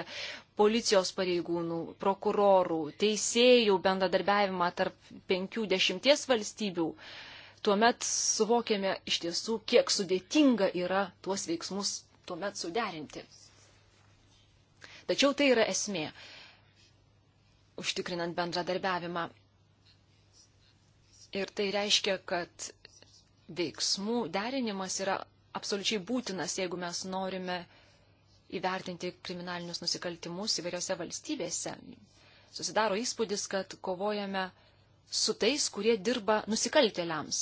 policijos pareigūnų, prokurorų, teisėjų bendradarbiavimą tarp penkių dešimties valstybių, tuomet suvokėme iš tiesų, kiek sudėtinga yra tuos veiksmus tuomet suderinti. Tačiau tai yra esmė, užtikrinant bendradarbiavimą. Ir tai reiškia, kad veiksmų derinimas yra absoliučiai būtinas, jeigu mes norime įvertinti kriminalinius nusikaltimus įvairiose valstybėse. Susidaro įspūdis, kad kovojame su tais, kurie dirba nusikaltėliams.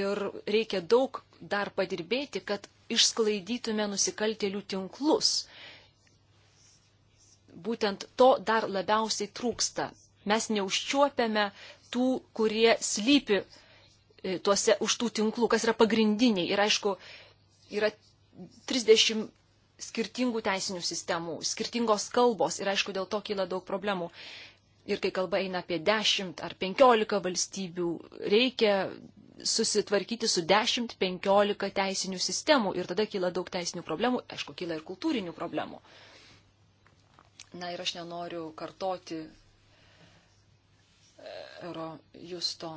Ir reikia daug dar padirbėti, kad išsklaidytume nusikaltėlių tinklus. Būtent to dar labiausiai trūksta. Mes neužčiuopiame tų, kurie slypi e, tuose už tų tinklų, kas yra pagrindiniai. Ir aišku, yra 30 skirtingų teisinių sistemų, skirtingos kalbos ir aišku, dėl to kyla daug problemų. Ir kai kalba eina apie 10 ar 15 valstybių, reikia susitvarkyti su 10-15 teisinių sistemų ir tada kyla daug teisinių problemų, aišku, kyla ir kultūrinių problemų. Na ir aš nenoriu kartoti Euro justo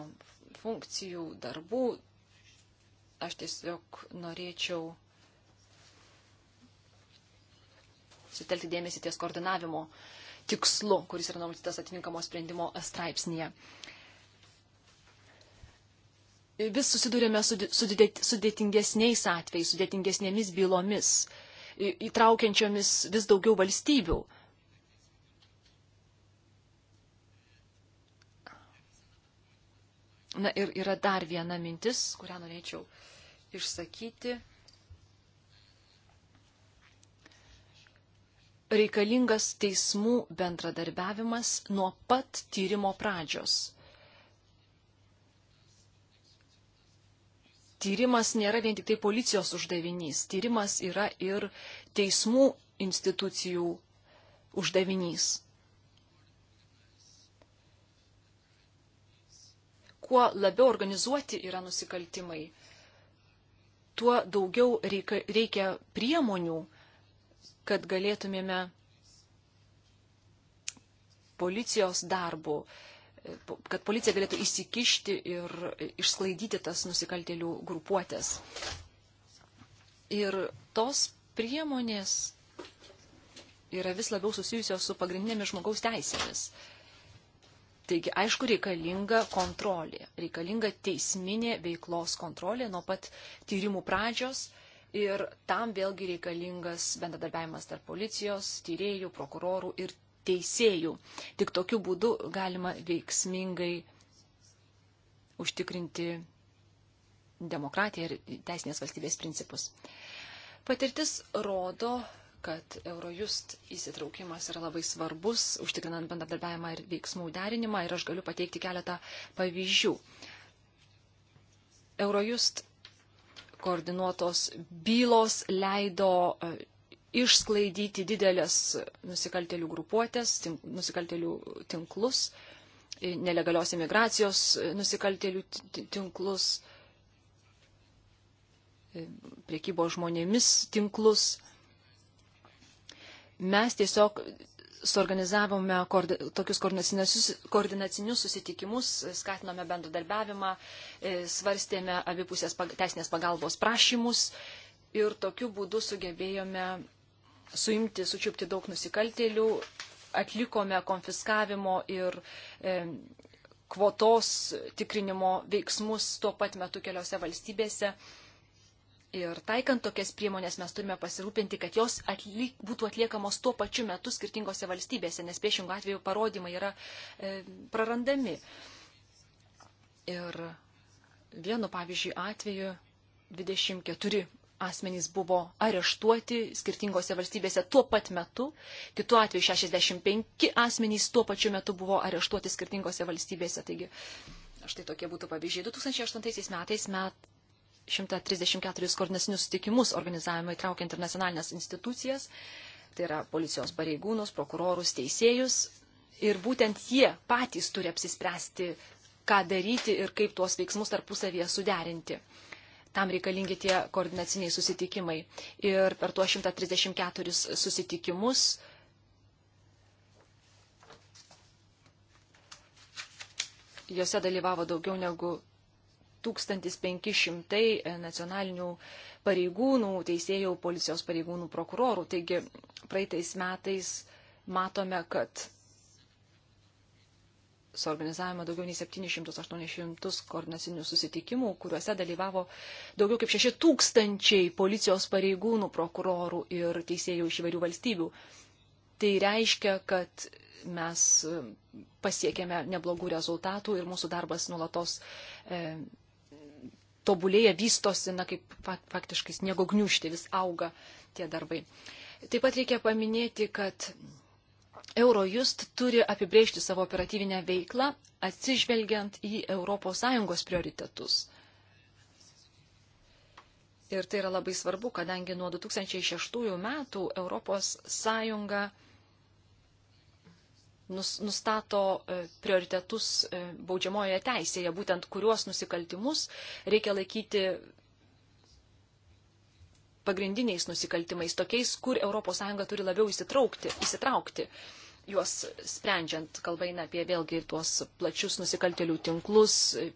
funkcijų, darbų. Aš tiesiog norėčiau sutelkti dėmesį ties koordinavimo tikslu, kuris yra numatytas atitinkamo sprendimo straipsnėje. Vis susidurėme su, sudėt, sudėtingesniais atvejais, sudėtingesnėmis bylomis, įtraukiančiomis vis daugiau valstybių. Na ir yra dar viena mintis, kurią norėčiau išsakyti. Reikalingas teismų bendradarbiavimas nuo pat tyrimo pradžios. Tyrimas nėra vien tik tai policijos uždavinys, tyrimas yra ir teismų institucijų uždavinys. kuo labiau organizuoti yra nusikaltimai, tuo daugiau reikia, reikia priemonių, kad galėtumėme policijos darbu, kad policija galėtų įsikišti ir išsklaidyti tas nusikaltėlių grupuotės. Ir tos priemonės yra vis labiau susijusios su pagrindinėmis žmogaus teisėmis. Taigi, aišku, reikalinga kontrolė, reikalinga teisminė veiklos kontrolė nuo pat tyrimų pradžios ir tam vėlgi reikalingas bendradarbiavimas tarp policijos, tyriejų, prokurorų ir teisėjų. Tik tokiu būdu galima veiksmingai užtikrinti demokratiją ir teisinės valstybės principus. Patirtis rodo, kad Eurojust įsitraukimas yra labai svarbus, užtikrinant bendradarbiavimą ir veiksmų derinimą ir aš galiu pateikti keletą pavyzdžių. Eurojust koordinuotos bylos leido e, išsklaidyti didelės nusikaltelių grupuotės, nusikaltelių tinklus, nelegalios imigracijos e, nusikaltelių tinklus, e, priekybo žmonėmis tinklus. Mes tiesiog suorganizavome koordi, tokius koordinacinius, koordinacinius susitikimus, skatinome bendradarbiavimą, e, svarstėme abipusės pag, teisinės pagalbos prašymus ir tokiu būdu sugebėjome suimti, sučiupti daug nusikaltėlių, atlikome konfiskavimo ir e, kvotos tikrinimo veiksmus tuo pat metu keliose valstybėse. E, Ir taikant tokias priemonės mes turime pasirūpinti, kad jos atlik, būtų atliekamos tuo pačiu metu skirtingose valstybėse, nes priešingų atveju parodymai yra e, prarandami. Ir vienu, pavyzdžiui, atveju 24 asmenys buvo areštuoti skirtingose valstybėse tuo pat metu, kitu atveju 65 asmenys tuo pačiu metu buvo areštuoti skirtingose valstybėse. Taigi, štai tokie būtų pavyzdžiai. 2008 metais met, 134 koordinacinius sutikimus organizavimą įtraukiant ir nacionalinės institucijas, tai yra policijos pareigūnus, prokurorus, teisėjus. Ir būtent jie patys turi apsispręsti, ką daryti ir kaip tuos veiksmus tarpusavėje suderinti. Tam reikalingi tie koordinaciniai susitikimai. Ir per tuos 134 susitikimus juose dalyvavo daugiau negu 1500 e, nacionalinių pareigūnų, teisėjų, policijos pareigūnų, prokurorų. Taigi praeitais metais matome, kad suorganizavome daugiau nei 700-800 koordinacinių susitikimų, kuriuose dalyvavo daugiau kaip 6000 policijos pareigūnų, prokurorų ir teisėjų iš įvairių valstybių. Tai reiškia, kad mes pasiekėme neblogų rezultatų ir mūsų darbas nulatos e, tobulėja, vystosi, na kaip faktiškai sniego gniužti, vis auga tie darbai. Taip pat reikia paminėti, kad Eurojust turi apibrėžti savo operatyvinę veiklą, atsižvelgiant į ES prioritetus. Ir tai yra labai svarbu, kadangi nuo 2006 metų ES nustato e, prioritetus e, baudžiamojoje teisėje, būtent kuriuos nusikaltimus reikia laikyti pagrindiniais nusikaltimais, tokiais, kur ES turi labiau įsitraukti, įsitraukti juos sprendžiant, kalba eina apie vėlgi tuos plačius nusikaltelių tinklus, e,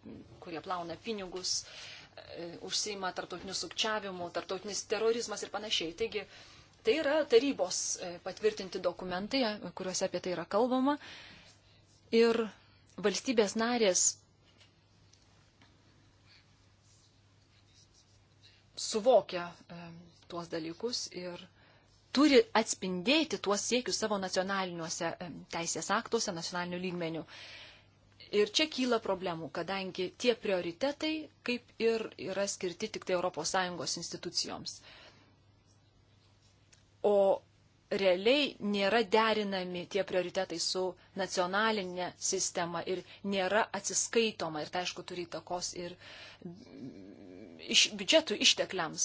kurie plauna pinigus, užsima tartautiniu sukčiavimu, tartautinis terorizmas ir panašiai. Taigi, Tai yra tarybos e, patvirtinti dokumentai, e, kuriuose apie tai yra kalbama. Ir valstybės narės suvokia e, tuos dalykus ir turi atspindėti tuos siekius savo nacionaliniuose teisės aktuose, nacionaliniu lygmeniu. Ir čia kyla problemų, kadangi tie prioritetai kaip ir yra skirti tik tai ES institucijoms o realiai nėra derinami tie prioritetai su nacionalinė sistema ir nėra atsiskaitoma ir tai aišku turi įtakos ir iš biudžetų ištekliams.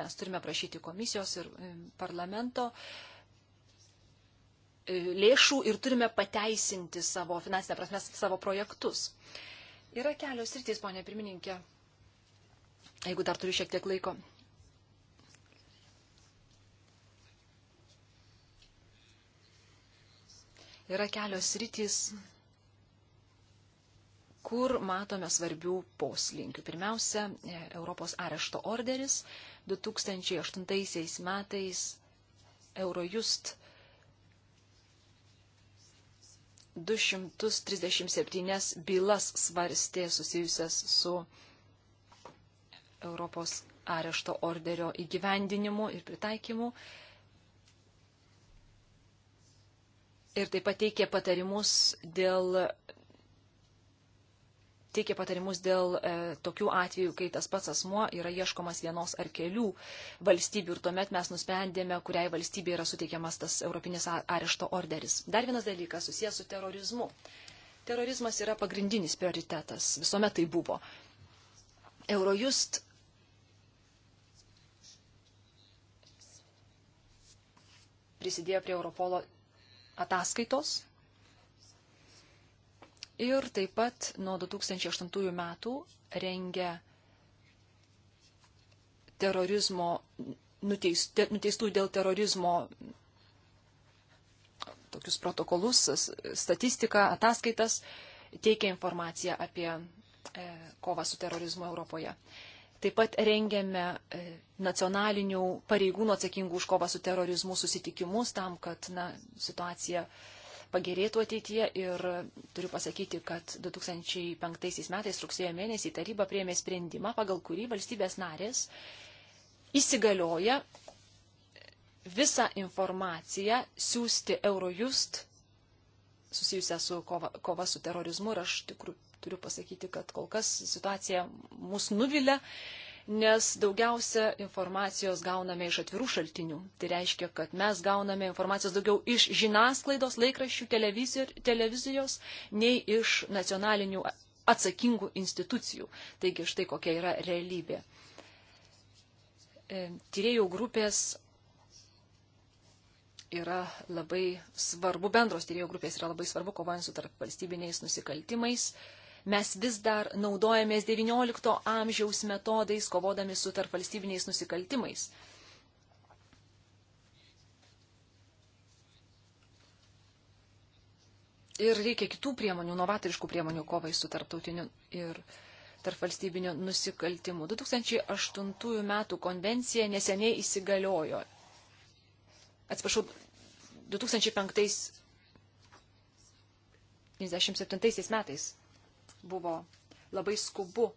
Mes turime prašyti komisijos ir parlamento e, lėšų ir turime pateisinti savo finansinę prasme savo projektus. Yra kelios rytis, ponė pirmininkė, jeigu dar turiu šiek tiek laiko. yra kelios rytis, kur matome svarbių poslinkių. Pirmiausia, e, Europos arešto orderis 2008 metais Eurojust 237 bylas svarstė susijusias su Europos arešto orderio įgyvendinimu ir pritaikymu. ir taip pat teikė patarimus dėl, teikė patarimus dėl e, tokių atvejų, kai tas pats asmuo yra ieškomas vienos ar kelių valstybių ir tuomet mes nusprendėme, kuriai valstybė yra suteikiamas tas europinis arešto orderis. Dar vienas dalykas susijęs su terorizmu. Terorizmas yra pagrindinis prioritetas, visuomet tai buvo. Eurojust prisidėjo prie Europolo ataskaitos. Ir taip pat nuo 2008 metų rengia terorizmo, nuteis, te, nuteistų dėl terorizmo tokius protokolus, statistiką, ataskaitas, teikia informaciją apie e, kovą su terorizmu Europoje. E, Taip pat rengiame e, nacionalinių pareigūnų atsakingų už kovą su terorizmu susitikimus tam, kad na, situacija pagerėtų ateityje ir turiu pasakyti, kad 2005 metais rugsėjo mėnesį taryba priėmė sprendimą, pagal kurį valstybės narės įsigalioja visą informaciją siūsti Eurojust susijusią su kova, kova su terorizmu ir aš tikru, turiu pasakyti, kad kol kas situacija mus nuvilia, nes daugiausia informacijos gauname iš atvirų šaltinių. Tai reiškia, kad mes gauname informacijos daugiau iš žiniasklaidos, laikraščių, televizijos, nei iš nacionalinių atsakingų institucijų. Taigi štai kokia yra realybė. E, tyrėjų grupės yra labai svarbu, bendros tyrėjų grupės yra labai svarbu kovojant su tarp valstybiniais nusikaltimais, mes vis dar naudojamės XIX amžiaus metodais, kovodami su tarpvalstybiniais nusikaltimais. Ir reikia kitų priemonių, novatoriškų priemonių kovai su tarptautiniu ir tarpvalstybiniu nusikaltimu. 2008 metų konvencija neseniai įsigaliojo. Atsiprašau, 2005 1997 metais buvo labai skubu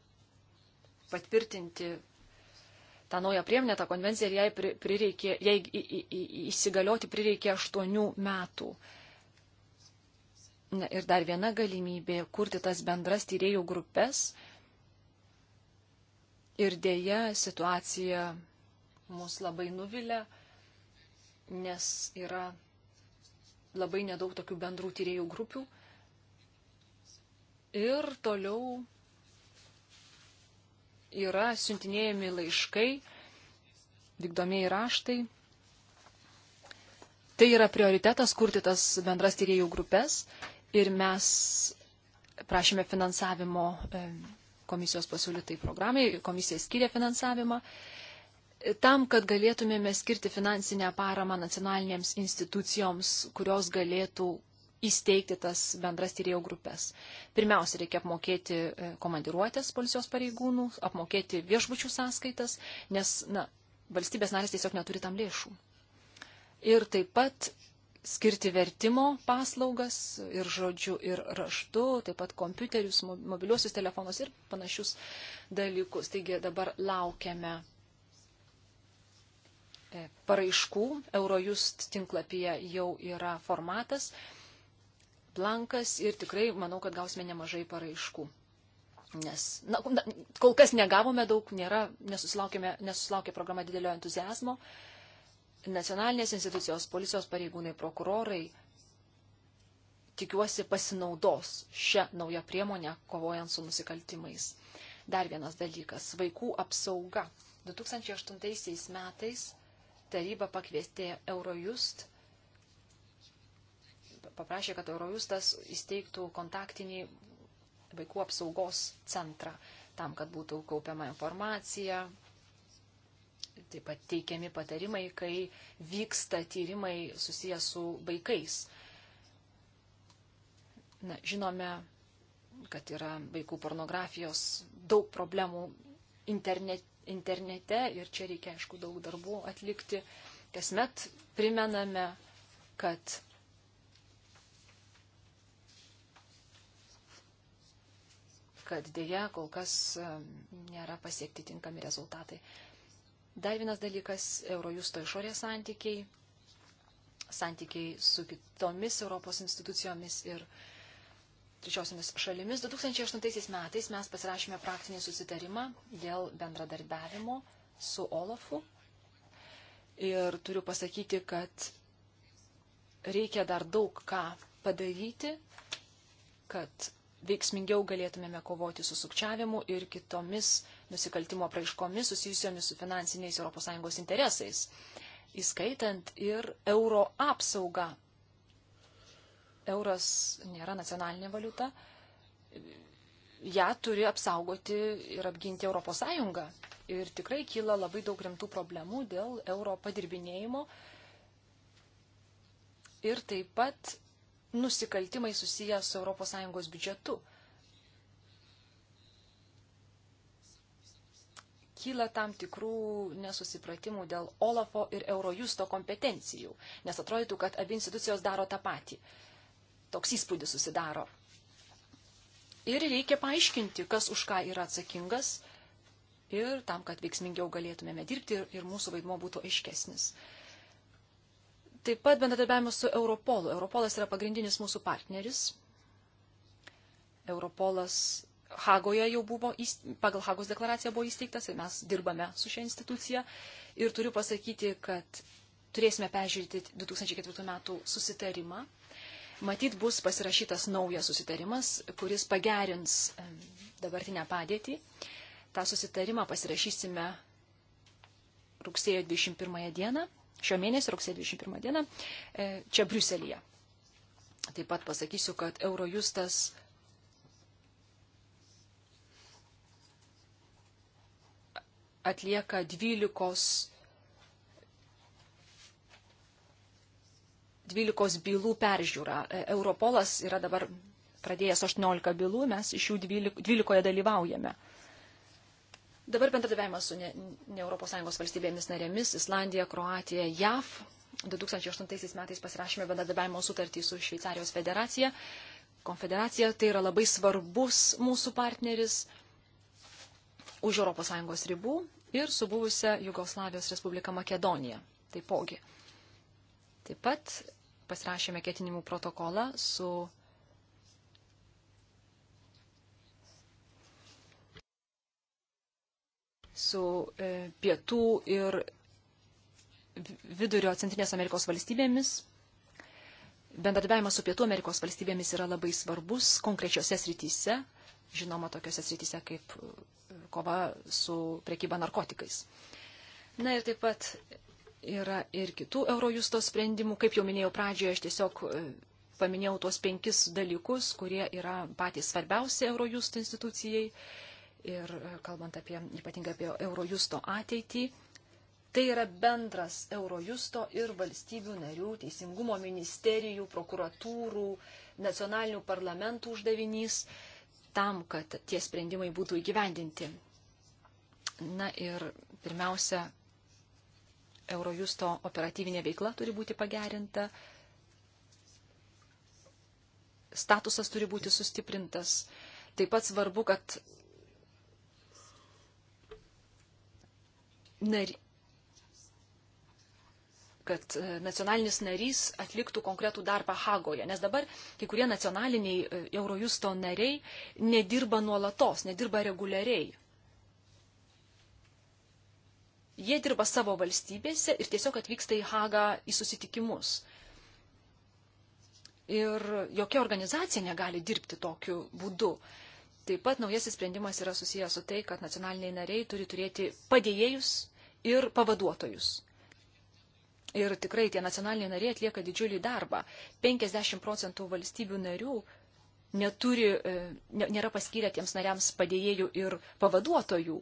patvirtinti tą naują priemonę, tą konvenciją ir jai, prireikė, jai įsigalioti prireikė aštuonių metų. Na, ir dar viena galimybė - kurti tas bendras tyriejų grupės. Ir dėja situacija mus labai nuvilia, nes yra labai nedaug tokių bendrų tyriejų grupių ir toliau yra siuntinėjami laiškai, vykdomieji raštai. Tai yra prioritetas kurti tas bendras tyriejų grupės ir mes prašėme finansavimo e, komisijos pasiūlytai programai, komisija skiria finansavimą. E, tam, kad galėtumėme skirti finansinę paramą nacionalinėms institucijoms, kurios galėtų įsteigti tas bendras tyrėjų grupės. Pirmiausia, reikia apmokėti e, komandiruotės policijos pareigūnų, apmokėti viešbučių sąskaitas, nes, na, valstybės narės tiesiog neturi tam lėšų. Ir taip pat skirti vertimo paslaugas ir žodžiu, ir raštu, taip pat kompiuterius, mobiliuosius telefonus ir panašius dalykus. Taigi dabar laukiame e, paraiškų. Eurojust tinklapyje jau yra formatas. Plankas ir tikrai manau, kad gausime nemažai paraiškų. Nes na, na, kol kas negavome daug, nėra, nesusilaukė programa didelio entuzijazmo. Nacionalinės institucijos, policijos pareigūnai, prokurorai tikiuosi pasinaudos šią naują priemonę kovojant su nusikaltimais. Dar vienas dalykas - vaikų apsauga. 2008 metais taryba pakviestė Eurojust paprašė, kad Eurojustas įsteigtų kontaktinį vaikų apsaugos centrą tam, kad būtų kaupiama informacija, taip pat teikiami patarimai, kai vyksta tyrimai susijęs su vaikais. Na, žinome, kad yra vaikų pornografijos daug problemų internet, internete ir čia reikia, aišku, daug darbų atlikti. Kasmet primename, kad kad dėja kol kas nėra pasiekti tinkami rezultatai. Dar vienas dalykas - Eurojusto išorės santykiai, santykiai su kitomis Europos institucijomis ir trečiosiomis šalimis. 2008 metais mes pasirašėme praktinį susitarimą dėl bendradarbiavimo su Olafu. Ir turiu pasakyti, kad reikia dar daug ką padaryti, kad veiksmingiau galėtumėme kovoti su sukčiavimu ir kitomis nusikaltimo praiškomis susijusiomis su finansiniais ES interesais, įskaitant ir euro apsaugą. Euras nėra nacionalinė valiuta, ją turi apsaugoti ir apginti ES. Ir tikrai kyla labai daug rimtų problemų dėl euro padirbinėjimo ir taip pat nusikaltimai susiję su ES biudžetu. Kyla tam tikrų nesusipratimų dėl Olafo ir Eurojusto kompetencijų, nes atrodytų, kad abi institucijos daro tą patį. Toks įspūdis susidaro. Ir reikia paaiškinti, kas už ką yra atsakingas ir tam, kad veiksmingiau galėtumėme dirbti ir, ir mūsų vaidmo būtų aiškesnis. Uh, Taip pat bendradarbiavimas su Europolu. Europolas yra pagrindinis mūsų partneris. Europolas Hagoje jau buvo, pagal Hagos deklaraciją buvo įsteigtas ir mes dirbame su šia institucija. Ir turiu pasakyti, kad turėsime peržiūrėti 2004 metų susitarimą. Matyt, bus pasirašytas naujas susitarimas, kuris pagerins dabartinę padėtį. Ta susitarimą pasirašysime rugsėjo 21 dieną šio mėnesio, rugsėjo 21 dieną, e, čia Briuselėje. Taip pat pasakysiu, kad Eurojustas atlieka 12 12 bylų peržiūrą. E, Europolas yra dabar pradėjęs 18 bylų, mes iš jų 12, 12 dalyvaujame. Dabar bendradavimas su ne, ne ES valstybėmis narėmis - Islandija, Kroatija, JAV. 2008 metais pasirašėme bendradaviamo sutartį su Šveicarijos federacija. Konfederacija tai yra labai svarbus mūsų partneris už ES ribų ir su buvusia Jugoslavijos Respublika Makedonija. Taipogi. Taip pat pasirašėme ketinimų protokolą su su e, pietų ir vidurio Centrinės Amerikos valstybėmis. Bendradarbiavimas su pietų Amerikos valstybėmis yra labai svarbus konkrečiose srityse, žinoma, tokiose srityse kaip e, kova su priekyba narkotikais. Na ir taip pat yra ir kitų Eurojusto sprendimų. Kaip jau minėjau pradžioje, aš tiesiog e, paminėjau tuos penkis dalykus, kurie yra patys svarbiausi Eurojusto institucijai ir e, kalbant apie, ypatingai apie Eurojusto ateitį. Tai yra bendras Eurojusto ir valstybių narių, teisingumo ministerijų, prokuratūrų, nacionalinių parlamentų uždavinys tam, kad tie sprendimai būtų įgyvendinti. Na ir pirmiausia, Eurojusto operatyvinė veikla turi būti pagerinta, statusas turi būti sustiprintas. Taip pat svarbu, kad nary, kad e, nacionalinis narys atliktų konkretų darbą Hagoje. Nes dabar kai kurie nacionaliniai e, Eurojusto nariai nedirba nuolatos, nedirba reguliariai. Jie dirba savo valstybėse ir tiesiog atvyksta į Hagą į susitikimus. Ir jokia organizacija negali dirbti tokiu būdu. Taip pat naujasis sprendimas yra susijęs su tai, kad nacionaliniai nariai turi turėti padėjėjus ir pavaduotojus. Ir tikrai tie nacionaliniai nariai atlieka didžiulį darbą. 50 procentų valstybių narių neturi, e, nėra paskyrę tiems nariams padėjėjų ir pavaduotojų.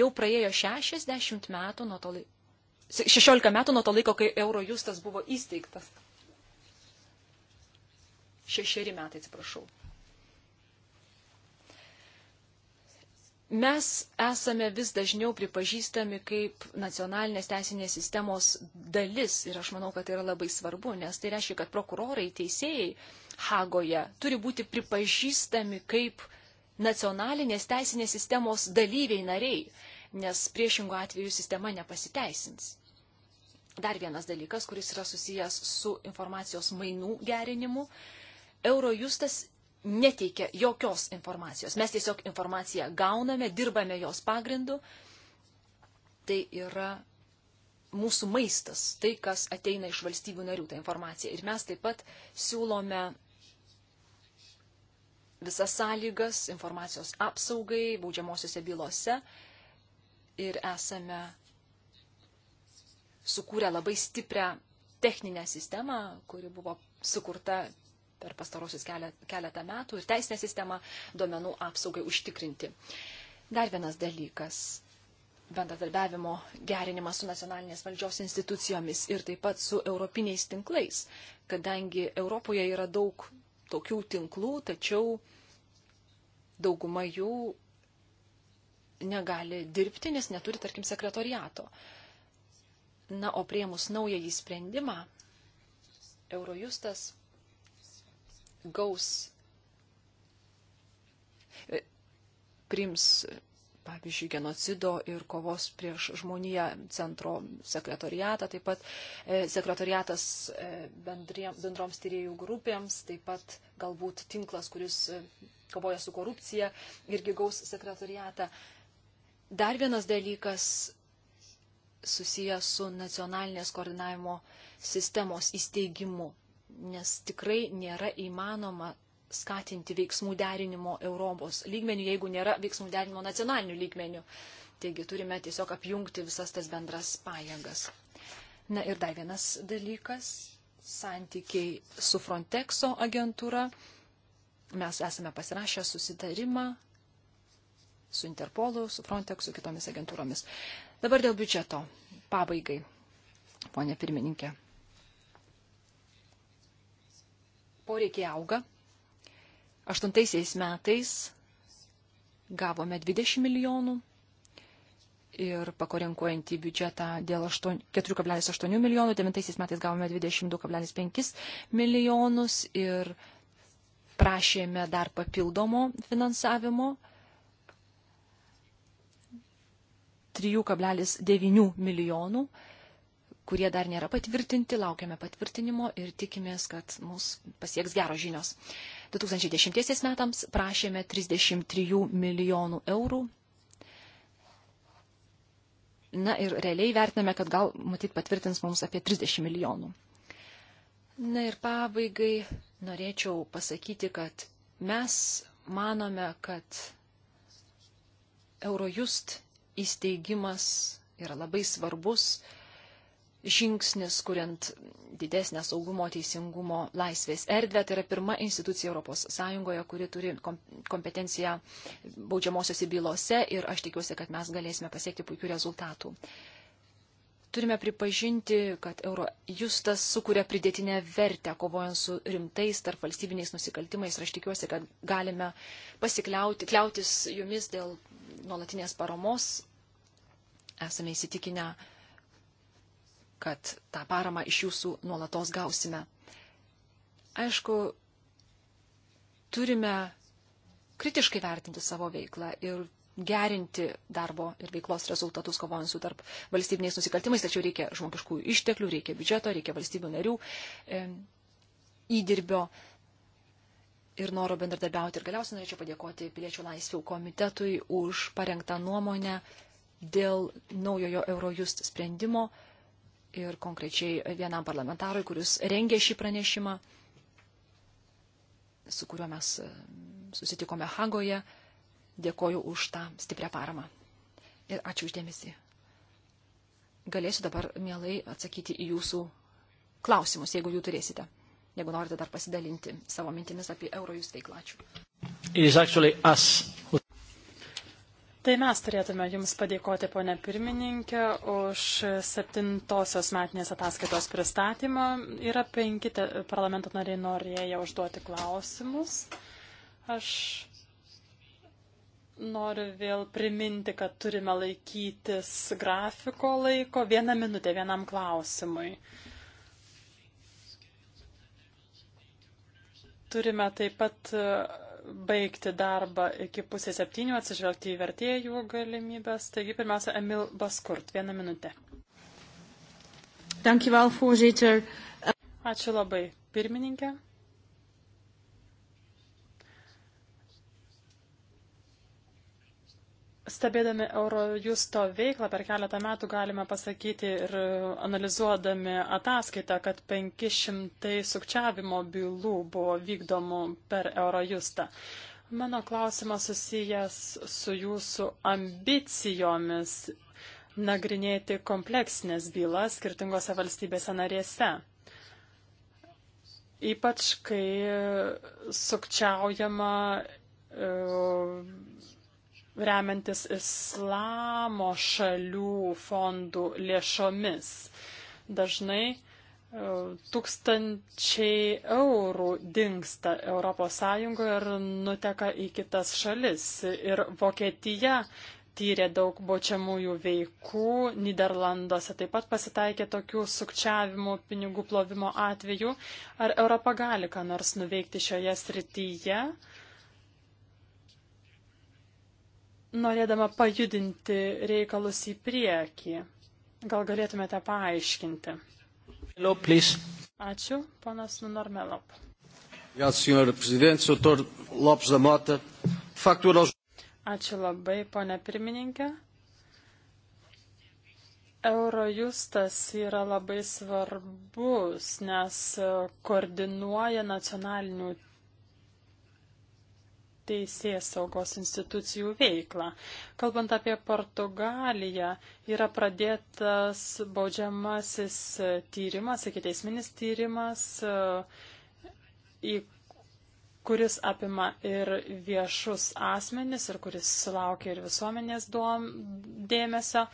Jau praėjo 60 metų nuo to laiko. 16 metų nuo to laiko, kai Eurojustas buvo įsteigtas. Šešeri metai, atsiprašau. mes esame vis dažniau pripažįstami kaip nacionalinės teisinės sistemos dalis ir aš manau, kad tai yra labai svarbu, nes tai reiškia, kad prokurorai, teisėjai Hagoje turi būti pripažįstami kaip nacionalinės teisinės sistemos dalyviai nariai, nes priešingų atveju sistema nepasiteisins. Dar vienas dalykas, kuris yra susijęs su informacijos mainų gerinimu. Eurojustas neteikia jokios informacijos. Mes tiesiog informaciją gauname, dirbame jos pagrindu. Tai yra mūsų maistas, tai, kas ateina iš valstybių narių, ta informacija. Ir mes taip pat siūlome visas sąlygas informacijos apsaugai baudžiamosiose bylose ir esame sukūrę labai stiprią techninę sistemą, kuri buvo sukurta per pastarosius keletą metų ir teisinę sistemą duomenų apsaugai užtikrinti. Dar vienas dalykas - bendradarbiavimo gerinimas su nacionalinės valdžios institucijomis ir taip pat su europiniais tinklais, kadangi Europoje yra daug tokių tinklų, tačiau dauguma jų negali dirbti, nes neturi, tarkim, sekretoriato. Na, o prieimus naująjį sprendimą, Eurojustas gaus, e, prims, pavyzdžiui, genocido ir kovos prieš žmoniją centro sekretoriatą, taip pat e, sekretoriatas e, bendroms tyriejų grupėms, taip pat galbūt tinklas, kuris kovoja su korupcija, irgi gaus sekretoriatą. Dar vienas dalykas susijęs su nacionalinės koordinavimo sistemos įsteigimu nes tikrai nėra įmanoma skatinti veiksmų derinimo Europos lygmenių, jeigu nėra veiksmų derinimo nacionalinių lygmenių. Taigi turime tiesiog apjungti visas tas bendras pajėgas. Na ir dar vienas dalykas - santykiai su Frontexo agentūra. Mes esame pasirašę susitarimą su Interpolu, su Frontexu, kitomis agentūromis. Dabar dėl biudžeto. Pabaigai, ponė pirmininkė. poreikiai auga. Aštuntaisiais metais gavome 20 milijonų ir pakorenkuojant į biudžetą dėl 4,8 milijonų, 9 metais gavome 22,5 milijonus ir prašėme dar papildomo finansavimo 3,9 milijonų kurie dar nėra patvirtinti, laukiame patvirtinimo ir tikimės, kad mus pasieks geros žinios. 2010 metams prašėme 33 milijonų eurų. Na ir realiai vertiname, kad gal, matyt, patvirtins mums apie 30 milijonų. Na ir pabaigai norėčiau pasakyti, kad mes manome, kad Eurojust įsteigimas yra labai svarbus žingsnis, kuriant didesnę saugumo, teisingumo, laisvės erdvę. Tai yra pirma institucija ES, kuri turi kompetenciją baudžiamosiose bylose ir aš tikiuosi, kad mes galėsime pasiekti puikių rezultatų. Turime pripažinti, kad Eurojustas sukuria pridėtinę vertę, kovojant su rimtais tarp valstybiniais nusikaltimais ir aš tikiuosi, kad galime pasikliauti, kliautis jumis dėl nuolatinės paramos. Esame įsitikinę, kad tą paramą iš jūsų nuolatos gausime. Aišku, turime kritiškai vertinti savo veiklą ir gerinti darbo ir veiklos rezultatus kovojant su tarp valstybiniais nusikaltimais, tačiau reikia žmogiškų išteklių, reikia biudžeto, reikia valstybių narių e, įdirbio ir noro bendradarbiauti. Ir galiausiai norėčiau padėkoti Piliečių laisvių komitetui už parengtą nuomonę dėl naujojo Eurojust sprendimo, ir konkrečiai vienam parlamentarui, kuris rengė šį pranešimą, su kuriuo mes e, susitikome Hagoje. Dėkoju už tą stiprią paramą. Ir ačiū uždėmesį. Galėsiu dabar mielai atsakyti į jūsų klausimus, jeigu jų turėsite. Jeigu norite dar pasidalinti savo mintimis apie Eurojus veiklą. Ačiū. Tai mes turėtume Jums padėkoti, ponė pirmininkė, už septintosios metinės ataskaitos pristatymą. Yra penki parlamento nariai norėję užduoti klausimus. Aš noriu vėl priminti, kad turime laikytis grafiko laiko. Vieną minutę vienam klausimui. Turime taip pat baigti darbą iki pusės septynių, atsižvelgti į vertėjų galimybės. Taigi, pirmiausia, Emil Baskurt, vieną minutę. Dankjewel, voorzitter. Ačiū labai, pirmininkė. Stebėdami Eurojusto veiklą per keletą metų galime pasakyti ir analizuodami ataskaitą, kad 500 sukčiavimo bylų buvo vykdomų per Eurojustą. Mano klausimas susijęs su jūsų ambicijomis nagrinėti kompleksinės bylas skirtingose valstybėse narėse. Ypač, kai sukčiaujama e, remiantis islamo šalių fondų lėšomis. Dažnai e, tūkstančiai eurų dinksta ES ir nuteka į kitas šalis. Ir Vokietija tyrė daug bočiamųjų veikų, Niderlanduose taip pat pasitaikė tokių sukčiavimų, pinigų plovimo atvejų. Ar Europa gali ką nors nuveikti šioje srityje? Uh, norėdama pajudinti reikalus į priekį. Gal galėtumėte paaiškinti? Hello, please. Ačiū, ponas Normelop. Ačiū labai, ponė pirmininkė. Eurojustas yra labai svarbus, nes koordinuoja nacionalinių teisės saugos institucijų veiklą. Kalbant apie Portugaliją, yra pradėtas baudžiamasis tyrimas, iki teisminis tyrimas, į kuris apima ir viešus asmenis, ir kuris sulaukia ir visuomenės duom, dėmesio.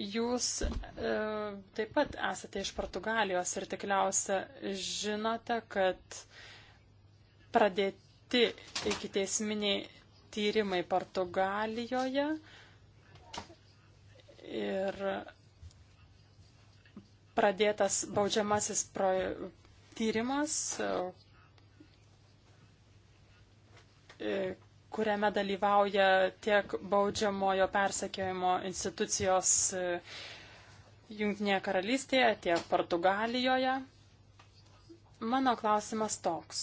Jūs e, taip pat esate iš Portugalijos ir tikriausia žinote, kad pradėti kiti ikiteisminiai tyrimai Portugalijoje ir pradėtas baudžiamasis pro... tyrimas, e, kuriame dalyvauja tiek baudžiamojo persekiojimo institucijos e, Junktinėje karalystėje, tiek Portugalijoje. Mano klausimas toks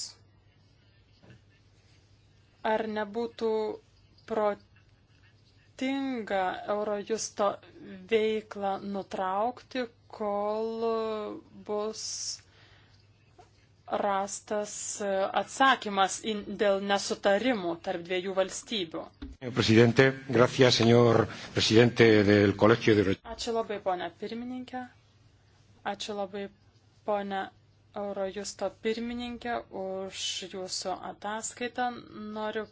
ar nebūtų protinga Eurojusto veiklą nutraukti, kol bus rastas atsakymas dėl nesutarimų tarp dviejų valstybių. Gracias, Ačiū labai, ponia pirmininkė. Ačiū labai, ponia Eurojusto pirmininkė už jūsų ataskaitą. Noriu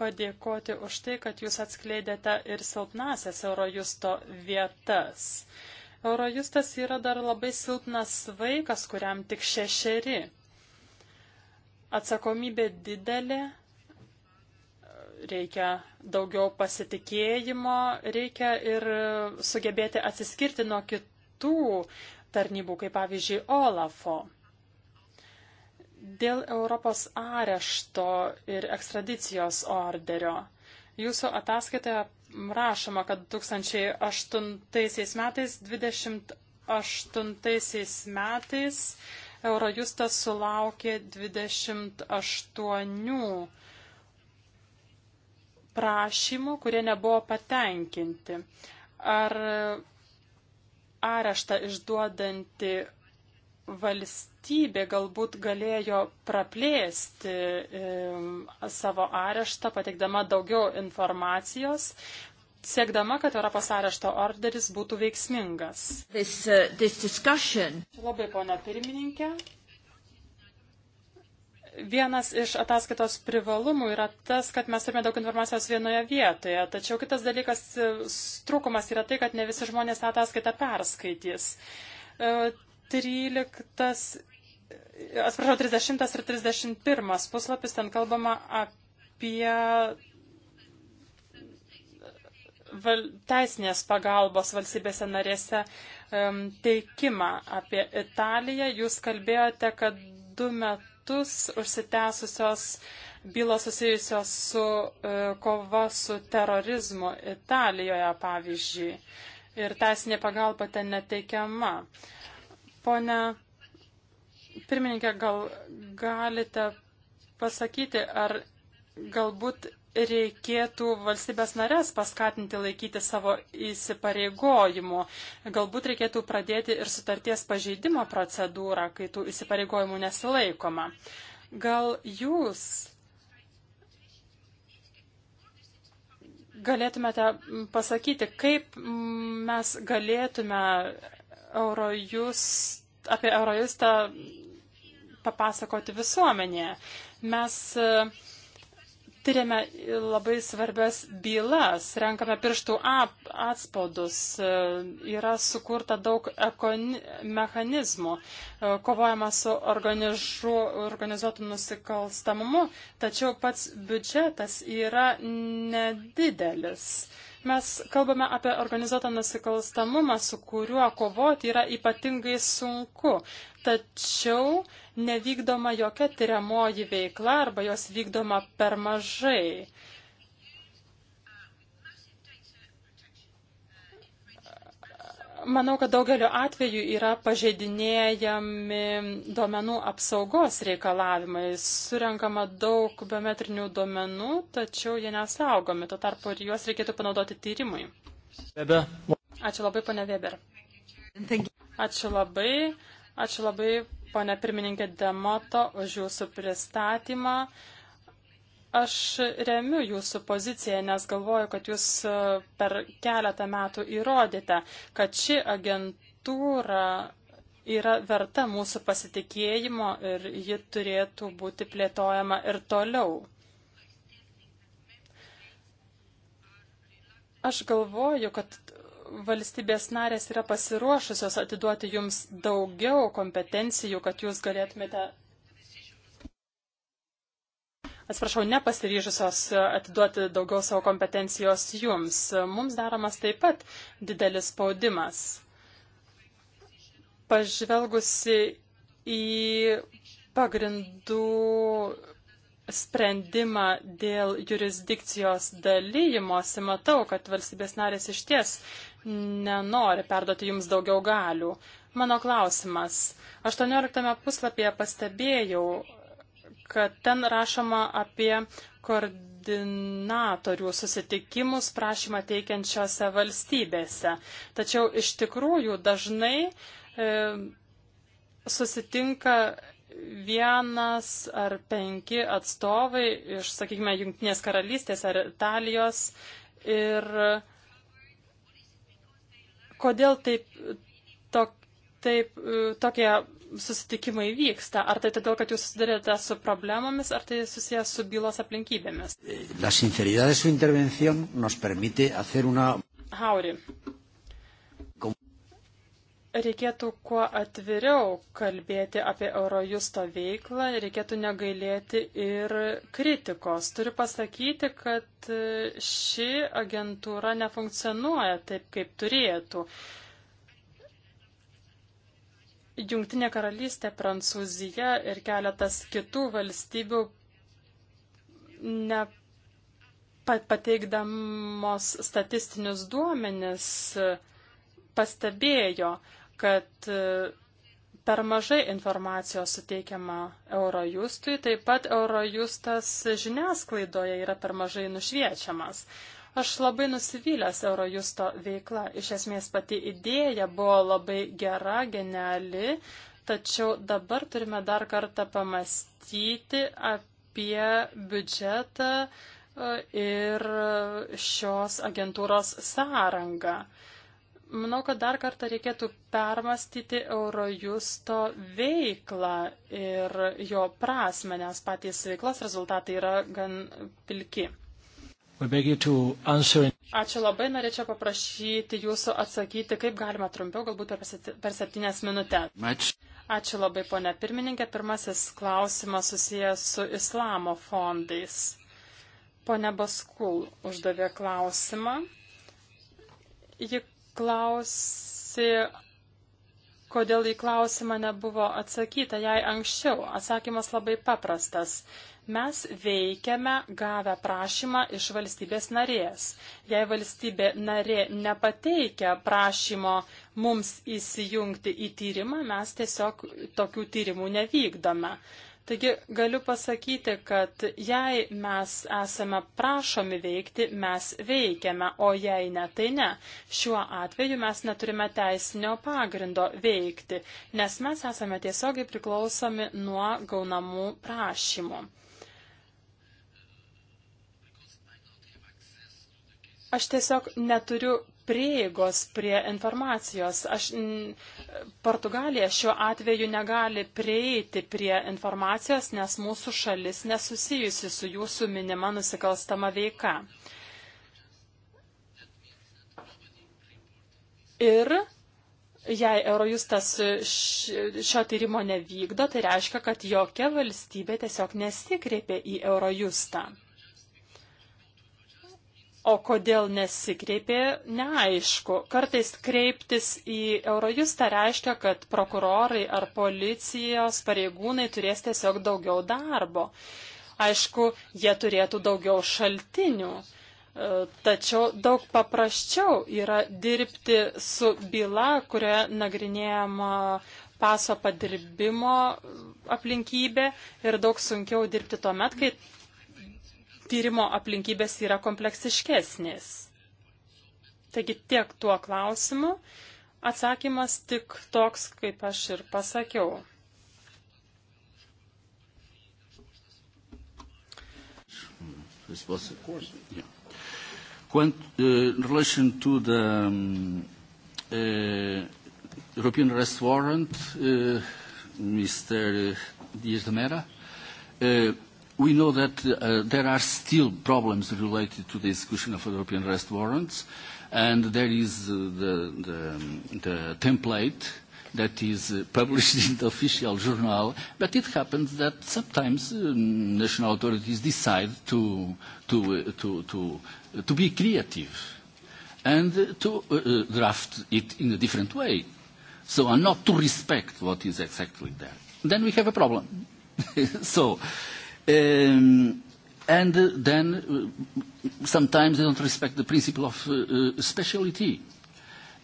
padėkoti už tai, kad jūs atskleidėte ir silpnasias Eurojusto vietas. Eurojustas yra dar labai silpnas vaikas, kuriam tik šešeri. Atsakomybė didelė, reikia daugiau pasitikėjimo, reikia ir sugebėti atsiskirti nuo kitų tarnybų, kaip pavyzdžiui Olafo. Dėl Europos arešto ir ekstradicijos orderio. Jūsų ataskaitoje rašoma, kad 2008 metais, 28 metais Eurojustas sulaukė 28 prašymų, kurie nebuvo patenkinti. Ar areštą išduodanti valstybė galbūt galėjo praplėsti savo areštą, pateikdama daugiau informacijos, siekdama, kad Europos arešto orderis būtų veiksmingas. This, uh, this discussion... Labai, ponia pirmininkė. Vienas iš ataskaitos privalumų yra tas, kad mes turime daug informacijos vienoje vietoje, tačiau kitas dalykas e, trūkumas yra tai, kad ne visi žmonės tą ataskaitą perskaitys e, 13, atsiprašau, 30 ir 31 puslapis, ten kalbama apie val, teisinės pagalbos valstybėse narėse um, teikimą apie Italiją. Jūs kalbėjote, kad du metus užsitęsusios bylos susijusios su uh, kova su terorizmu Italijoje, pavyzdžiui, ir teisinė pagalba ten neteikiama. Uh, Pone pirmininkė, gal galite pasakyti, ar galbūt reikėtų valstybės narės paskatinti laikyti savo įsipareigojimų. Galbūt reikėtų pradėti ir sutarties pažeidimo procedūrą, kai tų įsipareigojimų nesilaikoma. Gal jūs galėtumėte pasakyti, kaip mes galėtume Eurojus, apie Eurojustą papasakoti visuomenėje. Mes e, tyriame labai svarbias bylas, renkame pirštų ap, atspaudus, e, yra sukurta daug ekoni, mechanizmų, e, kovojama su organižu, organizuotu nusikalstamumu, tačiau pats biudžetas yra nedidelis. Mes kalbame apie organizuotą nusikalstamumą, su kuriuo kovoti yra ypatingai sunku, tačiau nevykdoma jokia tyriamoji veikla arba jos vykdoma per mažai. Manau, kad daugeliu atveju yra pažeidinėjami duomenų apsaugos reikalavimai. Surenkama daug biometrinių duomenų, tačiau jie nesaugomi. Tuo tarpu ir juos reikėtų panaudoti tyrimui. Bebe. Ačiū labai, ponė Weber. Ačiū labai. Ačiū labai, ponė pirmininkė Demoto, už jūsų pristatymą. Aš remiu jūsų poziciją, nes galvoju, kad jūs e, per keletą metų įrodėte, kad ši agentūra yra verta mūsų pasitikėjimo ir ji turėtų būti plėtojama ir toliau. Aš galvoju, kad valstybės narės yra pasiruošusios atiduoti jums daugiau kompetencijų, kad jūs galėtumėte atsiprašau, nepasiryžusios e, atiduoti daugiau savo kompetencijos jums. Mums daromas taip pat didelis spaudimas. Pažvelgusi į pagrindų sprendimą dėl jurisdikcijos dalymosi, matau, kad valstybės narės iš ties nenori perduoti jums daugiau galių. Mano klausimas. 18 puslapyje pastebėjau, kad ten rašoma apie koordinatorių susitikimus prašymą teikiančiose valstybėse. Tačiau iš tikrųjų dažnai e, susitinka vienas ar penki atstovai iš, sakykime, Junktinės karalystės ar Italijos ir kodėl taip, to, taip, e, tokie susitikimai vyksta? Ar tai todėl, kad jūs susidurėte su problemomis, ar tai susijęs su bylos aplinkybėmis? Eh, la sinceridad de su intervención nos permite hacer una. Hauri. Reikėtų kuo atviriau kalbėti apie Eurojusto veiklą, reikėtų negailėti ir kritikos. Turiu pasakyti, kad eh, ši agentūra nefunkcionuoja taip, kaip turėtų. Jungtinė karalystė, Prancūzija ir keletas kitų valstybių ne pateikdamos statistinius duomenis pastebėjo, kad e, per mažai informacijos suteikiama Eurojustui, taip pat Eurojustas žiniasklaidoje yra per mažai nušviečiamas. Aš labai nusivylęs Eurojusto veikla. Iš esmės pati idėja buvo labai gera, geniali, tačiau dabar turime dar kartą pamastyti apie biudžetą e, ir šios agentūros sąrangą. Manau, kad dar kartą reikėtų permastyti Eurojusto veiklą ir jo prasme, nes patys veiklos rezultatai yra gan pilki. Ačiū labai, norėčiau paprašyti jūsų atsakyti, kaip galima trumpiau, galbūt per septynės minutės. Ačiū labai, ponė pirmininkė. Pirmasis klausimas susijęs su islamo fondais. Pone Baskul uždavė klausimą. Ji klausė, kodėl į klausimą nebuvo atsakyta jai anksčiau. Atsakymas labai paprastas. Mes veikiame gavę prašymą iš valstybės narės. Jei valstybė narė nepateikia prašymo mums įsijungti į tyrimą, mes tiesiog tokių tyrimų nevykdome. Taigi galiu pasakyti, kad jei mes esame prašomi veikti, mes veikiame, o jei ne, tai ne. Šiuo atveju mes neturime teisinio pagrindo veikti, nes mes esame tiesiogiai priklausomi nuo gaunamų prašymų. Aš tiesiog neturiu prieigos prie informacijos. Aš, n, Portugalija šiuo atveju negali prieiti prie informacijos, nes mūsų šalis nesusijusi su jūsų minima nusikalstama veika. Ir jei Eurojustas šio tyrimo nevykdo, tai reiškia, kad jokia valstybė tiesiog nesikreipė į Eurojustą. O kodėl nesikreipė, neaišku. Kartais kreiptis į Eurojustą reiškia, kad prokurorai ar policijos pareigūnai turės tiesiog daugiau darbo. Aišku, jie turėtų daugiau šaltinių. E, tačiau daug paprasčiau yra dirbti su byla, kurioje nagrinėjama paso padirbimo aplinkybė ir daug sunkiau dirbti tuo met, kai tyrimo aplinkybės yra kompleksiškesnės. Taigi tiek tuo klausimu. Atsakymas tik toks, kaip aš ir pasakiau. Was, yeah. Quant, uh, in relation to the um, uh, European arrest warrant, uh, eh, Mr. Diaz de Mera, uh, We know that uh, there are still problems related to the execution of European arrest warrants, and there is uh, the, the, the template that is uh, published *laughs* in the official journal, but it happens that sometimes uh, national authorities decide to, to, uh, to, to, uh, to be creative and uh, to uh, uh, draft it in a different way, so and not to respect what is exactly there. Then we have a problem. *laughs* so Um, and uh, then uh, sometimes they don't respect the principle of uh, uh, speciality.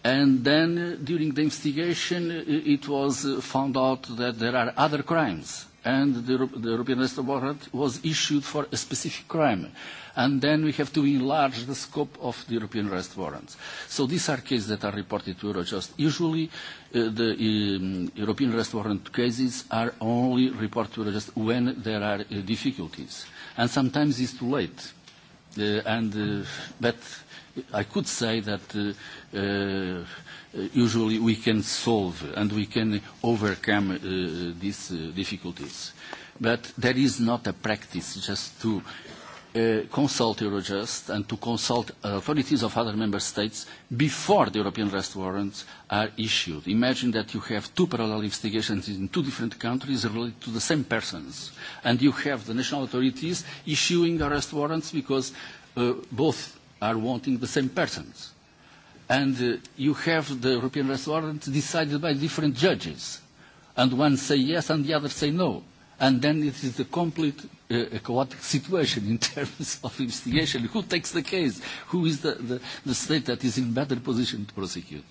And then uh, during the investigation, uh, it was uh, found out that there are other crimes and the, the European arrest warrant was issued for a specific crime. And then we have to enlarge the scope of the European arrest warrants. So these are cases that are reported to Eurojust. Usually uh, the um, European arrest warrant cases are only reported to Eurojust when there are uh, difficulties. And sometimes it's too late. Uh, and, uh, but I could say that uh, uh, uh, usually we can solve and we can overcome uh, uh these uh, difficulties. But there is not a practice just to uh, consult Eurojust and to consult authorities of other member states before the European arrest warrants are issued. Imagine that you have two parallel investigations in two different countries related to the same persons, and you have the national authorities issuing arrest warrants because uh, both are wanting the same persons and uh, you have the European arrest warrant decided by different judges, and one say yes and the other say no, and then it is a complete uh, a chaotic situation in *laughs* terms of investigation. Who takes the case? Who is the, the, the state that is in better position to prosecute?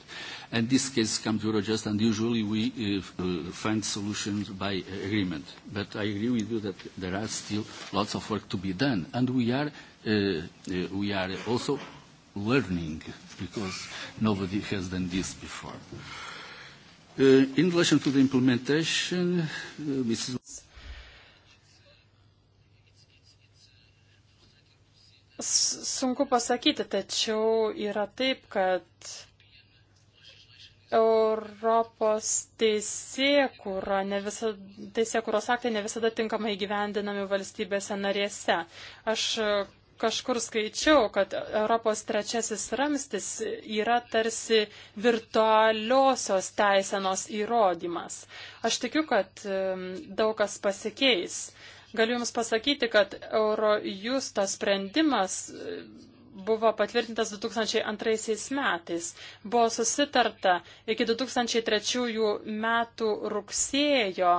And this case comes to Eurojust, and usually we uh, uh, find solutions by agreement. But I agree with you that there are still lots of work to be done, and we are, uh, uh, we are also learning. Uh, because nobody has done this before. Uh, in relation to the implementation, uh, Mrs. Sunku pasakyti, tačiau yra taip, kad Europos teisėkūra, ne visada, teisėkūros aktai ne visada tinkamai gyvendinami valstybėse narėse. Aš kažkur skaičiau, kad Europos trečiasis ramstis yra tarsi virtualiosios teisenos įrodymas. Aš tikiu, kad daug kas pasikeis. Galiu Jums pasakyti, kad Eurojusto sprendimas buvo patvirtintas 2002 metais. Buvo susitarta iki 2003 metų rugsėjo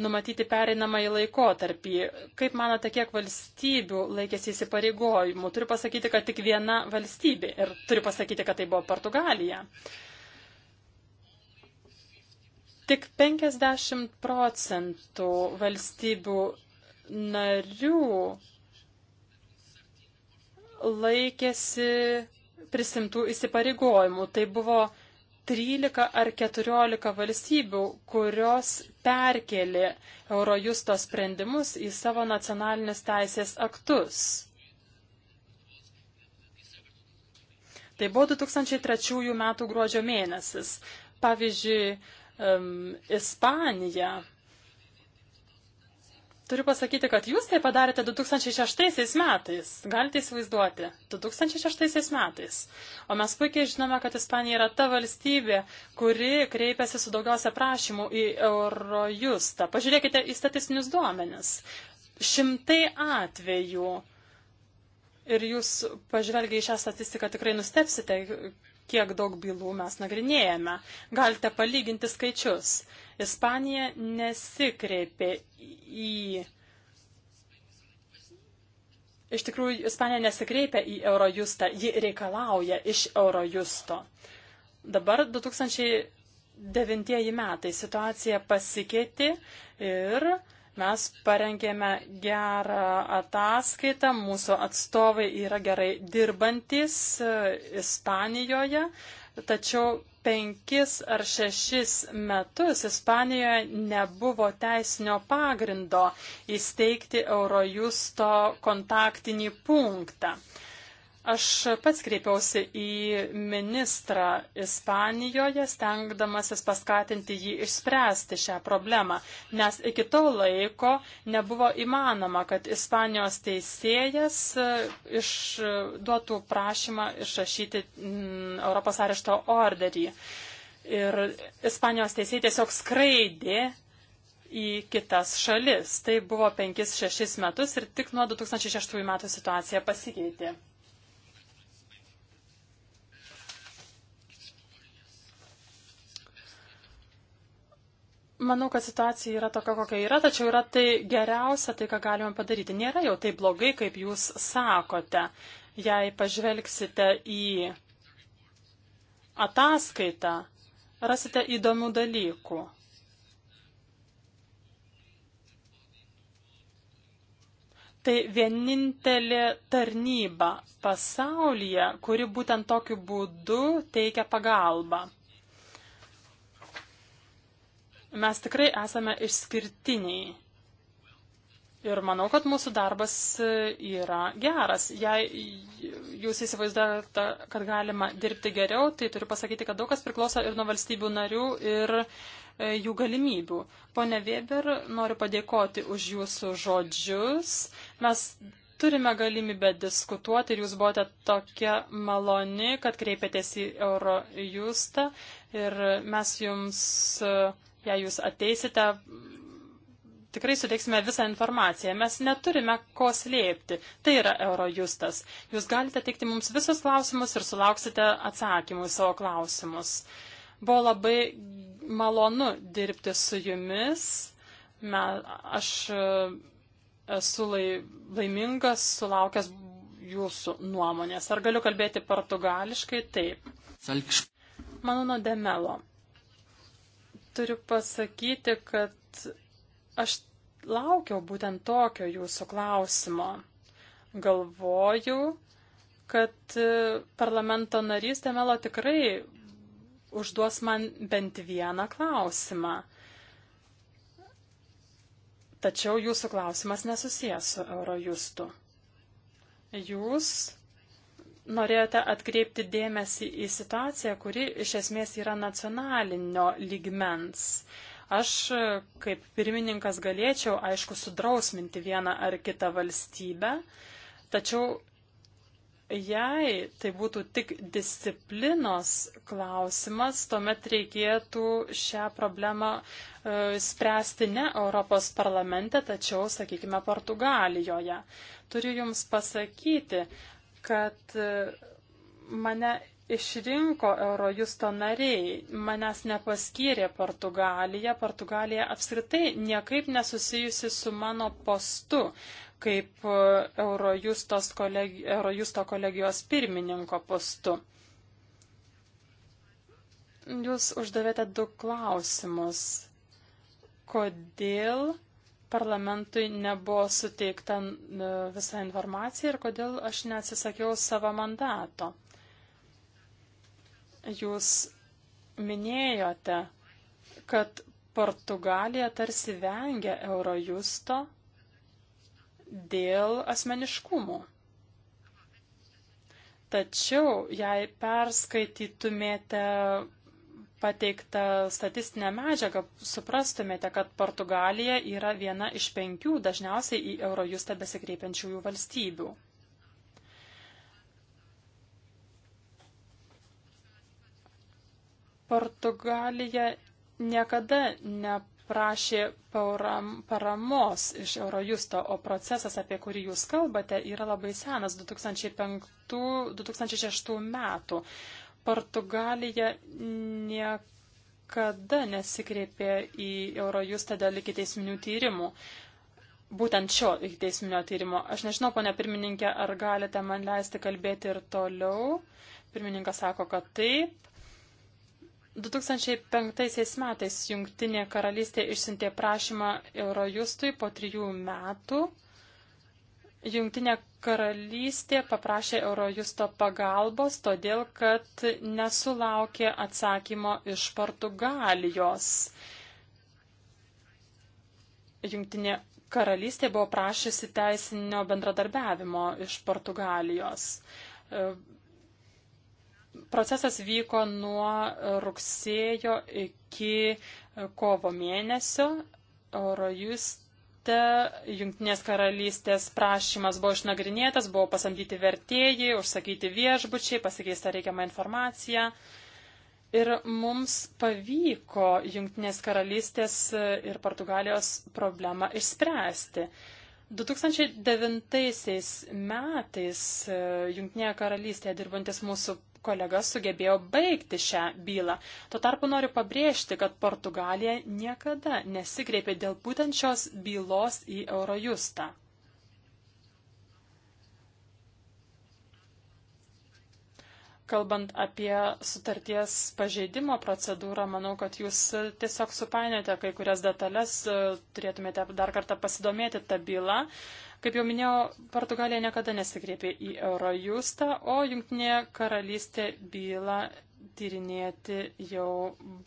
numatyti pereinamąjį laikotarpį. Kaip manote, kiek valstybių laikėsi įsipareigojimų? Turiu pasakyti, kad tik viena valstybė ir turiu pasakyti, kad tai buvo Portugalija. Tik 50 procentų valstybių narių laikėsi prisimtų įsipareigojimų. Tai buvo 13 ar 14 valstybių, kurios perkelė Eurojusto sprendimus į savo nacionalinius teisės aktus. Tai buvo 2003 metų gruodžio mėnesis. Pavyzdžiui, um, Ispanija Turiu pasakyti, kad jūs tai padarėte 2006 metais. Galite įsivaizduoti. 2006 metais. O mes puikiai žinome, kad Ispanija yra ta valstybė, kuri kreipiasi su daugiausia prašymų į Eurojustą. Pažiūrėkite į statistinius duomenis. Šimtai atvejų. Ir jūs pažvelgiai į šią statistiką tikrai nustepsite, kiek daug bylų mes nagrinėjame. Galite palyginti skaičius. Ispanija nesikreipė į. Iš tikrųjų, Ispanija nesikreipia į Eurojustą, ji reikalauja iš Eurojusto. Dabar 2009 metai situacija pasikeitė ir mes parengėme gerą ataskaitą, mūsų atstovai yra gerai dirbantis e, Ispanijoje, tačiau penkis ar šešis metus Ispanijoje nebuvo teisinio pagrindo įsteigti Eurojusto kontaktinį punktą. Aš pats kreipiausi į ministrą Ispanijoje, stengdamasis paskatinti jį išspręsti šią problemą, nes iki to laiko nebuvo įmanoma, kad Ispanijos teisėjas e, išduotų prašymą išrašyti mm, Europos arešto orderį. Ir Ispanijos teisėjai tiesiog skraidė į kitas šalis. Tai buvo 5-6 metus ir tik nuo 2006 metų situacija pasikeitė. Manau, kad situacija yra tokia, kokia yra, tačiau yra tai geriausia, tai ką galime padaryti. Nėra jau taip blogai, kaip jūs sakote. Jei pažvelgsite į ataskaitą, rasite įdomių dalykų. Tai vienintelė tarnyba pasaulyje, kuri būtent tokiu būdu teikia pagalbą. Mes tikrai esame išskirtiniai. Ir manau, kad mūsų darbas e, yra geras. Jei jūs įsivaizduojate, kad galima dirbti geriau, tai turiu pasakyti, kad daug kas priklauso ir nuo valstybių narių ir e, jų galimybių. Pone Weber, noriu padėkoti už jūsų žodžius. Mes turime galimybę diskutuoti ir jūs buvote tokia maloni, kad kreipėtės į Eurojustą ir mes jums e, Jei jūs ateisite, tikrai suteiksime visą informaciją. Mes neturime ko slėpti. Tai yra Eurojustas. Jūs galite teikti mums visus klausimus ir sulauksite atsakymų į savo klausimus. Buvo labai malonu dirbti su jumis. Me, aš e, esu lai, laimingas, sulaukęs jūsų nuomonės. Ar galiu kalbėti portugališkai? Taip. Manau, nuo Demelo. Turiu pasakyti, kad aš laukiau būtent tokio jūsų klausimo. Galvoju, kad e, parlamento narys Demelo tikrai užduos man bent vieną klausimą. Tačiau jūsų klausimas nesusijęs su Eurojustu. Jūs norėjote atkreipti dėmesį į situaciją, kuri iš esmės yra nacionalinio ligmens. Aš kaip pirmininkas galėčiau, aišku, sudrausminti vieną ar kitą valstybę, tačiau jei tai būtų tik disciplinos klausimas, tuomet reikėtų šią problemą e, spręsti ne Europos parlamente, tačiau, sakykime, Portugalijoje. Turiu Jums pasakyti, kad e, mane išrinko Eurojusto nariai, manęs nepaskyrė Portugalija. Portugalija apskritai niekaip nesusijusi su mano postu kaip e, Eurojusto kolegi, Euro kolegijos pirmininko postu. Jūs uždavėte du klausimus. Kodėl parlamentui nebuvo suteikta e, visa informacija ir kodėl aš neatsisakiau savo mandato. Jūs minėjote, kad Portugalija tarsi vengia Eurojusto dėl asmeniškumų. Tačiau, jei perskaitytumėte pateiktą statistinę medžiagą, suprastumėte, kad Portugalija yra viena iš penkių dažniausiai į Eurojustą besikreipiančiųjų valstybių. Portugalija niekada neprašė paramos iš Eurojusto, o procesas, apie kurį jūs kalbate, yra labai senas - 2005-2006 metų. Portugalija niekada nesikreipė į Eurojustą dėl ikiteisminių tyrimų. Būtent šio ikiteisminio tyrimo. Aš nežinau, ponia pirmininkė, ar galite man leisti kalbėti ir toliau. Pirmininkas sako, kad taip. 2005 metais Jungtinė karalystė išsintė prašymą Eurojustui po trijų metų. Jungtinė karalystė paprašė Eurojusto pagalbos, todėl kad nesulaukė atsakymo iš Portugalijos. Jungtinė karalystė buvo prašysi teisinio bendradarbiavimo iš Portugalijos. E, procesas vyko nuo rugsėjo iki kovo mėnesio. Eurojust parlamente Junktinės karalystės prašymas buvo išnagrinėtas, buvo pasamdyti vertėjai, užsakyti viešbučiai, pasikeista reikiama informacija. Ir mums pavyko Junktinės karalystės ir Portugalijos problemą išspręsti. 2009 metais e, Junktinėje karalystėje dirbantis mūsų kolega sugebėjo baigti šią bylą. Tuo tarpu noriu pabrėžti, kad Portugalija niekada nesikreipė dėl būtent šios bylos į Eurojustą. Kalbant apie sutarties pažeidimo procedūrą, manau, kad jūs e, tiesiog supainėte kai kurias detalės, e, turėtumėte dar kartą pasidomėti tą bylą. Kaip jau minėjau, Portugalija niekada nesikreipė į Eurojustą, o Junktinė karalystė bylą tyrinėti jau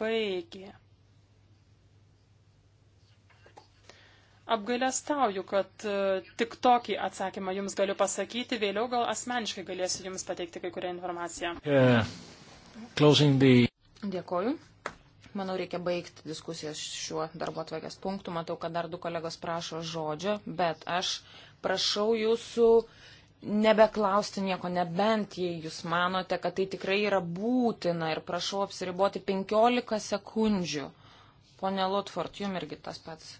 baigė. Apgailestauju, kad e, tik tokį atsakymą jums galiu pasakyti, vėliau gal asmeniškai galėsiu jums pateikti kai kurią informaciją. Yeah. The... Dėkoju. Manau, reikia baigti diskusijas šiuo darbo atvarkės punktu. Matau, kad dar du kolegos prašo žodžio, bet aš prašau jūsų nebeklausti nieko, nebent jei jūs manote, kad tai tikrai yra būtina ir prašau apsiriboti 15 sekundžių. Pone Lutford, jum irgi tas pats.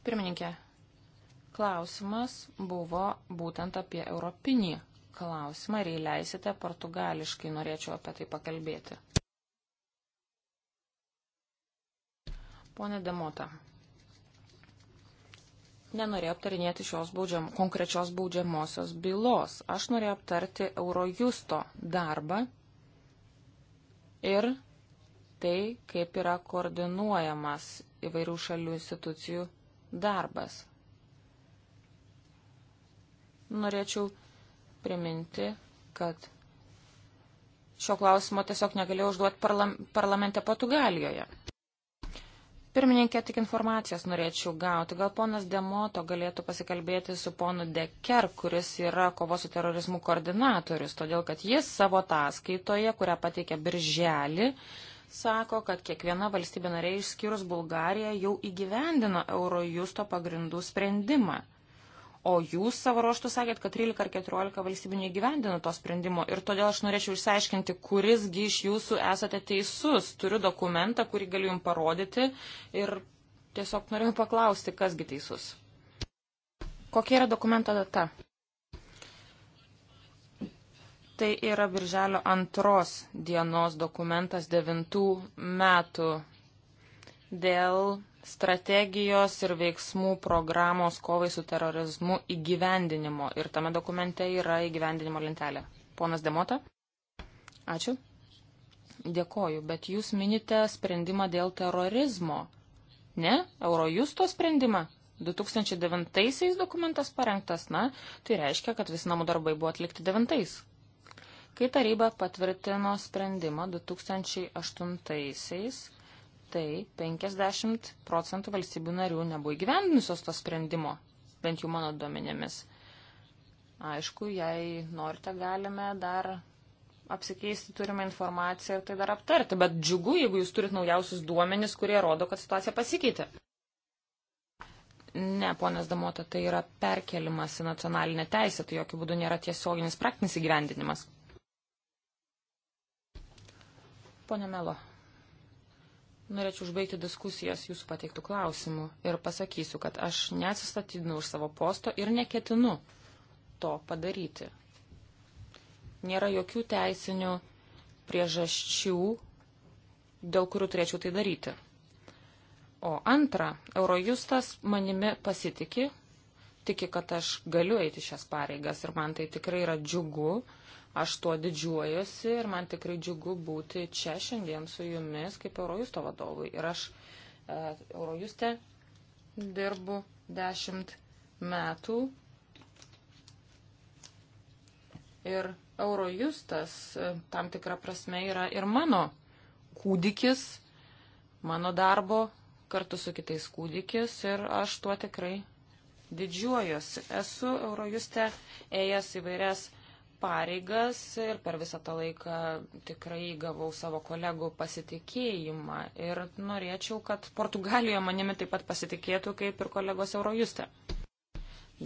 Pirmininkė, klausimas buvo būtent apie europinį klausimą ir jei leisite, portugališkai norėčiau apie tai pakalbėti. Pone Demota, nenorėjau aptarinėti šios baudžiam, konkrečios baudžiamosios bylos. Aš norėjau aptarti Eurojusto darbą ir tai, kaip yra koordinuojamas įvairių šalių institucijų darbas. Norėčiau priminti, kad šio klausimo tiesiog negalėjau užduoti parlam, parlamente Portugalijoje. Pirmininkė, tik informacijos norėčiau gauti. Gal ponas Demoto galėtų pasikalbėti su ponu Deker, kuris yra kovos su terorizmu koordinatorius, todėl kad jis savo ataskaitoje, kurią pateikė birželį, uh, sako, kad kiekviena valstybė narė išskyrus Bulgariją jau įgyvendino Eurojusto pagrindų sprendimą. O jūs savo ruoštų sakėt, kad 13 ar 14 valstybių neįgyvendino to sprendimo ir todėl aš norėčiau išsiaiškinti, kurisgi iš jūsų esate teisus. Turiu dokumentą, kurį galiu jums parodyti ir tiesiog norėjau paklausti, kasgi teisus. Kokia yra dokumento data? Tai yra Birželio antros dienos dokumentas devintų metų dėl strategijos ir veiksmų programos kovai su terorizmu įgyvendinimo. Ir tame dokumente yra įgyvendinimo lentelė. Ponas Demota? Ačiū. Dėkoju, bet jūs minite sprendimą dėl terorizmo. Ne? Eurojusto sprendimą? 2009 dokumentas parengtas, na, tai reiškia, kad visi namų darbai buvo atlikti 9. Kai taryba patvirtino sprendimą 2008-aisiais, tai 50 procentų valstybių narių nebuvo įgyvendinusios to sprendimo, bent jau mano duomenėmis. Aišku, jei norite, galime dar apsikeisti turimą informaciją ir tai dar aptarti, bet džiugu, jeigu jūs turit naujausius duomenis, kurie rodo, kad situacija pasikeitė. Ne, ponas Damota, tai yra perkelimas į nacionalinę teisę, tai jokių būdų nėra tiesioginis praktinis įgyvendinimas. Pone Melo, norėčiau užbaigti diskusijas jūsų pateiktų klausimų ir pasakysiu, kad aš neatsistatydinu už savo posto ir neketinu to padaryti. Nėra jokių teisinių priežasčių, dėl kurių turėčiau tai daryti. O antra, Eurojustas manimi pasitiki, tiki, kad aš galiu eiti šias pareigas ir man tai tikrai yra džiugu Aš tuo didžiuojuosi ir man tikrai džiugu būti čia šiandien su jumis kaip Eurojusto vadovui. Ir aš e, Eurojuste dirbu dešimt metų. Ir Eurojustas e, tam tikrą prasme yra ir mano kūdikis, mano darbo kartu su kitais kūdikis ir aš tuo tikrai didžiuojuosi. Esu Eurojuste ėjęs įvairias pareigas ir per visą tą laiką tikrai gavau savo kolegų pasitikėjimą ir norėčiau, kad Portugalijoje manimi taip pat pasitikėtų kaip ir kolegos Eurojuste.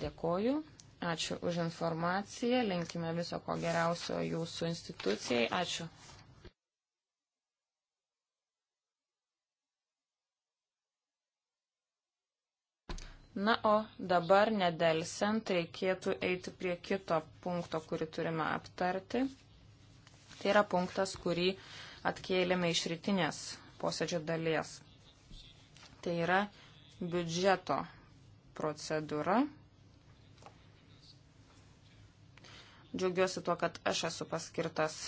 Dėkoju, ačiū už informaciją, linkime viso ko geriausio jūsų institucijai, ačiū Na, o dabar nedelsiant reikėtų eiti prie kito punkto, kurį turime aptarti. Tai yra punktas, kurį atkėlėme iš rytinės posėdžio dalies. Tai yra biudžeto procedūra. Džiaugiuosi tuo, kad aš esu paskirtas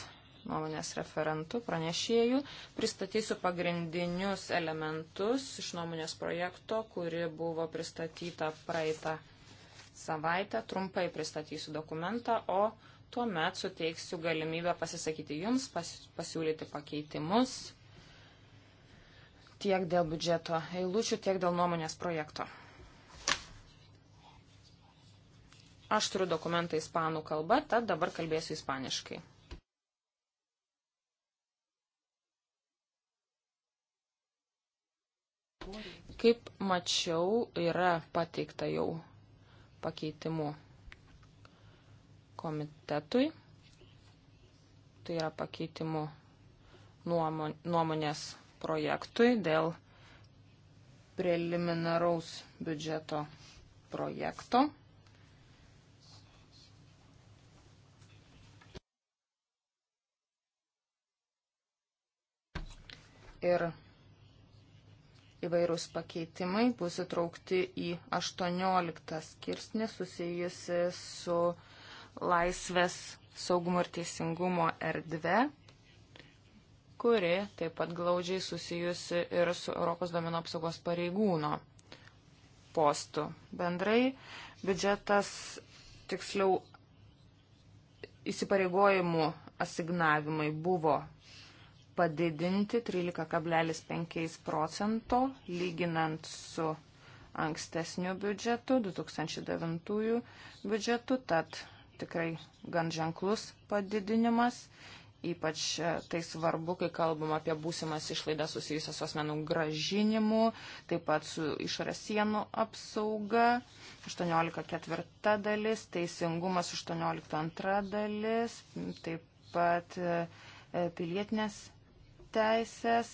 nuomonės referentu, pranešėjų. Pristatysiu pagrindinius elementus iš nuomonės projekto, kuri buvo pristatyta praeitą savaitę. Trumpai pristatysiu dokumentą, o tuomet suteiksiu galimybę pasisakyti jums, pas, pasiūlyti pakeitimus tiek dėl biudžeto eilučių, tiek dėl nuomonės projekto. Aš turiu dokumentą ispanų kalba, tad dabar kalbėsiu ispaniškai. Kaip mačiau, yra pateikta jau pakeitimų komitetui. Tai yra pakeitimų nuomonės projektui dėl preliminaraus biudžeto projekto. Ir įvairūs pakeitimai bus įtraukti į 18 skirsnį susijusi su laisvės saugumo ir teisingumo erdve, kuri taip pat glaudžiai susijusi ir su Europos domino apsaugos pareigūno postų. Bendrai biudžetas, tiksliau, įsipareigojimų asignavimai buvo padidinti 13,5 procento lyginant su ankstesniu biudžetu, 2009 biudžetu, tad tikrai gan ženklus padidinimas, ypač e, tai svarbu, kai kalbam apie būsimas išlaidas susijusias su asmenų gražinimu, taip pat su išorės sienų apsauga, 18.4 dalis, teisingumas 18.2 dalis, taip pat e, pilietinės teisės.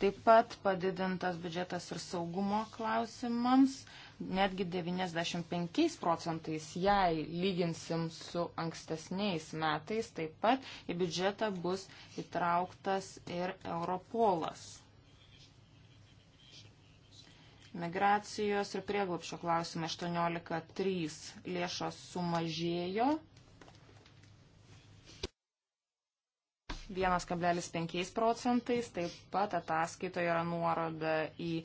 Taip pat padidintas biudžetas ir saugumo klausimams, netgi 95 procentais, jei lyginsim su ankstesniais metais, taip pat į biudžetą bus įtrauktas ir Europolas. Migracijos ir prieglopšio klausimai 18.3 lėšos sumažėjo 1,5 procentais. Taip pat ataskaitoje yra nuoroda į e,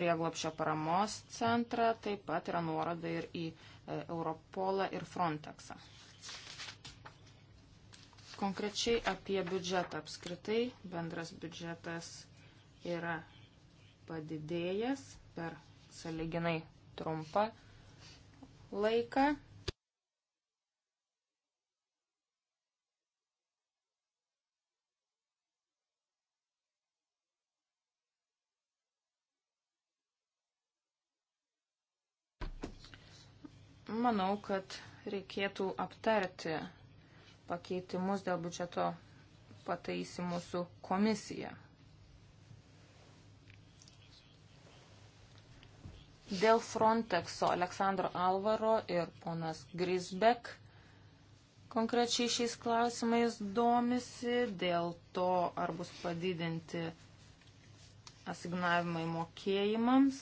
prieglopšio paramos centrą, taip pat yra nuoroda ir į e, Europolą ir Frontexą. Konkrečiai apie biudžetą apskritai. Bendras biudžetas yra padidėjęs per saliginai trumpą laiką. Manau, kad reikėtų aptarti pakeitimus dėl biudžeto pataisimų su komisija. Dėl Frontexo Aleksandro Alvaro ir ponas Grisbek konkrečiai šiais klausimais domisi, dėl to ar bus padidinti asignavimai mokėjimams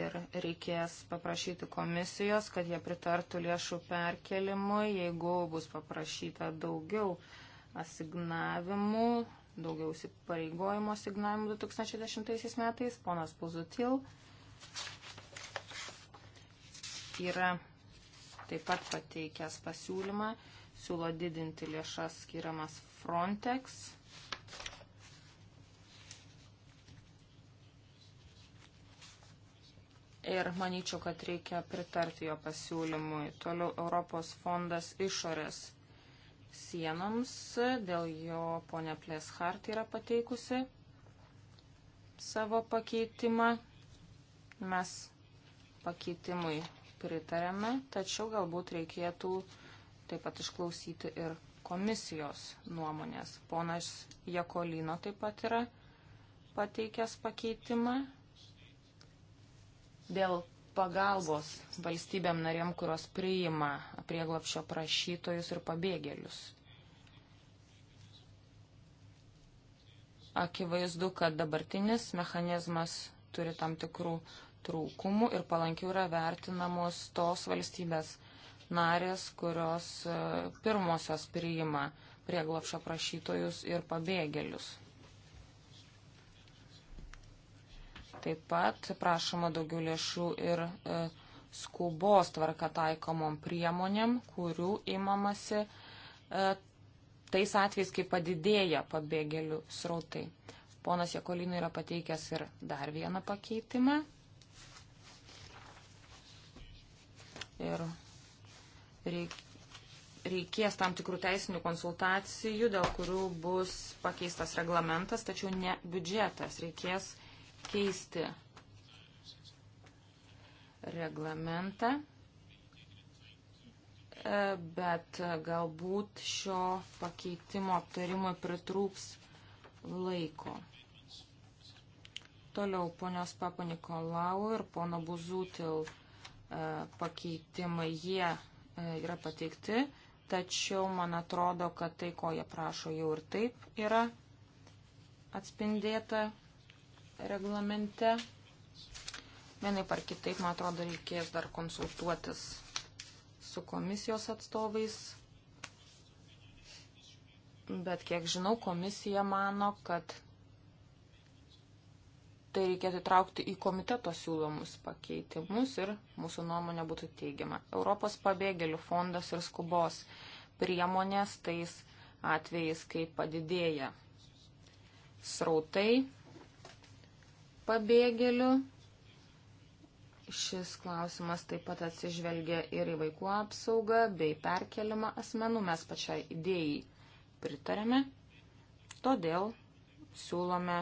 ir reikės paprašyti komisijos, kad jie pritartų lėšų perkelimui, jeigu bus paprašyta daugiau asignavimų, daugiau įsipareigojimo asignavimų 2010 metais, ponas Puzutil yra taip pat pateikęs pasiūlymą, siūlo didinti lėšas skiriamas Frontex. Ir manyčiau, kad reikia pritarti jo pasiūlymui. Toliau Europos fondas išorės sienoms, dėl jo ponia Pleshart yra pateikusi savo pakeitimą. Mes pakeitimui pritarėme, tačiau galbūt reikėtų taip pat išklausyti ir komisijos nuomonės. Ponas Jekolino taip pat yra pateikęs pakeitimą dėl pagalbos valstybėm narėm, kurios priima prieglapšio prašytojus ir pabėgėlius. Akivaizdu, kad dabartinis mechanizmas turi tam tikrų trūkumų ir palankiau yra vertinamos tos valstybės narės, kurios e, pirmosios priima prieglopšio prašytojus ir pabėgėlius. Taip pat prašoma daugiau lėšų ir e, skubos tvarka taikomom priemonėm, kurių imamasi e, tais atvejais, kai padidėja pabėgėlių srautai. Ponas Jekolino yra pateikęs ir dar vieną pakeitimą. ir reikės tam tikrų teisinių konsultacijų, dėl kurių bus pakeistas reglamentas, tačiau ne biudžetas. Reikės keisti reglamentą, e, bet galbūt šio pakeitimo aptarimui pritrūks laiko. Toliau ponios Papanikolau ir pono Buzutil E, pakeitimai, jie e, yra pateikti, tačiau man atrodo, kad tai, ko jie prašo, jau ir taip yra atspindėta reglamente. Vienai par kitaip, man atrodo, reikės dar konsultuotis su komisijos atstovais. Bet kiek žinau, komisija mano, kad tai reikėtų traukti į komiteto siūlomus pakeitimus ir mūsų nuomonė būtų teigiama. Europos pabėgėlių fondas ir skubos priemonės tais atvejais, kai padidėja srautai pabėgėlių. Šis klausimas taip pat atsižvelgia ir į vaikų apsaugą bei perkelimą asmenų. Mes pačiai idėjai pritarėme, todėl siūlome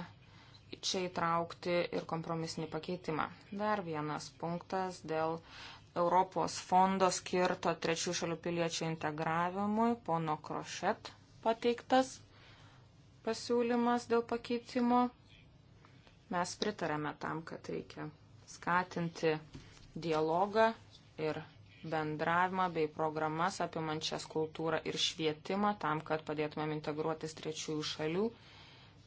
čia įtraukti ir kompromisinį pakeitimą. Dar vienas punktas dėl Europos fondo skirto trečių šalių piliečių integravimui, pono Krošet pateiktas pasiūlymas dėl pakeitimo. Mes pritarėme tam, kad reikia skatinti dialogą ir bendravimą bei programas apimančias kultūrą ir švietimą tam, kad padėtumėm integruotis trečiųjų šalių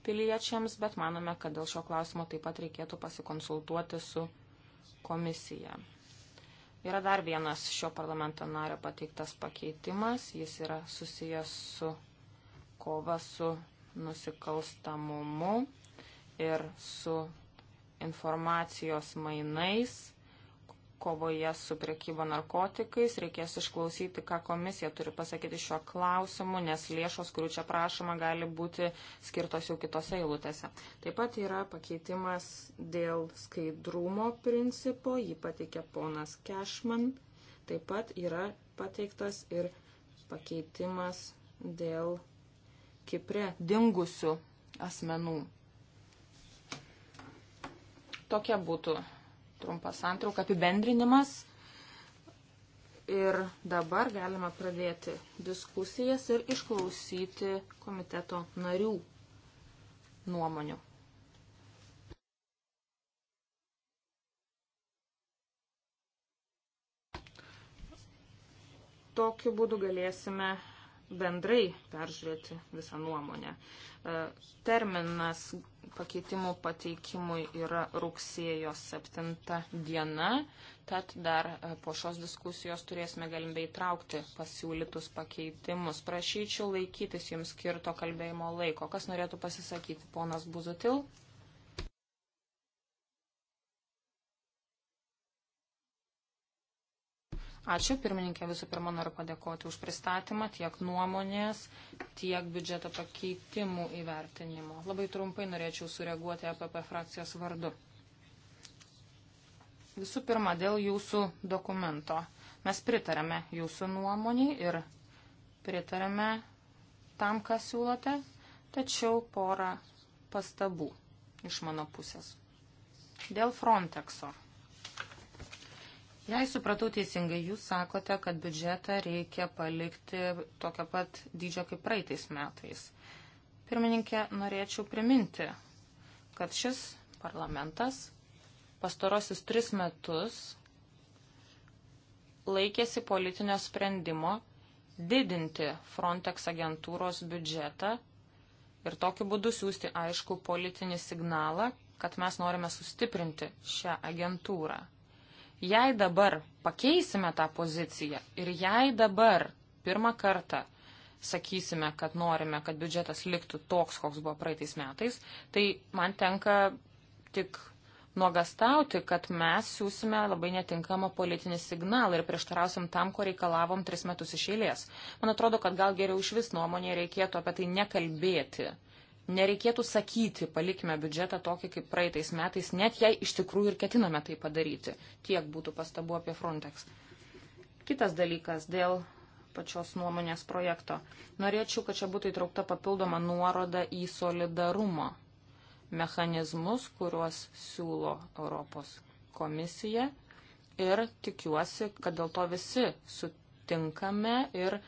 piliečiams, bet manome, kad dėl šio klausimo taip pat reikėtų pasikonsultuoti su komisija. Yra dar vienas šio parlamento nario pateiktas pakeitimas, jis yra susijęs su kova su nusikalstamumu ir su informacijos mainais kovoje su priekybo narkotikais. Reikės išklausyti, ką komisija turi pasakyti šiuo klausimu, nes lėšos, kurių čia prašoma, gali būti skirtos jau kitose eilutėse. Taip pat yra pakeitimas dėl skaidrumo principo, jį pateikė ponas Kešman. Taip pat yra pateiktas ir pakeitimas dėl Kipre dingusių asmenų. Tokia būtų trumpas santrauka apibendrinimas. Ir dabar galima pradėti diskusijas ir išklausyti komiteto narių nuomonių. Tokiu būdu galėsime bendrai peržiūrėti visą nuomonę. E, terminas pakeitimų pateikimui yra rugsėjo 7 diena, tad dar e, po šios diskusijos turėsime galimybę įtraukti pasiūlytus pakeitimus. Prašyčiau laikytis jums skirto kalbėjimo laiko. Kas norėtų pasisakyti, ponas Buzutil? Ačiū pirmininkė, visų pirma noriu padėkoti už pristatymą tiek nuomonės, tiek biudžeto pakeitimų įvertinimo. Labai trumpai norėčiau sureaguoti APP e frakcijos vardu. Visų pirma, dėl jūsų dokumento. Mes pritarėme jūsų nuomonį ir pritarėme tam, ką siūlote, tačiau porą pastabų iš mano pusės. Dėl Frontexo. Jei supratau teisingai, jūs sakote, kad biudžetą reikia palikti tokio pat dydžio kaip praeitais metais. Pirmininkė, norėčiau priminti, kad šis parlamentas pastarosius tris metus laikėsi politinio sprendimo didinti Frontex agentūros biudžetą ir tokiu būdu siūsti aišku politinį signalą, kad mes norime sustiprinti šią agentūrą. Jei dabar pakeisime tą poziciją ir jei dabar pirmą kartą sakysime, kad norime, kad biudžetas liktų toks, koks buvo praeitais metais, tai man tenka tik nuogastauti, kad mes siūsime labai netinkamą politinį signalą ir prieštarausim tam, ko reikalavom tris metus iš eilės. Man atrodo, kad gal geriau iš vis nuomonė reikėtų apie tai nekalbėti nereikėtų sakyti, palikime biudžetą tokį kaip praeitais metais, net jei iš tikrųjų ir ketiname tai padaryti. Tiek būtų pastabu apie Frontex. Kitas dalykas dėl pačios nuomonės projekto. Norėčiau, kad čia būtų įtraukta papildoma nuoroda į solidarumo mechanizmus, kuriuos siūlo Europos komisija. Ir tikiuosi, kad dėl to visi sutinkame ir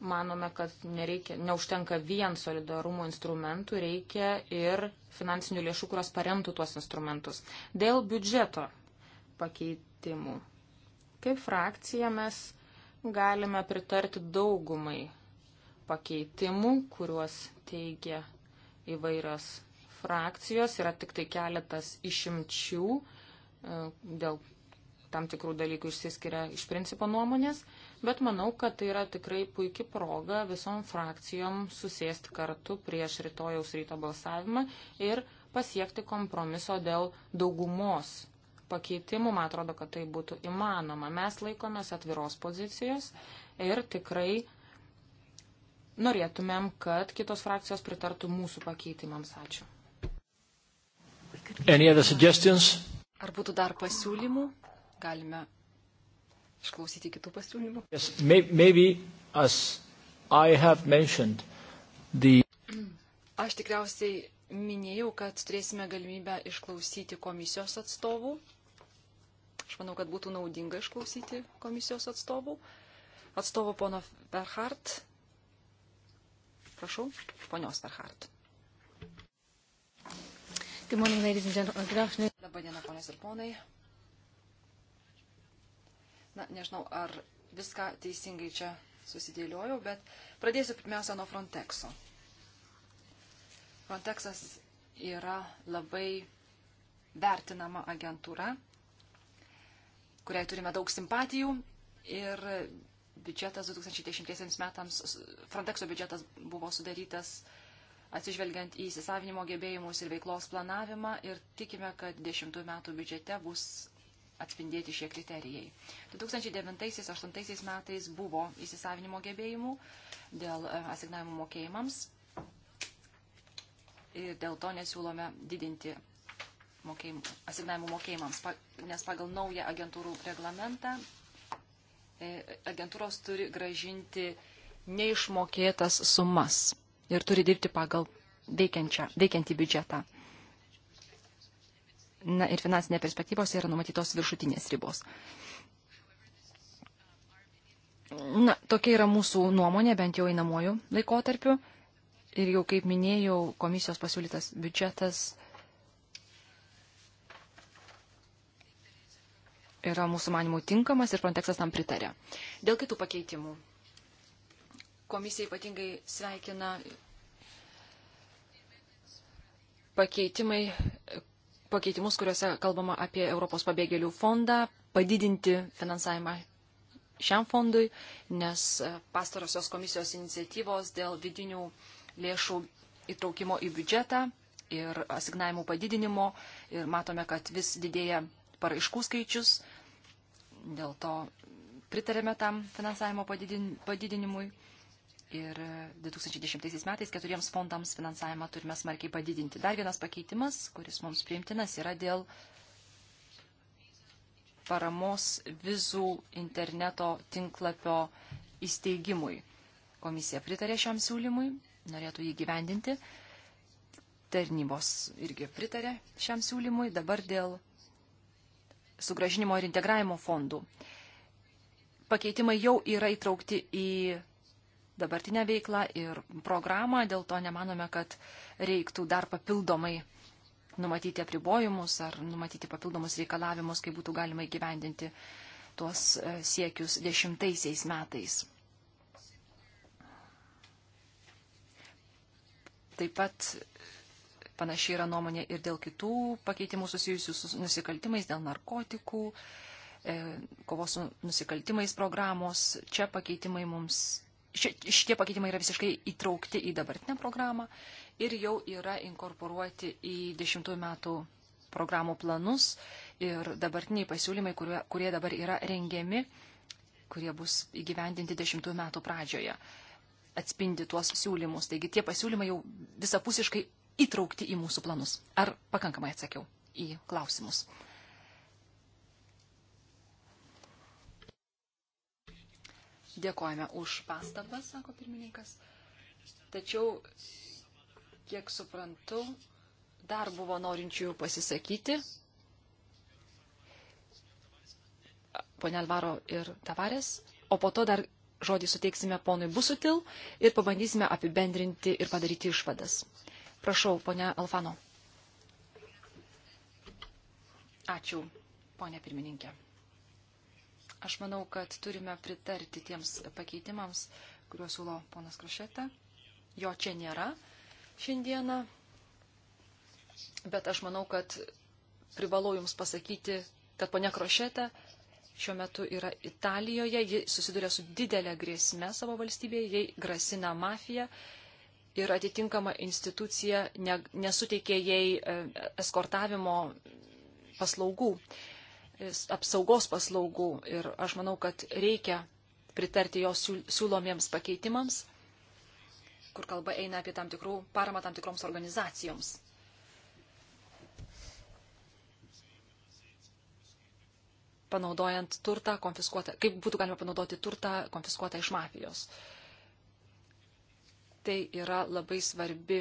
manome, kad nereikia, neužtenka vien solidarumo instrumentų, reikia ir finansinių lėšų, kurios paremtų tuos instrumentus. Dėl biudžeto pakeitimų. Kaip frakcija mes galime pritarti daugumai pakeitimų, kuriuos teigia įvairios frakcijos. Yra tik tai keletas išimčių, e, dėl tam tikrų dalykų išsiskiria iš principo nuomonės bet manau, kad tai yra tikrai puikia proga visom frakcijom susėsti kartu prieš rytojaus ryto balsavimą ir pasiekti kompromiso dėl daugumos pakeitimų. Man atrodo, kad tai būtų įmanoma. Mes laikomės atviros pozicijos ir tikrai norėtumėm, kad kitos frakcijos pritartų mūsų pakeitimams. Ačiū. Ar būtų dar pasiūlymų? Galime išklausyti kitų pasiūlymų. Yes, may, maybe, as I have mentioned, the... Aš tikriausiai minėjau, kad turėsime galimybę išklausyti komisijos atstovų. Aš manau, kad būtų naudinga išklausyti komisijos atstovų. Atstovo pono Verhardt. Prašau, ponios Verhardt. Good morning, ladies and gentlemen. Good afternoon. Labą dieną, ponės ir ponai. Na, nežinau, ar viską teisingai čia susidėliojau, bet pradėsiu pirmiausia nuo Frontexo. Frontexas yra labai vertinama agentūra, kuriai turime daug simpatijų ir biudžetas 2010 metams, Frontexo biudžetas buvo sudarytas atsižvelgiant į įsisavinimo gebėjimus ir veiklos planavimą ir tikime, kad 10 metų biudžete bus atspindėti šie kriterijai. 2009-2008 metais buvo įsisavinimo gebėjimų dėl e, asignavimų mokėjimams ir dėl to nesiūlome didinti mokėjimų, asignavimų mokėjimams, nes pagal naują agentūrų reglamentą e, agentūros turi gražinti neišmokėtas sumas ir turi dirbti pagal veikiančią, veikiantį biudžetą na, ir finansinė perspektyvose yra numatytos viršutinės ribos. Na, tokia yra mūsų nuomonė, bent jau einamojų laikotarpiu. Ir jau kaip minėjau, komisijos pasiūlytas biudžetas yra mūsų manimų tinkamas ir Frontexas tam pritarė. Dėl kitų pakeitimų. Komisija ypatingai sveikina pakeitimai, pakeitimus, kuriuose kalbama apie Europos pabėgėlių fondą, padidinti finansavimą šiam fondui, nes e, pastarosios komisijos iniciatyvos dėl vidinių lėšų įtraukimo į biudžetą ir asignavimų padidinimo ir matome, kad vis didėja paraiškų skaičius, dėl to pritarėme tam finansavimo padidinimui ir 2010 metais keturiems fondams finansavimą turime smarkiai padidinti. Dar vienas pakeitimas, kuris mums priimtinas, yra dėl paramos vizų interneto tinklapio įsteigimui. Komisija pritarė šiam siūlymui, norėtų jį gyvendinti. Tarnybos irgi pritarė šiam siūlymui. Dabar dėl sugražinimo ir integravimo fondų. Pakeitimai jau yra įtraukti į dabartinę veiklą ir programą, dėl to nemanome, kad reiktų dar papildomai numatyti apribojimus ar numatyti papildomus reikalavimus, kai būtų galima įgyvendinti tuos e, siekius dešimtaisiais metais. Taip pat panašiai yra nuomonė ir dėl kitų pakeitimų susijusių su nusikaltimais, dėl narkotikų, e, kovos su nusikaltimais programos. Čia pakeitimai mums šitie pakeitimai yra visiškai įtraukti į dabartinę programą ir jau yra inkorporuoti į dešimtųjų metų programų planus ir dabartiniai pasiūlymai, kurie, kurie dabar yra rengiami, kurie bus įgyvendinti dešimtųjų metų pradžioje, atspindi tuos siūlymus. Taigi tie pasiūlymai jau visapusiškai įtraukti į mūsų planus. Ar pakankamai atsakiau į klausimus? Dėkojame už pastabą, sako pirmininkas. Tačiau, kiek suprantu, dar buvo norinčių pasisakyti. Pone Alvaro ir Tavarės. O po to dar žodį suteiksime ponui Busutil ir pabandysime apibendrinti ir padaryti išvadas. Prašau, ponia Alfano. Ačiū, ponia pirmininkė. Aš manau, kad turime pritarti tiems pakeitimams, kuriuos siūlo ponas Krušetė. Jo čia nėra šiandieną, bet aš manau, kad privalau Jums pasakyti, kad ponia Krušetė šiuo metu yra Italijoje, ji susiduria su didelė grėsme savo valstybėje, jai grasina mafija ir atitinkama institucija nesuteikė jai e, eskortavimo paslaugų apsaugos paslaugų ir aš manau, kad reikia pritarti jos siūlomiems pakeitimams, kur kalba eina apie tam tikrų paramą tam tikroms organizacijoms. Panaudojant turtą konfiskuotą, kaip būtų galima panaudoti turtą konfiskuotą iš mafijos. Tai yra labai svarbi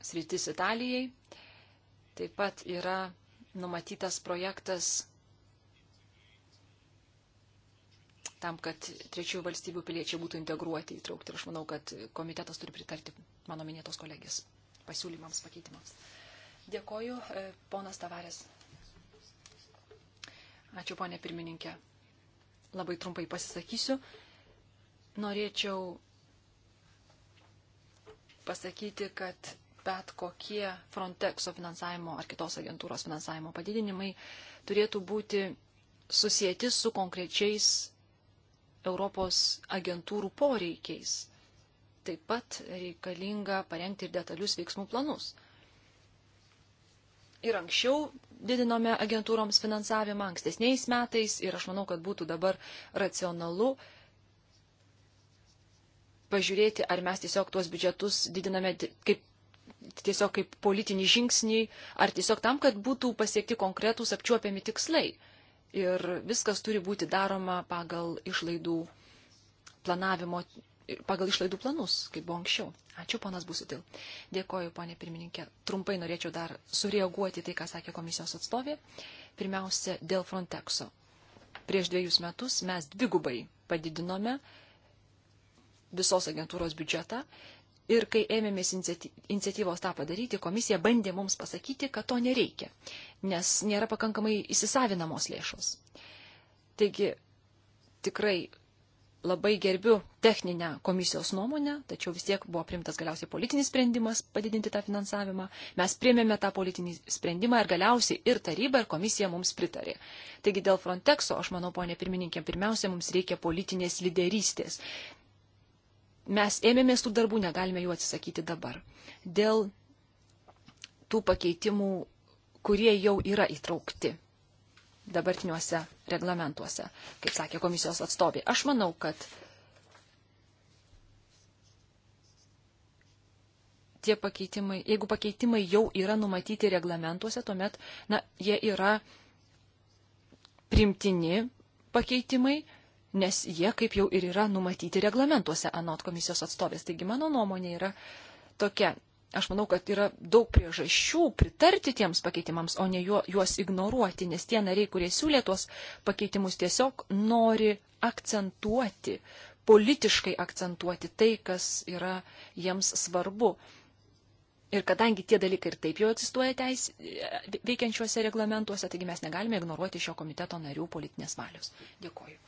sritis Italijai. Taip pat yra numatytas projektas tam, kad trečiųjų valstybių piliečiai būtų integruoti, įtraukti. Ir aš manau, kad komitetas turi pritarti mano minėtos kolegės pasiūlymams, pakeitimams. Dėkoju, e, ponas Tavarės. Ačiū, ponė pirmininkė. Labai trumpai pasisakysiu. Norėčiau pasakyti, kad bet kokie Frontexo finansavimo ar kitos agentūros finansavimo padidinimai turėtų būti susijęti su konkrečiais Europos agentūrų poreikiais. Taip pat reikalinga parengti ir detalius veiksmų planus. Ir anksčiau didinome agentūroms finansavimą ankstesniais metais ir aš manau, kad būtų dabar racionalu pažiūrėti, ar mes tiesiog tuos biudžetus didiname kaip tiesiog kaip politinį žingsnį, ar tiesiog tam, kad būtų pasiekti konkretūs apčiuopiami tikslai. Ir viskas turi būti daroma pagal išlaidų planavimo, pagal išlaidų planus, kaip buvo anksčiau. Ačiū, ponas Busutil. Dėkoju, ponė pirmininkė. Trumpai norėčiau dar sureaguoti tai, ką sakė komisijos atstovė. Pirmiausia, dėl Frontexo. Prieš dviejus metus mes dvigubai padidinome visos agentūros biudžetą Ir kai ėmėmės iniciatyvos tą padaryti, komisija bandė mums pasakyti, kad to nereikia, nes nėra pakankamai įsisavinamos lėšos. Taigi tikrai labai gerbiu techninę komisijos nuomonę, tačiau vis tiek buvo primtas galiausiai politinis sprendimas padidinti tą finansavimą. Mes priemėme tą politinį sprendimą ir galiausiai ir taryba, ir komisija mums pritarė. Taigi dėl Frontexo, aš manau, ponė pirmininkė, pirmiausia, mums reikia politinės lyderystės mes ėmėmės tų darbų, negalime jų atsisakyti dabar. Dėl tų pakeitimų, kurie jau yra įtraukti dabartiniuose reglamentuose, kaip sakė komisijos atstovė. Aš manau, kad tie pakeitimai, jeigu pakeitimai jau yra numatyti reglamentuose, tuomet, na, jie yra primtini pakeitimai, nes jie kaip jau ir yra numatyti reglamentuose anot komisijos atstovės. Taigi mano nuomonė yra tokia. Aš manau, kad yra daug priežasčių pritarti tiems pakeitimams, o ne juos ignoruoti, nes tie nariai, kurie siūlė tuos pakeitimus, tiesiog nori akcentuoti, politiškai akcentuoti tai, kas yra jiems svarbu. Ir kadangi tie dalykai ir taip jau egzistuoja teis, veikiančiuose reglamentuose, taigi mes negalime ignoruoti šio komiteto narių politinės valios. Dėkoju.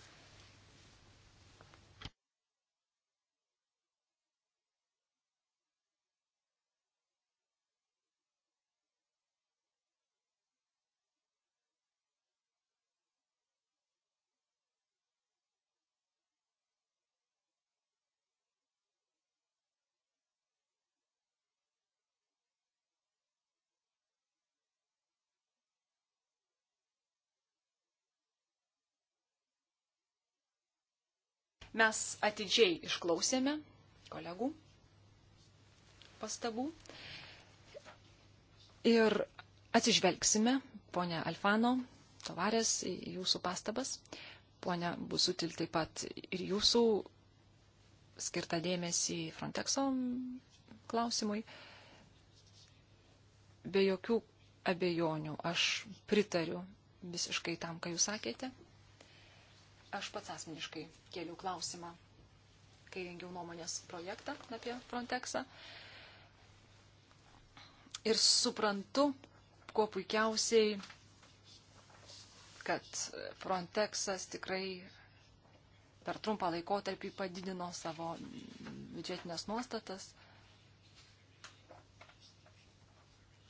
Mes atidžiai išklausėme kolegų pastabų ir atsižvelgsime, ponia Alfano, tovarės, į jūsų pastabas. Ponia Busutil taip pat ir jūsų skirtą dėmesį Frontexo klausimui. Be jokių abejonių aš pritariu visiškai tam, ką jūs sakėte. Aš pats asmeniškai kėliau klausimą, kai rengiau nuomonės projektą apie Frontexą. Ir suprantu, kuo puikiausiai, kad Frontexas tikrai per trumpą laikotarpį padidino savo biudžetinės nuostatas.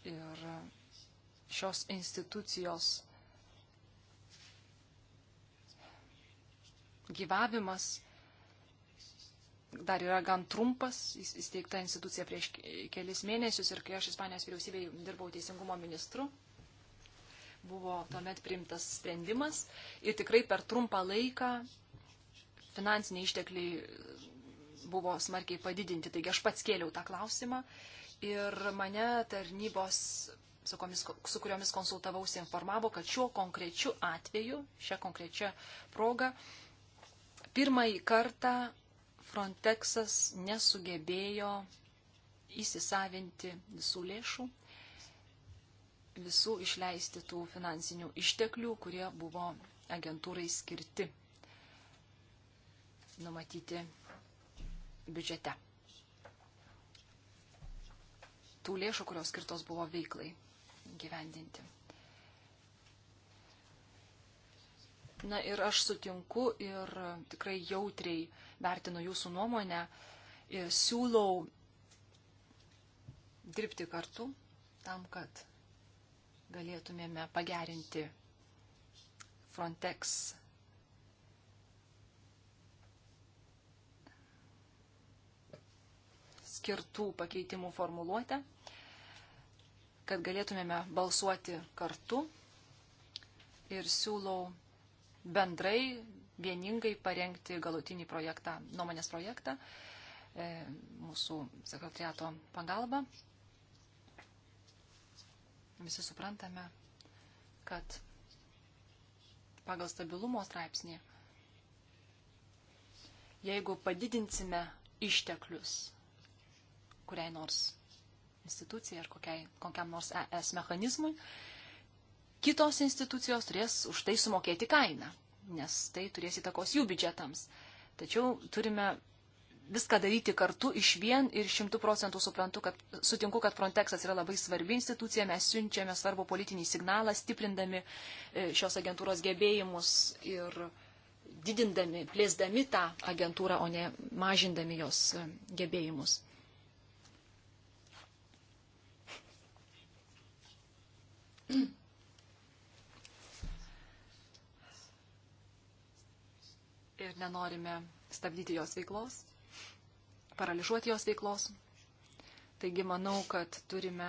Ir šios institucijos gyvavimas dar yra gan trumpas, įsteigta institucija prieš kelis mėnesius ir kai aš Ispanijos vyriausybėje dirbau teisingumo ministru, buvo tuomet priimtas sprendimas ir tikrai per trumpą laiką finansiniai ištekliai buvo smarkiai padidinti. Taigi aš pats kėliau tą klausimą ir mane tarnybos, su, komis, su kuriomis konsultavausi, informavo, kad šiuo konkrečiu atveju, šią konkrečią progą, Pirmąjį kartą Frontexas nesugebėjo įsisavinti visų lėšų, visų išleisti tų finansinių išteklių, kurie buvo agentūrai skirti numatyti biudžete. Tų lėšų, kurios skirtos buvo veiklai gyvendinti. Na ir aš sutinku ir tikrai jautriai vertinu jūsų nuomonę ir siūlau dirbti kartu tam, kad galėtumėme pagerinti Frontex skirtų pakeitimų formuluotę, kad galėtumėme balsuoti kartu ir siūlau bendrai, vieningai parengti galutinį projektą, nuomonės projektą e, mūsų sekretariato pagalba. Visi suprantame, kad pagal stabilumo straipsnį, jeigu padidinsime išteklius kuriai nors institucijai ar kokiai, kokiam nors ES mechanizmui, kitos institucijos turės už tai sumokėti kainą, nes tai turės įtakos jų biudžetams. Tačiau turime viską daryti kartu iš vien ir šimtų procentų suprantu, kad sutinku, kad Frontexas yra labai svarbi institucija, mes siunčiame svarbu politinį signalą, stiprindami e, šios agentūros gebėjimus ir didindami, plėsdami tą agentūrą, o ne mažindami jos e, gebėjimus. Mm. *clears throat* ir nenorime stabdyti jos veiklos, paralyžuoti jos veiklos. Taigi manau, kad turime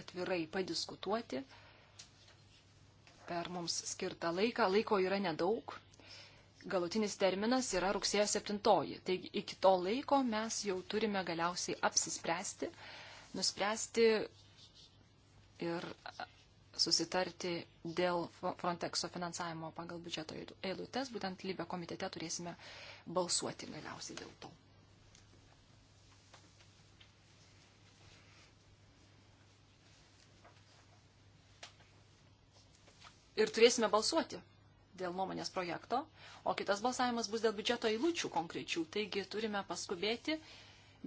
atvirai padiskutuoti per mums skirtą laiką. Laiko yra nedaug. Galutinis terminas yra rugsėjo 7. Taigi iki to laiko mes jau turime galiausiai apsispręsti, nuspręsti ir susitarti dėl Frontexo finansavimo pagal biudžeto eilutes, būtent lybė komitete turėsime balsuoti galiausiai dėl to. Ir turėsime balsuoti dėl nuomonės projekto, o kitas balsavimas bus dėl biudžeto eilučių konkrečių. Taigi turime paskubėti uh,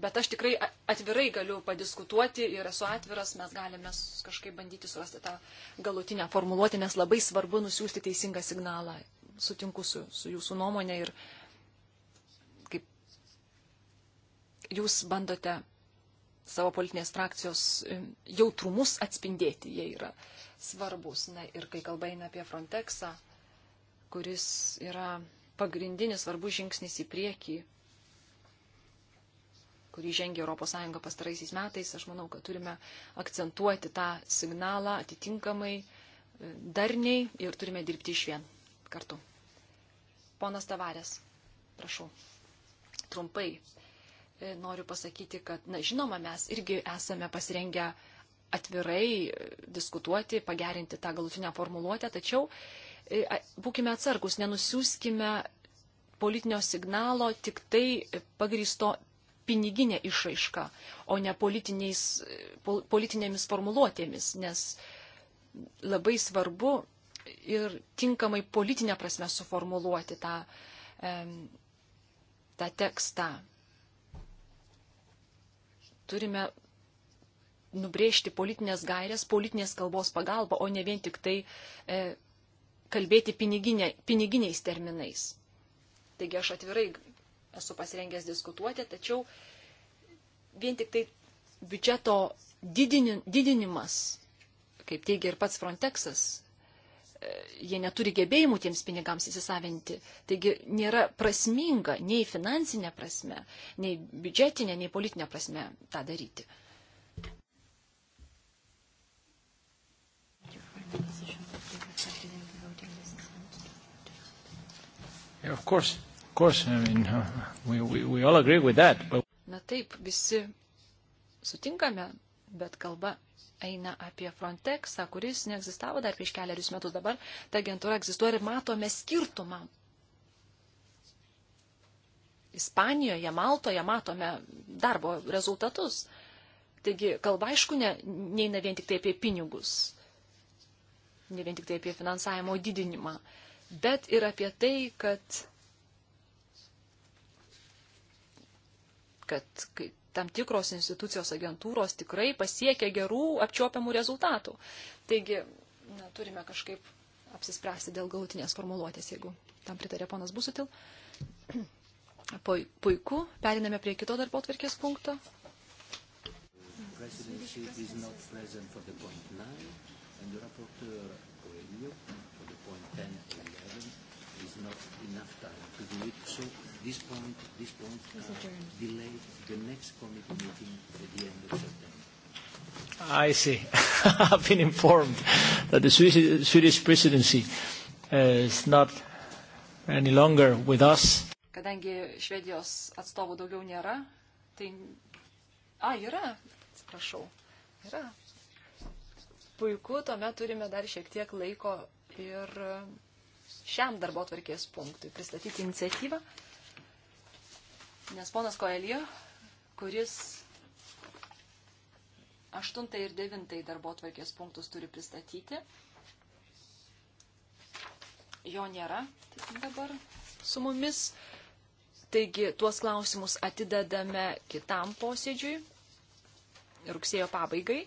Bet aš tikrai atvirai galiu padiskutuoti ir esu atviras, mes galime kažkaip bandyti surasti tą galutinę formuluotę, nes labai svarbu nusiųsti teisingą signalą. Sutinku su, su jūsų nuomonė ir kaip jūs bandote savo politinės frakcijos jautrumus atspindėti, jie yra svarbus. Na ir kai kalba eina apie Frontexą, kuris yra pagrindinis svarbus žingsnis į priekį kurį žengia ES pastaraisiais metais, aš manau, kad turime akcentuoti tą signalą atitinkamai, e, darniai ir turime dirbti iš vien kartu. Ponas Tavarės, prašau, trumpai e, noriu pasakyti, kad, na, žinoma, mes irgi esame pasirengę atvirai e, diskutuoti, pagerinti tą galutinę formuluotę, tačiau būkime atsargus, nenusiųskime politinio signalo tik tai pagristo piniginė išraiška, o ne pol, politinėmis formuluotėmis, nes labai svarbu ir tinkamai politinę prasme suformuluoti tą, tą tekstą. Turime nubrėžti politinės gairės, politinės kalbos pagalba, o ne vien tik tai e, kalbėti piniginė, piniginiais terminais. Taigi aš atvirai esu pasirengęs diskutuoti, tačiau vien tik tai biudžeto didinimas, kaip teigia ir pats Frontexas, e, jie neturi gebėjimų tiems pinigams įsisavinti. Taigi nėra prasminga nei finansinė prasme, nei biudžetinė, nei politinė prasme tą daryti. Yeah, of course course, I mean, uh, we, we, we all agree with that. But... Na taip, visi sutinkame, bet kalba eina apie Frontexą, kuris neegzistavo dar prieš keliarius metus dabar. Ta agentūra egzistuoja ir matome skirtumą. Ispanijoje, Maltoje matome darbo rezultatus. Taigi kalba aišku ne, neina vien tik tai apie pinigus, ne vien tik tai apie finansavimo didinimą, bet ir apie tai, kad kad tam tikros institucijos agentūros tikrai pasiekia gerų apčiopiamų rezultatų. Taigi, na, turime kažkaip apsispręsti dėl galutinės formuluotės, jeigu tam pritarė ponas Busutil. *clears throat* Puiku, periname prie kito darbo tvarkės punkto. Presidency is not present for the point 9 and the rapporteur Coelho for the point 10 and 11 is not enough time to do it. So this point, this point uh, delayed the next committee meeting at the end of September. I see. *laughs* I've been informed that the Swiss, Swedish presidency uh, is not any longer with us. Kadangi Švedijos atstovų daugiau nėra, tai... A, yra, atsiprašau, yra. Puiku, tuomet turime dar šiek tiek laiko ir šiam darbo tvarkės punktui pristatyti iniciatyvą. Nes ponas Koelio, kuris aštuntai ir devintai darbo tvarkės punktus turi pristatyti, jo nėra dabar su mumis. Taigi tuos klausimus atidedame kitam posėdžiui, rugsėjo pabaigai.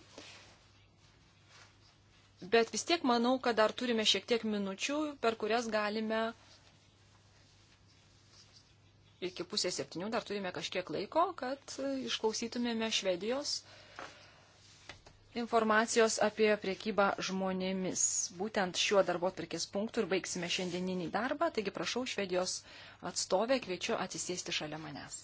Bet vis tiek manau, kad dar turime šiek tiek minučių, per kurias galime uh, iki pusės septynių dar turime kažkiek laiko, kad išklausytumėme Švedijos informacijos apie priekybą žmonėmis. Būtent šiuo darbo atvirkės punktu ir baigsime šiandieninį darbą, taigi prašau Švedijos atstovę, kviečiu atsisėsti šalia manęs.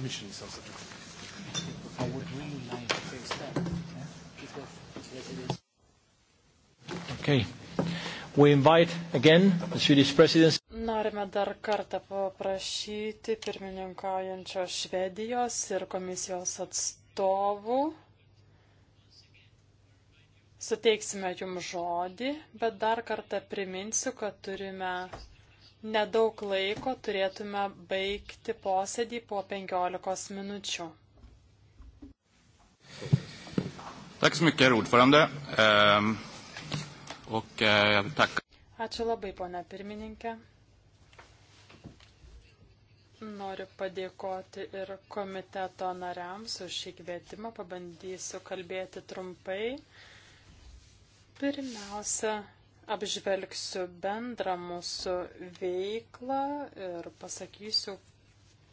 Commission is also doing. I would really like to expect, yeah, because yes, it is. Okay. We invite again the Swedish presidency. Norime dar kartą paprašyti pirmininkaujančios Švedijos ir komisijos atstovų. Suteiksime jums žodį, bet dar kartą priminsiu, kad turime nedaug laiko, turėtume baigti posėdį po 15 minučių. Tack så mycket, ordförande. Ehm, och eh, jag vill tacka. Ačiū labai, ponia pirmininkė. Noriu padėkoti ir komiteto nariams už šį kvietimą. Pabandysiu kalbėti trumpai. Pirmiausia, apžvelgsiu bendrą mūsų veiklą ir pasakysiu,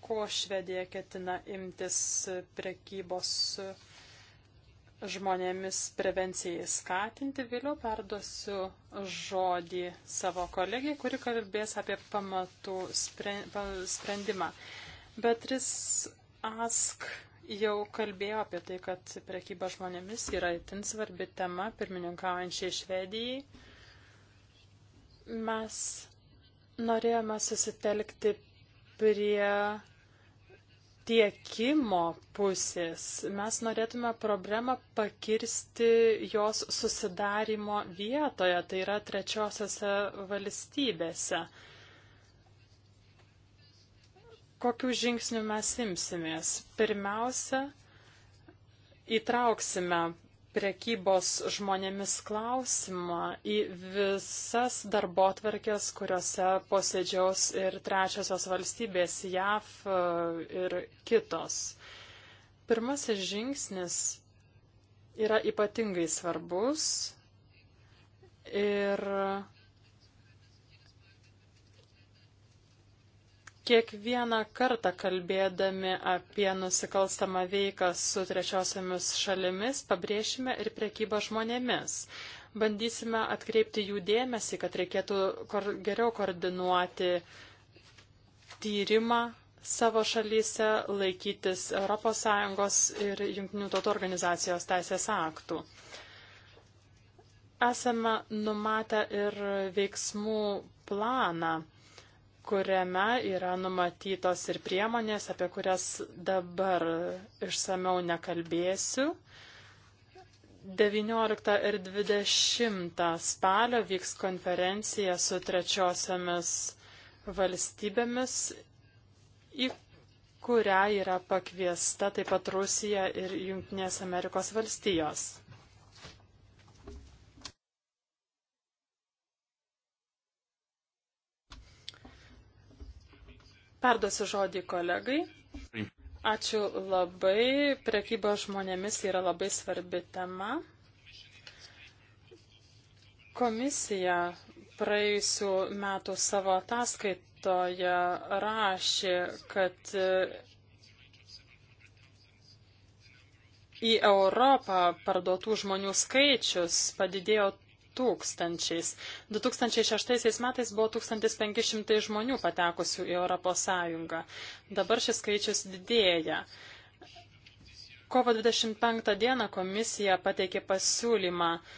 ko Švedija ketina imtis prekybos žmonėmis prevencijai skatinti. Vėliau perduosiu žodį savo kolegijai, kuri kalbės apie pamatų sprendimą. Beatris Ask jau kalbėjo apie tai, kad prekyba žmonėmis yra itin svarbi tema pirmininkaujančiai Švedijai. Mes norėjome susitelkti prie tiekimo pusės. Mes norėtume problemą pakirsti jos susidarimo vietoje, tai yra trečiosiose valstybėse. Kokių žingsnių mes imsimės? Pirmiausia, įtrauksime prekybos žmonėmis klausimą į visas darbo tvarkės, kuriuose posėdžiaus ir trečiosios valstybės JAV e, ir kitos. Pirmasis žingsnis yra ypatingai svarbus ir Kiekvieną kartą kalbėdami apie nusikalstamą veiką su trečiosiamis šalimis pabrėšime ir prekybą žmonėmis. Bandysime atkreipti jų dėmesį, kad reikėtų kor geriau koordinuoti tyrimą savo šalyse, laikytis ES ir JT organizacijos teisės aktų. Esame numatę ir veiksmų planą kuriame yra numatytos ir priemonės, apie kurias dabar išsameu nekalbėsiu. 19 ir 20 spalio vyks konferencija su trečiosiamis valstybėmis, į kurią yra pakviesta taip pat Rusija ir Junktinės Amerikos valstijos. Perduosiu žodį kolegai. Ačiū labai. Prekyba žmonėmis yra labai svarbi tema. Komisija praėjusių metų savo ataskaitoje rašė, kad į Europą parduotų žmonių skaičius padidėjo tūkstančiais. 2006 metais buvo 1500 žmonių patekusių į Europos Sąjungą. Dabar šis skaičius didėja. Kovo 25 dieną komisija pateikė pasiūlymą e,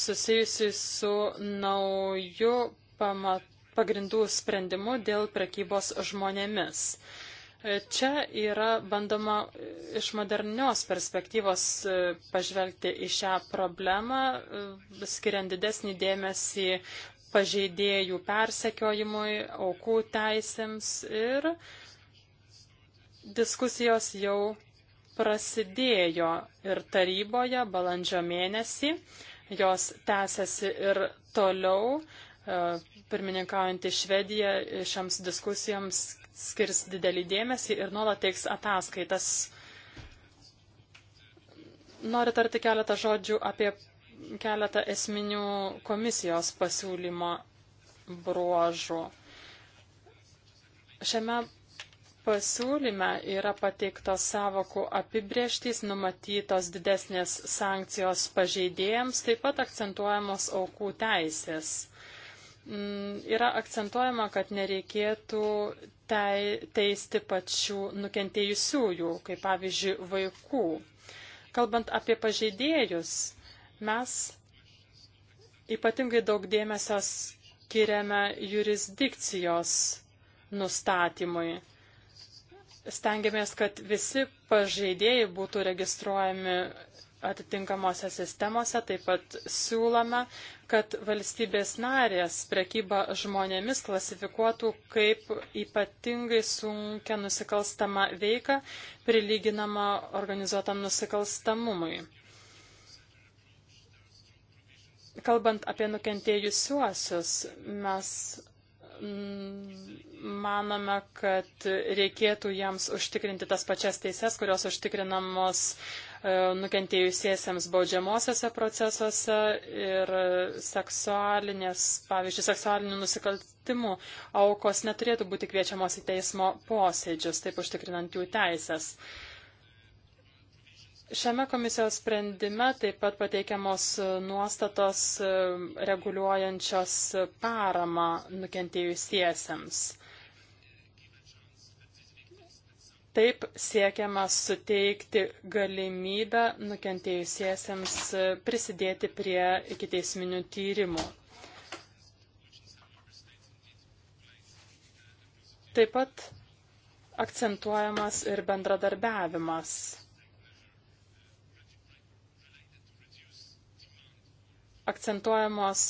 susijusi su nauju pamatu pagrindų sprendimu dėl prekybos žmonėmis. Čia yra bandoma iš modernios perspektyvos e, pažvelgti į šią problemą, e, skiriant didesnį dėmesį pažeidėjų persekiojimui, aukų teisėms ir diskusijos jau prasidėjo ir taryboje balandžio mėnesį, jos tęsiasi ir toliau. E, pirmininkaujantį Švediją šiams diskusijoms skirs didelį dėmesį ir nuolat teiks ataskaitas. Noriu tarti keletą žodžių apie keletą esminių komisijos pasiūlymo bruožų. Šiame pasiūlyme yra pateiktos savokų apibrieštys, numatytos didesnės sankcijos pažeidėjams, taip pat akcentuojamos aukų teisės. Mm, yra akcentuojama, kad nereikėtų teisti pačių nukentėjusiųjų, kaip pavyzdžiui, vaikų. Kalbant apie pažeidėjus, mes ypatingai daug dėmesio skiriame jurisdikcijos nustatymui. Stengiamės, kad visi pažeidėjai būtų registruojami atitinkamose sistemose. Taip pat siūlome, kad valstybės narės prekybą žmonėmis klasifikuotų kaip ypatingai sunkia nusikalstama veika, prilyginama organizuotam nusikalstamumui. Kalbant apie nukentėjusiuosius, mes mm, manome, kad reikėtų jiems užtikrinti tas pačias teises, kurios užtikrinamos E, nukentėjusiesiems baudžiamosiose procesuose ir seksualinės, pavyzdžiui, seksualinių nusikaltimų aukos neturėtų būti kviečiamos į teismo posėdžius, taip užtikrinant jų teisės. Šiame komisijos sprendime taip pat pateikiamos nuostatos e, reguliuojančios paramą nukentėjusiesiems. Taip siekiama suteikti galimybę nukentėjusiesiems e, prisidėti prie ikiteisminių tyrimų. Taip pat akcentuojamas ir bendradarbiavimas. Akcentuojamos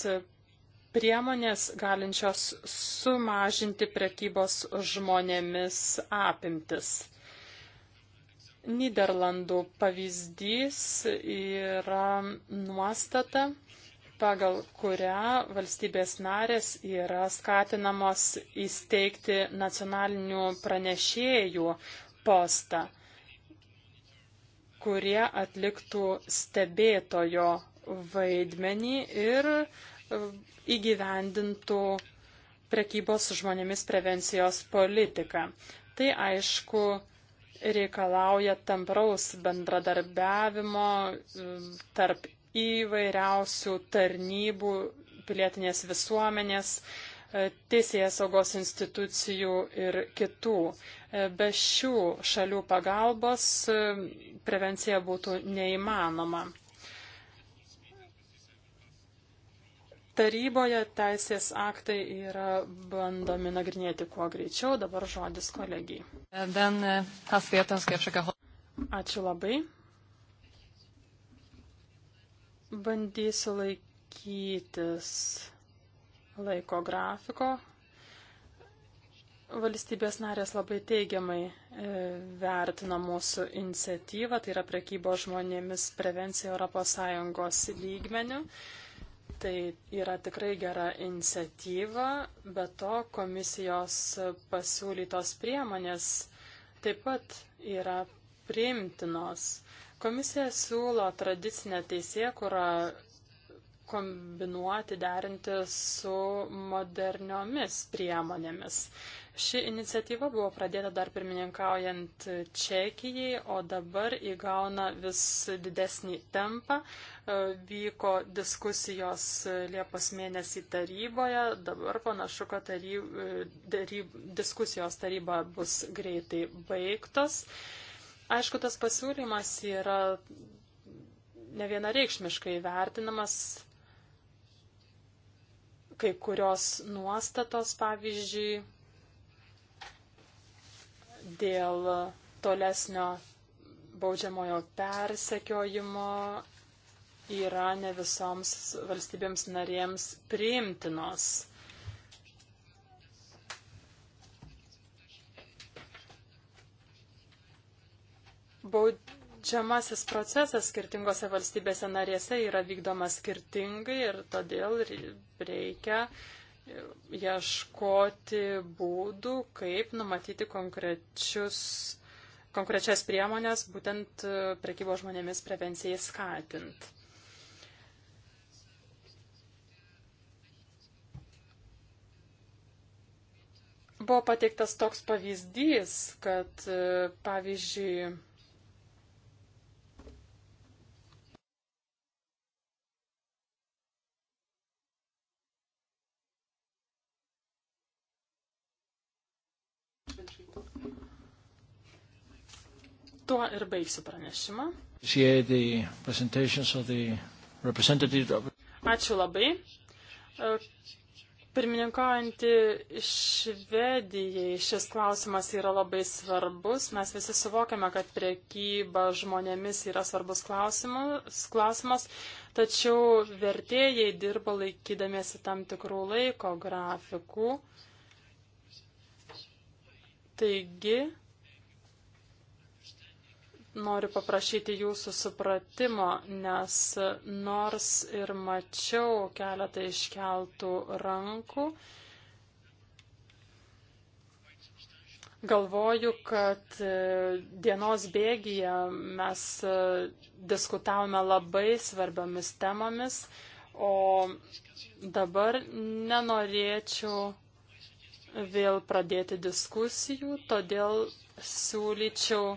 priemonės galinčios sumažinti prekybos žmonėmis apimtis. Niderlandų pavyzdys yra nuostata, pagal kurią valstybės narės yra skatinamos įsteigti nacionalinių pranešėjų postą, kurie atliktų stebėtojo vaidmenį ir e, įgyvendintų prekybos žmonėmis prevencijos politiką. Tai aišku, reikalauja tampraus bendradarbiavimo mm, tarp įvairiausių tarnybų, pilietinės visuomenės, e, teisėjas saugos institucijų ir kitų. E, be šių šalių pagalbos e, prevencija būtų neįmanoma. taryboje teisės aktai yra bandomi nagrinėti kuo greičiau. Dabar žodis kolegijai. Uh, Ačiū labai. Bandysiu laikytis laiko grafiko. Valstybės narės labai teigiamai e, vertina mūsų iniciatyvą, tai yra prekybo žmonėmis prevencija ES lygmenių. Tai yra tikrai gera iniciatyva, bet to komisijos pasiūlytos priemonės taip pat yra priimtinos. Komisija siūlo tradicinę teisėkurą kombinuoti, derinti su moderniomis priemonėmis. Ši iniciatyva buvo pradėta dar pirmininkaujant Čekijai, o dabar įgauna vis didesnį tempą. E, vyko diskusijos Liepos mėnesį taryboje, dabar panašu, kad taryb, e, daryb, diskusijos taryba bus greitai baigtos. Aišku, tas pasiūlymas yra ne vienareikšmiškai vertinamas. Kai kurios nuostatos, pavyzdžiui, dėl tolesnio baudžiamojo persekiojimo yra ne visoms valstybėms narėms priimtinos. Baudžiamasis procesas skirtingose valstybėse narėse yra vykdomas skirtingai ir todėl reikia uh, ieškoti būdų, kaip numatyti konkrečius, konkrečias priemonės būtent e, prekybos žmonėmis prevencijai skatinti. Buvo pateiktas toks pavyzdys, kad e, pavyzdžiui, Tuo ir baigsiu pranešimą. Ačiū labai. E, pirmininkaujantį Švedijai šis klausimas yra labai svarbus. Mes visi suvokiame, kad priekyba žmonėmis yra svarbus klausimas, klausimas tačiau vertėjai dirba laikydamiesi tam tikrų laiko grafikų. Taigi, Noriu paprašyti jūsų supratimo, nes nors ir mačiau keletą iškeltų rankų, galvoju, kad e, dienos bėgyje mes e, diskutavome labai svarbiomis temomis, o dabar nenorėčiau vėl pradėti diskusijų, todėl siūlyčiau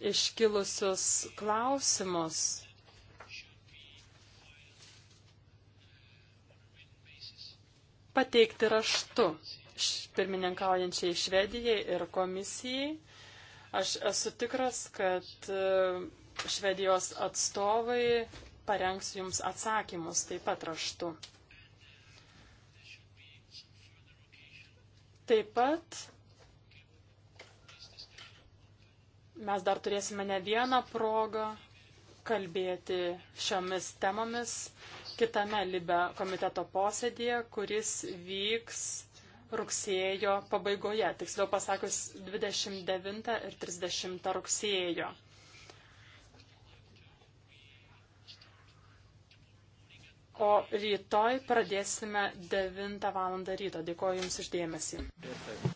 iškilusius klausimus. Pateikti raštu pirmininkaujančiai Švedijai ir komisijai. Aš esu tikras, kad e, Švedijos atstovai parengs jums atsakymus taip pat raštu. Taip pat Mes dar turėsime ne vieną progą kalbėti šiomis temomis kitame Libe komiteto posėdėje, kuris vyks rugsėjo pabaigoje, tiksliau pasakius 29 ir 30 rugsėjo. O rytoj pradėsime 9 val. ryto. Dėkuoju Jums uždėmesį. Dėkui.